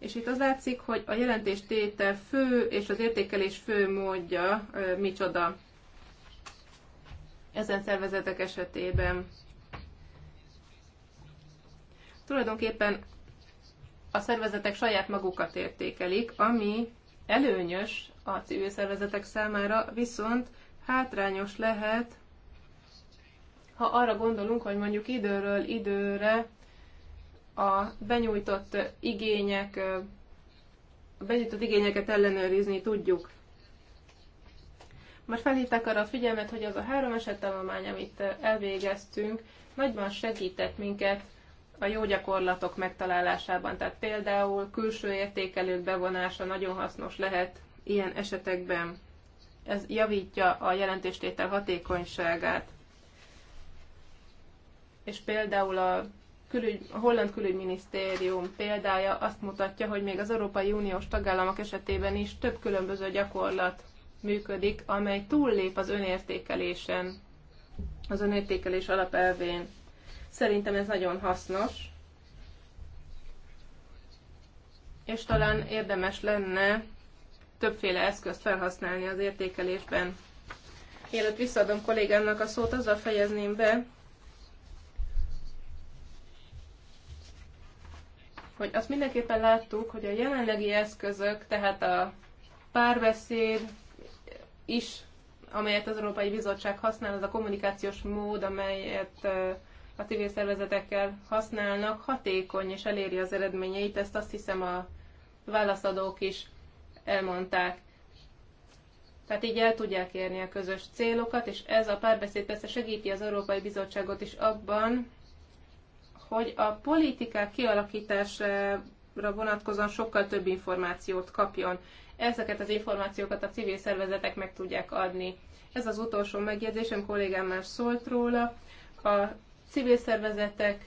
és itt az látszik, hogy a jelentés tétel fő és az értékelés fő módja micsoda ezen szervezetek esetében. Tulajdonképpen a szervezetek saját magukat értékelik, ami előnyös a civil szervezetek számára, viszont hátrányos lehet, ha arra gondolunk, hogy mondjuk időről időre a benyújtott igények, benyújtott igényeket ellenőrizni tudjuk. Most felhívták arra a figyelmet, hogy az a három esettanulmány, amit elvégeztünk, nagyban segített minket a jó gyakorlatok megtalálásában. Tehát például külső értékelők bevonása nagyon hasznos lehet ilyen esetekben. Ez javítja a jelentéstétel hatékonyságát. És például a külügy, a holland külügyminisztérium példája azt mutatja, hogy még az Európai Uniós tagállamok esetében is több különböző gyakorlat működik, amely túllép az önértékelésen, az önértékelés alapelvén. Szerintem ez nagyon hasznos, és talán érdemes lenne többféle eszközt felhasználni az értékelésben. Mielőtt visszaadom kollégámnak a szót, azzal fejezném be, hogy azt mindenképpen láttuk, hogy a jelenlegi eszközök, tehát a párbeszéd is, amelyet az Európai Bizottság használ, az a kommunikációs mód, amelyet a civil szervezetekkel használnak, hatékony és eléri az eredményeit, ezt azt hiszem a válaszadók is elmondták. Tehát így el tudják érni a közös célokat, és ez a párbeszéd persze segíti az Európai Bizottságot is abban, hogy a politikák kialakítására vonatkozóan sokkal több információt kapjon. Ezeket az információkat a civil szervezetek meg tudják adni. Ez az utolsó megjegyzésem, kollégám már szólt róla. A civil szervezetek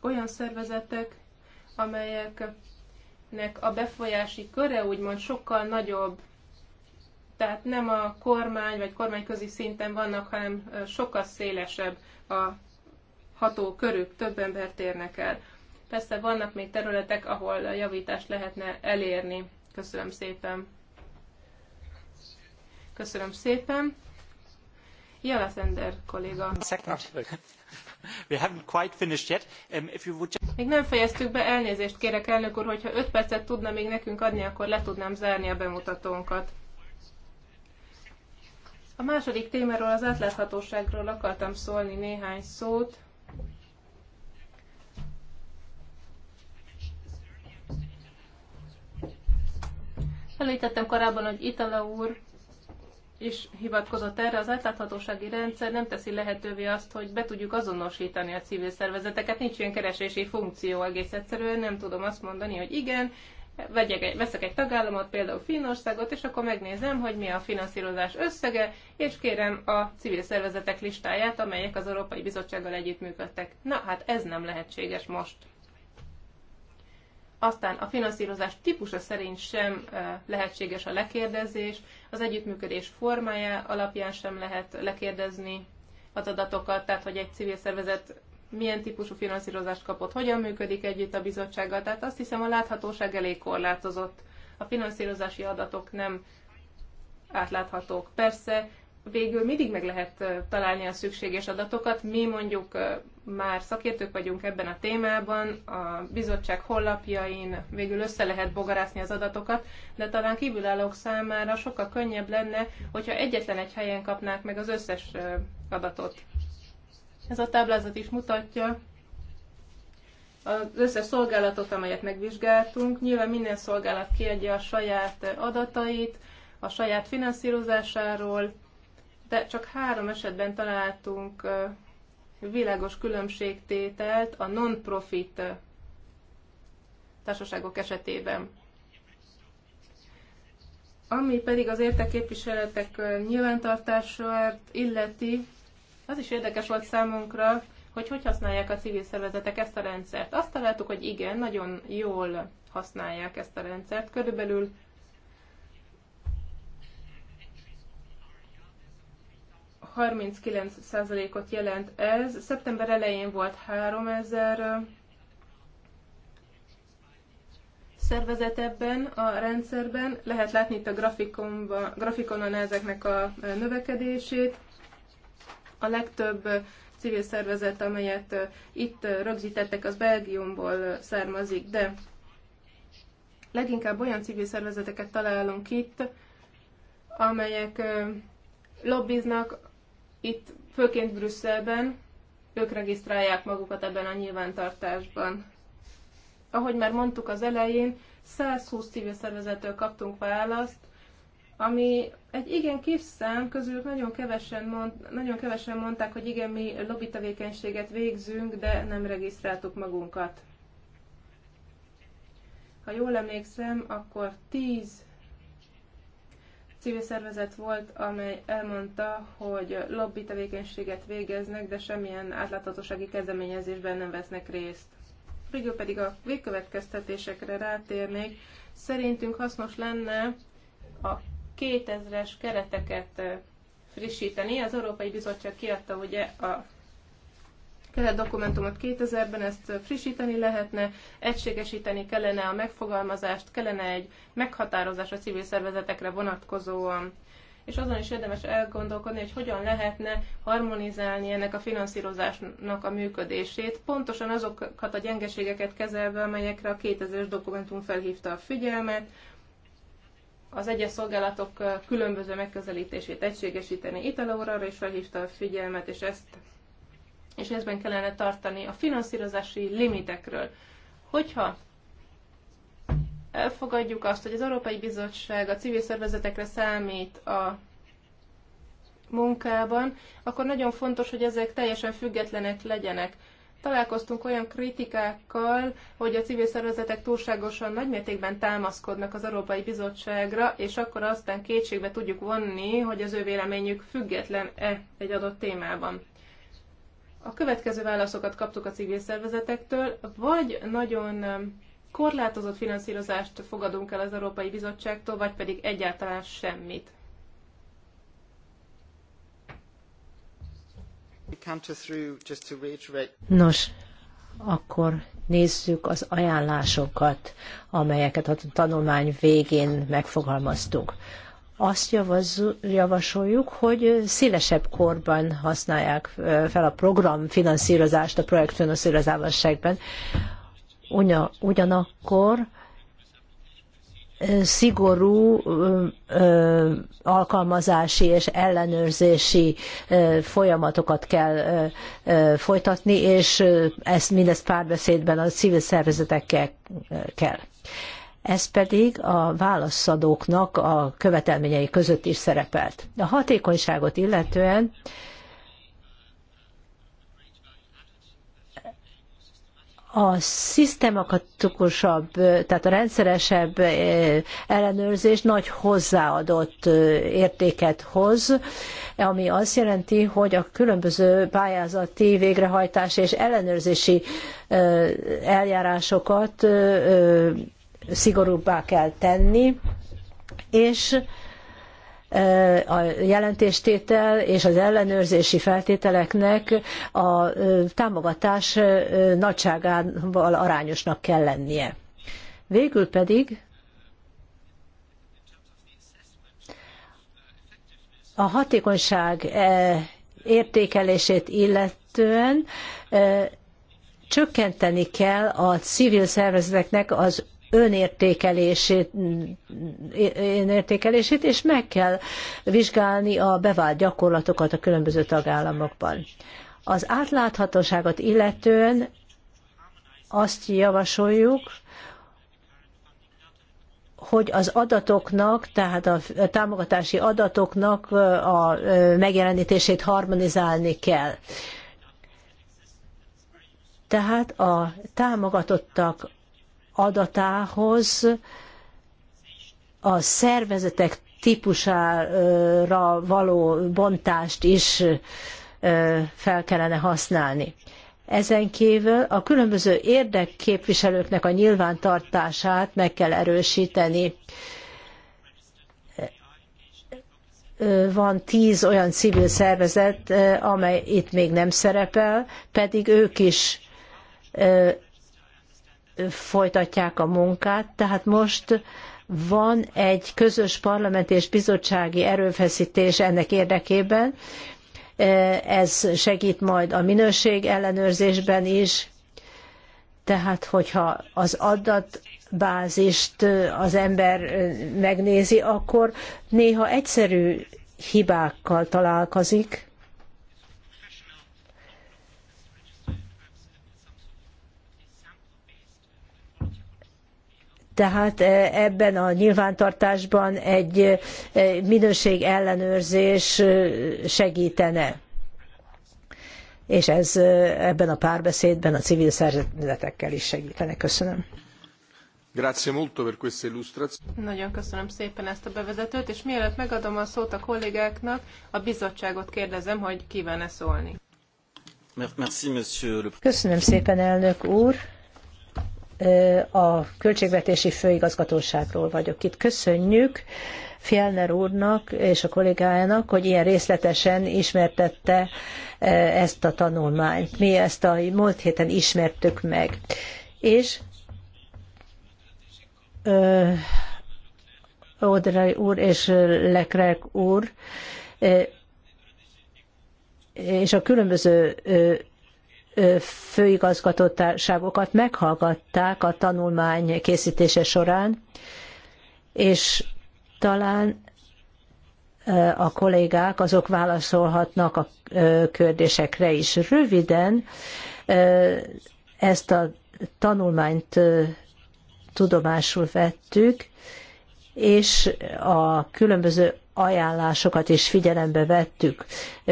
olyan szervezetek, amelyeknek a befolyási köre úgymond sokkal nagyobb, tehát nem a kormány vagy kormányközi szinten vannak, hanem sokkal szélesebb a ható körük, több embert érnek el. Persze vannak még területek, ahol javítást lehetne elérni. Köszönöm szépen. Köszönöm szépen. Jala Sender kolléga. <laughs> We haven't quite finished yet. Um, if you would just... Még nem fejeztük be, elnézést kérek elnök úr, hogyha 5 percet tudna még nekünk adni, akkor le tudnám zárni a bemutatónkat. A második témáról, az átláthatóságról akartam szólni néhány szót. Említettem korábban, hogy Itala úr is hivatkozott erre, az átláthatósági rendszer nem teszi lehetővé azt, hogy be tudjuk azonosítani a civil szervezeteket, nincs ilyen keresési funkció egész egyszerűen, nem tudom azt mondani, hogy igen, vegyek, veszek egy tagállamot, például Finnországot, és akkor megnézem, hogy mi a finanszírozás összege, és kérem a civil szervezetek listáját, amelyek az Európai Bizottsággal együttműködtek. Na hát ez nem lehetséges most. Aztán a finanszírozás típusa szerint sem lehetséges a lekérdezés, az együttműködés formája alapján sem lehet lekérdezni az adatokat, tehát hogy egy civil szervezet milyen típusú finanszírozást kapott, hogyan működik együtt a bizottsággal, tehát azt hiszem a láthatóság elég korlátozott. A finanszírozási adatok nem átláthatók. Persze végül mindig meg lehet találni a szükséges adatokat. Mi mondjuk már szakértők vagyunk ebben a témában, a bizottság hollapjain végül össze lehet bogarászni az adatokat, de talán kívülállók számára sokkal könnyebb lenne, hogyha egyetlen egy helyen kapnák meg az összes adatot. Ez a táblázat is mutatja, az összes szolgálatot, amelyet megvizsgáltunk. Nyilván minden szolgálat kiadja a saját adatait, a saját finanszírozásáról, de csak három esetben találtunk világos különbségtételt a non-profit társaságok esetében. Ami pedig az érteképviseletek nyilvántartását illeti, az is érdekes volt számunkra, hogy hogy használják a civil szervezetek ezt a rendszert. Azt találtuk, hogy igen, nagyon jól használják ezt a rendszert. Körülbelül 39%-ot jelent ez. Szeptember elején volt 3000 szervezet ebben a rendszerben. Lehet látni itt a grafikonon ezeknek a növekedését. A legtöbb civil szervezet, amelyet itt rögzítettek, az Belgiumból származik, de leginkább olyan civil szervezeteket találunk itt, amelyek lobbiznak itt főként Brüsszelben ők regisztrálják magukat ebben a nyilvántartásban. Ahogy már mondtuk az elején, 120 civil szervezettől kaptunk választ, ami egy igen kis szám, közül, nagyon kevesen, mond, nagyon kevesen mondták, hogy igen, mi lobby tevékenységet végzünk, de nem regisztráltuk magunkat. Ha jól emlékszem, akkor 10 civil szervezet volt, amely elmondta, hogy lobby tevékenységet végeznek, de semmilyen átláthatósági kezdeményezésben nem vesznek részt. Végül pedig a végkövetkeztetésekre rátérnék. Szerintünk hasznos lenne a 2000-es kereteket frissíteni. Az Európai Bizottság kiadta ugye a kellett dokumentumot 2000-ben, ezt frissíteni lehetne, egységesíteni kellene a megfogalmazást, kellene egy meghatározás a civil szervezetekre vonatkozóan és azon is érdemes elgondolkodni, hogy hogyan lehetne harmonizálni ennek a finanszírozásnak a működését, pontosan azokat a gyengeségeket kezelve, amelyekre a 2000-es dokumentum felhívta a figyelmet, az egyes szolgálatok különböző megközelítését egységesíteni. Italaura is felhívta a figyelmet, és ezt és ezben kellene tartani a finanszírozási limitekről. Hogyha elfogadjuk azt, hogy az Európai Bizottság a civil szervezetekre számít a munkában, akkor nagyon fontos, hogy ezek teljesen függetlenek legyenek. Találkoztunk olyan kritikákkal, hogy a civil szervezetek túlságosan nagymértékben támaszkodnak az Európai Bizottságra, és akkor aztán kétségbe tudjuk vonni, hogy az ő véleményük független-e egy adott témában. A következő válaszokat kaptuk a civil szervezetektől, vagy nagyon um, korlátozott finanszírozást fogadunk el az Európai Bizottságtól, vagy pedig egyáltalán semmit. Nos, akkor nézzük az ajánlásokat, amelyeket a tanulmány végén megfogalmaztunk azt javasoljuk, hogy szélesebb korban használják fel a programfinanszírozást, a projektfinanszírozásban, ugyanakkor szigorú alkalmazási és ellenőrzési folyamatokat kell folytatni, és ezt mindezt párbeszédben a civil szervezetekkel kell ez pedig a válaszadóknak a követelményei között is szerepelt. A hatékonyságot illetően a szisztematikusabb, tehát a rendszeresebb eh, ellenőrzés nagy hozzáadott eh, értéket hoz, ami azt jelenti, hogy a különböző pályázati végrehajtási és ellenőrzési eh, eljárásokat szigorúbbá kell tenni, és a jelentéstétel és az ellenőrzési feltételeknek a támogatás nagyságával arányosnak kell lennie. Végül pedig a hatékonyság értékelését illetően csökkenteni kell a civil szervezeteknek az önértékelését, önértékelését, és meg kell vizsgálni a bevált gyakorlatokat a különböző tagállamokban. Az átláthatóságot illetően azt javasoljuk, hogy az adatoknak, tehát a támogatási adatoknak a megjelenítését harmonizálni kell. Tehát a támogatottak adatához a szervezetek típusára való bontást is fel kellene használni. Ezen kívül a különböző érdekképviselőknek a nyilvántartását meg kell erősíteni. Van tíz olyan civil szervezet, amely itt még nem szerepel, pedig ők is folytatják a munkát, tehát most van egy közös parlament és bizottsági erőfeszítés ennek érdekében, ez segít majd a minőség ellenőrzésben is, tehát hogyha az adatbázist az ember megnézi, akkor néha egyszerű hibákkal találkozik, Tehát e, ebben a nyilvántartásban egy e, minőség ellenőrzés e, segítene. És ez ebben a párbeszédben a civil szervezetekkel is segítene. Köszönöm. Nagyon köszönöm szépen ezt a bevezetőt, és mielőtt megadom a szót a kollégáknak, a bizottságot kérdezem, hogy kíván-e szólni. Köszönöm szépen, elnök úr a Költségvetési Főigazgatóságról vagyok itt. Köszönjük Fjellner úrnak és a kollégájának, hogy ilyen részletesen ismertette e, ezt a tanulmányt. Mi ezt a múlt héten ismertük meg. És ö, Odrai úr és Lekrek úr és a különböző főigazgatóságokat meghallgatták a tanulmány készítése során, és talán a kollégák azok válaszolhatnak a kérdésekre is. Röviden ezt a tanulmányt tudomásul vettük, és a különböző ajánlásokat is figyelembe vettük.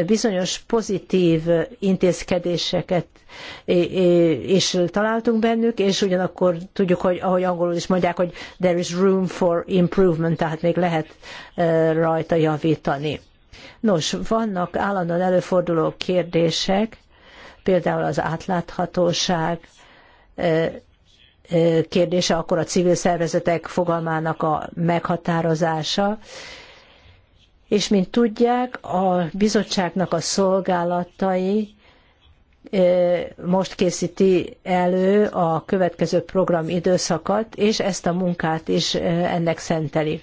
Bizonyos pozitív intézkedéseket is találtunk bennük, és ugyanakkor tudjuk, hogy ahogy angolul is mondják, hogy there is room for improvement, tehát még lehet e, rajta javítani. Nos, vannak állandóan előforduló kérdések, például az átláthatóság e, e, kérdése, akkor a civil szervezetek fogalmának a meghatározása, és mint tudják, a bizottságnak a szolgálatai most készíti elő a következő program időszakat, és ezt a munkát is ennek szenteli.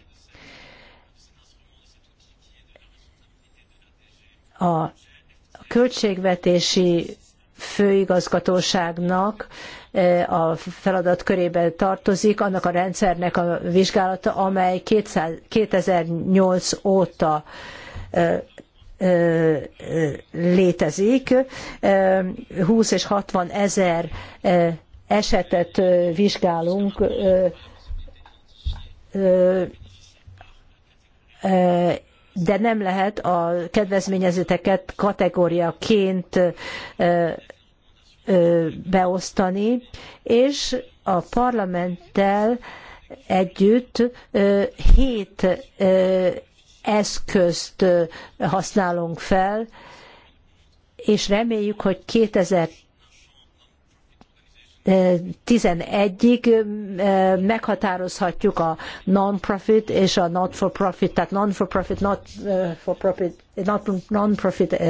A költségvetési főigazgatóságnak a feladat körébe tartozik, annak a rendszernek a vizsgálata, amely 2008 óta létezik. 20 és 60 ezer esetet vizsgálunk de nem lehet a kedvezményezeteket kategóriaként beosztani, és a parlamenttel együtt hét eszközt használunk fel, és reméljük, hogy 2000 11-ig meghatározhatjuk a non-profit és a not-for-profit, tehát non-for-profit, not-for-profit, not-non-profit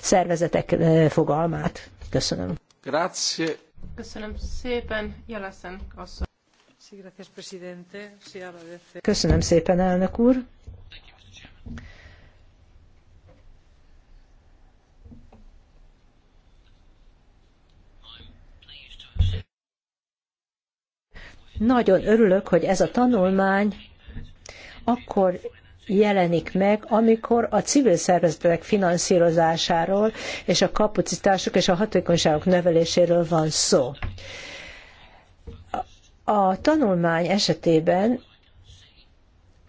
szervezetek fogalmát. Köszönöm. Köszönöm szépen, Jeleszen Köszönöm szépen, elnök úr. Nagyon örülök, hogy ez a tanulmány akkor jelenik meg, amikor a civil szervezetek finanszírozásáról és a kapacitások és a hatékonyságok növeléséről van szó. A tanulmány esetében,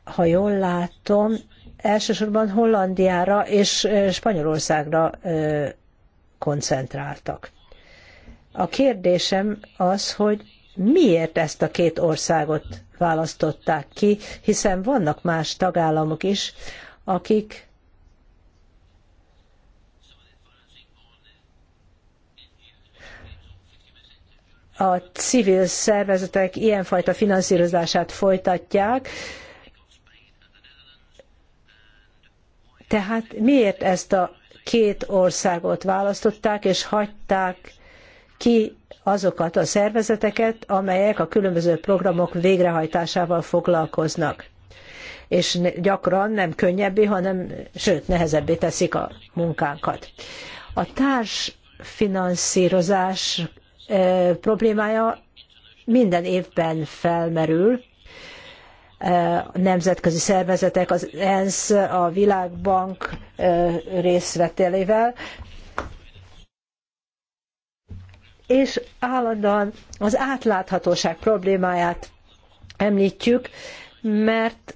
ha jól látom, elsősorban Hollandiára és Spanyolországra koncentráltak. A kérdésem az, hogy miért ezt a két országot választották ki, hiszen vannak más tagállamok is, akik a civil szervezetek ilyenfajta finanszírozását folytatják. Tehát miért ezt a két országot választották, és hagyták ki azokat a szervezeteket, amelyek a különböző programok végrehajtásával foglalkoznak. És gyakran nem könnyebbé, hanem sőt nehezebbé teszik a munkánkat. A társfinanszírozás e, problémája minden évben felmerül, e, nemzetközi szervezetek, az ENSZ, a Világbank e, részvételével és állandóan az átláthatóság problémáját említjük, mert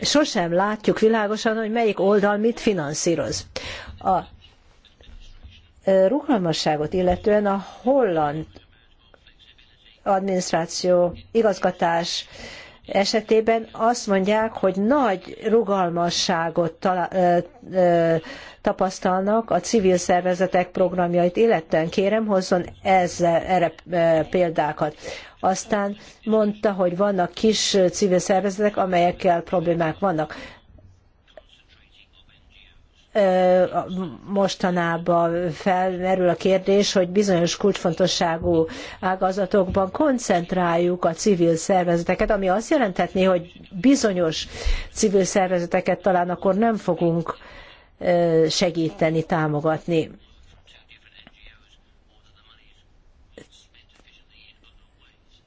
sosem látjuk világosan, hogy melyik oldal mit finanszíroz. A rugalmasságot illetően a holland adminisztráció, igazgatás esetében azt mondják, hogy nagy rugalmasságot tapasztalnak a civil szervezetek programjait illetően. Kérem, hozzon ezzel, erre e, példákat. Aztán mondta, hogy vannak kis civil szervezetek, amelyekkel problémák vannak e, mostanában felmerül a kérdés, hogy bizonyos kulcsfontosságú ágazatokban koncentráljuk a civil szervezeteket, ami azt jelentetné, hogy bizonyos civil szervezeteket talán akkor nem fogunk segíteni, támogatni.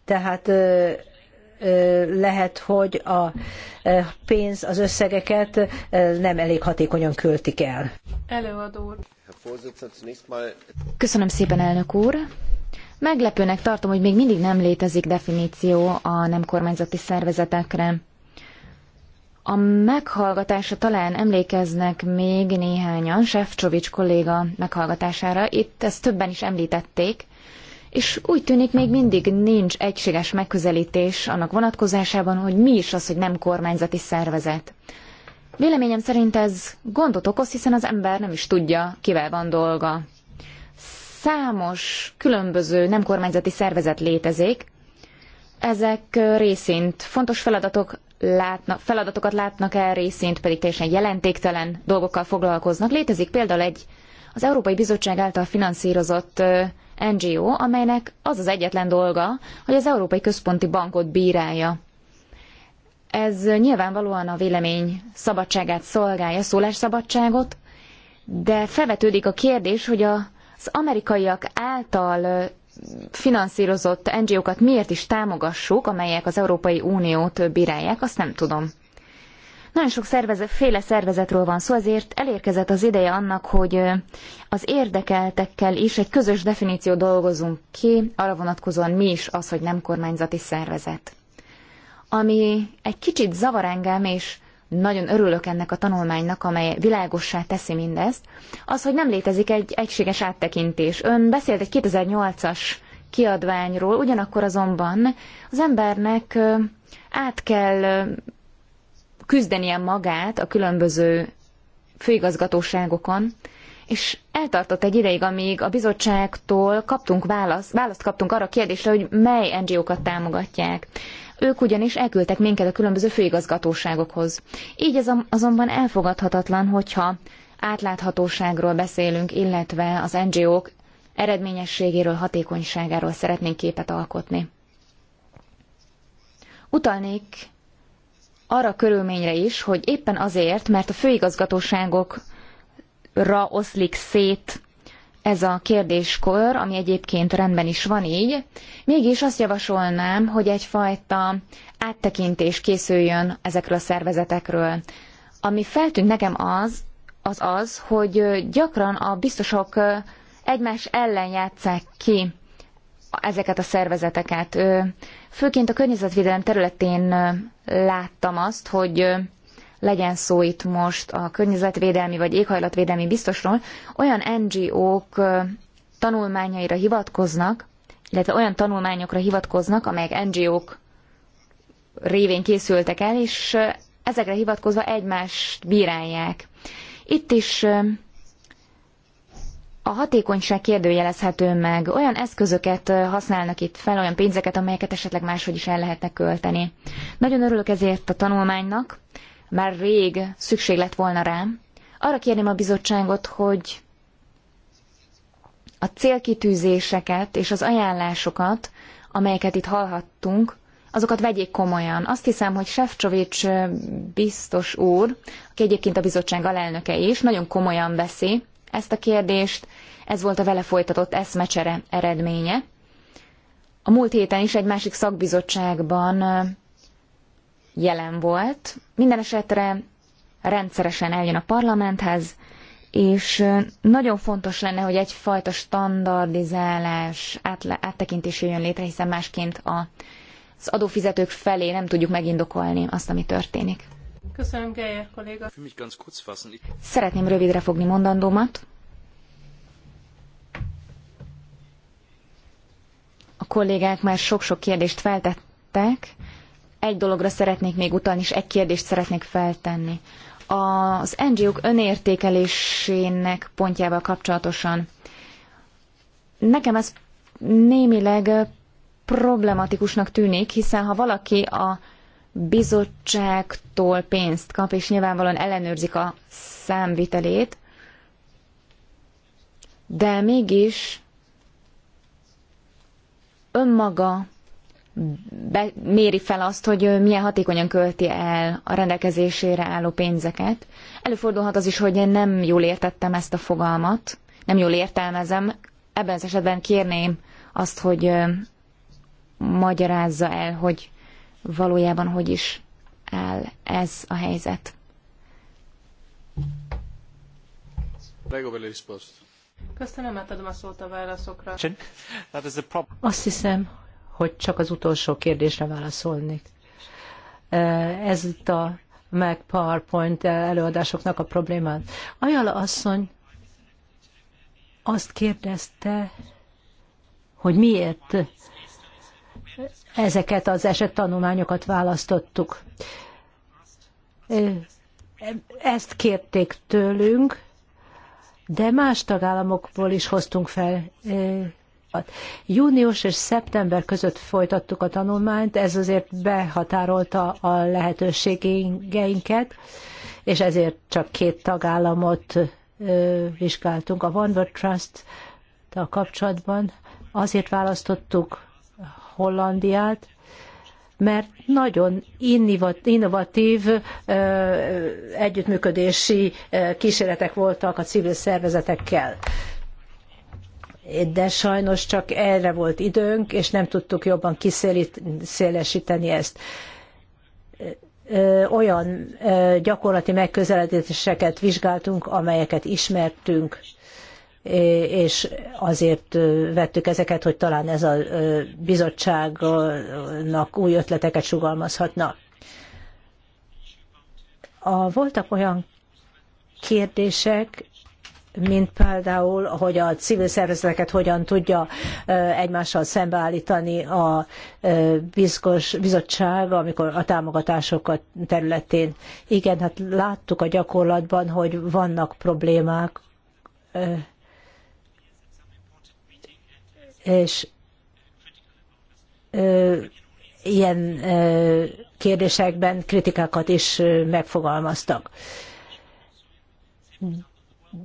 Tehát lehet, hogy a pénz, az összegeket nem elég hatékonyan költik el. Előadó Köszönöm szépen, elnök úr. Meglepőnek tartom, hogy még mindig nem létezik definíció a nem kormányzati szervezetekre. A meghallgatása talán emlékeznek még néhányan Sefcsovics kolléga meghallgatására, itt ezt többen is említették, és úgy tűnik még mindig nincs egységes megközelítés annak vonatkozásában, hogy mi is az, hogy nem kormányzati szervezet. Véleményem szerint ez gondot okoz, hiszen az ember nem is tudja, kivel van dolga. Számos különböző nem kormányzati szervezet létezik, ezek részint fontos feladatok, látnak, feladatokat látnak el, részint pedig teljesen jelentéktelen dolgokkal foglalkoznak. Létezik például egy az Európai Bizottság által finanszírozott NGO, amelynek az az egyetlen dolga, hogy az Európai Központi Bankot bírálja. Ez nyilvánvalóan a vélemény szabadságát szolgálja, szólásszabadságot, de felvetődik a kérdés, hogy az amerikaiak által finanszírozott NGO-kat miért is támogassuk, amelyek az Európai Uniót bírálják, azt nem tudom. Nagyon sok szervezet, féle szervezetről van szó, ezért elérkezett az ideje annak, hogy az érdekeltekkel is egy közös definíció dolgozunk ki, arra vonatkozóan mi is az, hogy nem kormányzati szervezet. Ami egy kicsit zavar engem, és nagyon örülök ennek a tanulmánynak, amely világossá teszi mindezt, az, hogy nem létezik egy egységes áttekintés. Ön beszélt egy 2008-as kiadványról, ugyanakkor azonban az embernek át kell küzdenie magát a különböző főigazgatóságokon, és eltartott egy ideig, amíg a bizottságtól kaptunk választ, választ kaptunk arra a kérdésre, hogy mely NGO-kat támogatják. Ők ugyanis elküldtek minket a különböző főigazgatóságokhoz. Így ez azonban elfogadhatatlan, hogyha átláthatóságról beszélünk, illetve az NGO-k eredményességéről, hatékonyságáról szeretnénk képet alkotni. Utalnék arra körülményre is, hogy éppen azért, mert a főigazgatóságokra oszlik szét ez a kérdéskör, ami egyébként rendben is van így, mégis azt javasolnám, hogy egyfajta áttekintés készüljön ezekről a szervezetekről. Ami feltűnt nekem az, az az, hogy gyakran a biztosok egymás ellen játszák ki ezeket a szervezeteket. Főként a környezetvédelem területén láttam azt, hogy legyen szó itt most a környezetvédelmi vagy éghajlatvédelmi biztosról, olyan NGO-k tanulmányaira hivatkoznak, illetve olyan tanulmányokra hivatkoznak, amelyek NGO-k révén készültek el, és ezekre hivatkozva egymást bírálják. Itt is a hatékonyság kérdőjelezhető meg. Olyan eszközöket használnak itt fel, olyan pénzeket, amelyeket esetleg máshogy is el lehetne költeni. Nagyon örülök ezért a tanulmánynak, már rég szükség lett volna rám. Arra kérném a bizottságot, hogy a célkitűzéseket és az ajánlásokat, amelyeket itt hallhattunk, azokat vegyék komolyan. Azt hiszem, hogy Sefcsovics biztos úr, aki egyébként a bizottság alelnöke is, nagyon komolyan veszi ezt a kérdést. Ez volt a vele folytatott eszmecsere eredménye. A múlt héten is egy másik szakbizottságban jelen volt. Minden esetre rendszeresen eljön a parlamenthez, és nagyon fontos lenne, hogy egyfajta standardizálás, áttekintés jön létre, hiszen másként a, az adófizetők felé nem tudjuk megindokolni azt, ami történik. Köszönöm, Geyer kolléga. Szeretném rövidre fogni mondandómat. A kollégák már sok-sok kérdést feltettek, egy dologra szeretnék még utalni, és egy kérdést szeretnék feltenni. Az NGO-k önértékelésének pontjával kapcsolatosan. Nekem ez némileg problematikusnak tűnik, hiszen ha valaki a bizottságtól pénzt kap, és nyilvánvalóan ellenőrzik a számvitelét, de mégis önmaga be, méri fel azt, hogy milyen hatékonyan költi el a rendelkezésére álló pénzeket. Előfordulhat az is, hogy én nem jól értettem ezt a fogalmat, nem jól értelmezem. Ebben az esetben kérném azt, hogy magyarázza el, hogy valójában hogy is áll ez a helyzet. Köszönöm, adom a szót a válaszokra. Azt hiszem, hogy csak az utolsó kérdésre válaszolnék. Ez itt a meg PowerPoint előadásoknak a problémát. Ajala asszony azt kérdezte, hogy miért ezeket az esettanulmányokat választottuk. Ezt kérték tőlünk, de más tagállamokból is hoztunk fel tanulmányokat. Június és szeptember között folytattuk a tanulmányt, ez azért behatárolta a lehetőségeinket, és ezért csak két tagállamot vizsgáltunk. A World Trust a kapcsolatban azért választottuk Hollandiát, mert nagyon innovatív együttműködési kísérletek voltak a civil szervezetekkel de sajnos csak erre volt időnk, és nem tudtuk jobban kiszélesíteni ezt. Olyan gyakorlati megközelítéseket vizsgáltunk, amelyeket ismertünk, és azért vettük ezeket, hogy talán ez a bizottságnak új ötleteket sugalmazhatna. A, voltak olyan kérdések, mint például, hogy a civil szervezeteket hogyan tudja egymással szembeállítani a bizkos, bizottság, amikor a támogatásokat területén. Igen, hát láttuk a gyakorlatban, hogy vannak problémák, és ilyen kérdésekben kritikákat is megfogalmaztak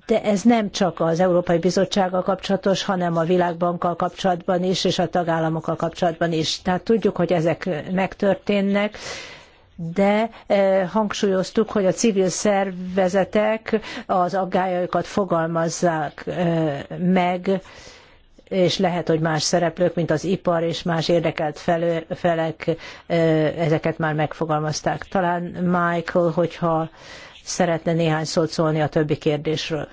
de ez nem csak az Európai Bizottsággal kapcsolatos, hanem a Világbankkal kapcsolatban is, és a tagállamokkal kapcsolatban is. Tehát tudjuk, hogy ezek megtörténnek, de eh, hangsúlyoztuk, hogy a civil szervezetek az aggájaikat fogalmazzák eh, meg, és lehet, hogy más szereplők, mint az ipar és más érdekelt felek eh, ezeket már megfogalmazták. Talán Michael, hogyha szeretne néhány szót szólni a többi kérdésről.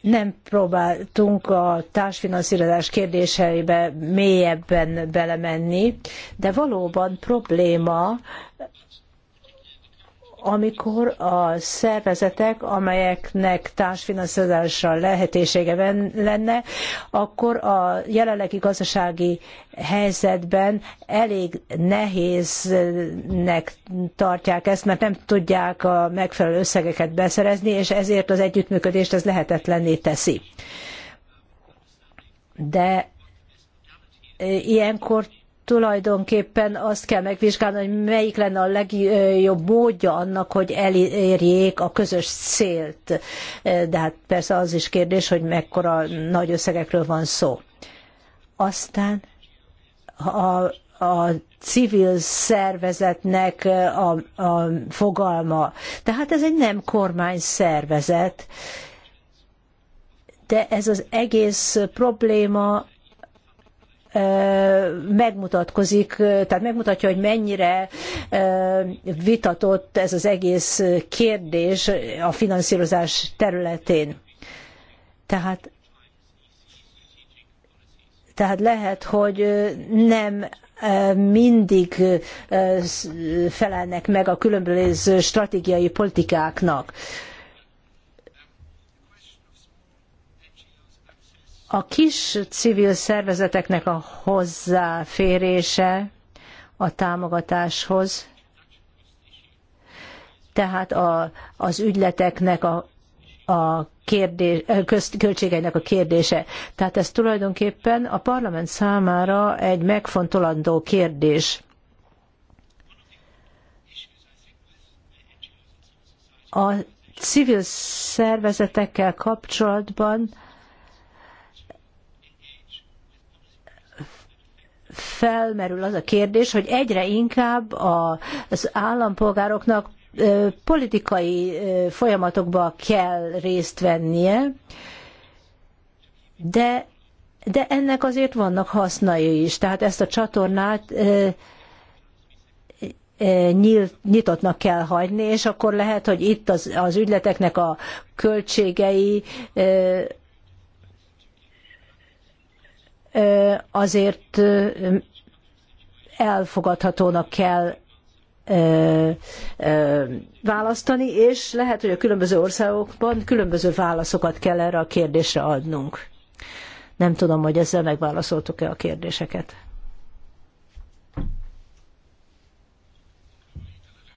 nem próbáltunk a társfinanszírozás kérdéseibe mélyebben belemenni, de valóban probléma amikor a szervezetek, amelyeknek társfinanszírozásra lehetősége lenne, akkor a jelenlegi gazdasági helyzetben elég nehéznek tartják ezt, mert nem tudják a megfelelő összegeket beszerezni, és ezért az együttműködést ez lehetetlenné teszi. De ilyenkor tulajdonképpen azt kell megvizsgálni, hogy melyik lenne a legjobb módja annak, hogy elérjék a közös célt. De hát persze az is kérdés, hogy mekkora nagy összegekről van szó. Aztán a a civil szervezetnek a, a fogalma. Tehát ez egy nem kormány szervezet, de ez az egész probléma megmutatkozik, tehát megmutatja, hogy mennyire vitatott ez az egész kérdés a finanszírozás területén. Tehát tehát lehet, hogy nem mindig felelnek meg a különböző stratégiai politikáknak. A kis civil szervezeteknek a hozzáférése a támogatáshoz, tehát a, az ügyleteknek a, a kérdés, költségeinek a kérdése. Tehát ez tulajdonképpen a parlament számára egy megfontolandó kérdés. A civil szervezetekkel kapcsolatban felmerül az a kérdés, hogy egyre inkább az állampolgároknak politikai folyamatokba kell részt vennie, de, de ennek azért vannak hasznai is. Tehát ezt a csatornát nyitottnak kell hagyni, és akkor lehet, hogy itt az, az ügyleteknek a költségei azért elfogadhatónak kell választani, és lehet, hogy a különböző országokban különböző válaszokat kell erre a kérdésre adnunk. Nem tudom, hogy ezzel megválaszoltuk-e a kérdéseket.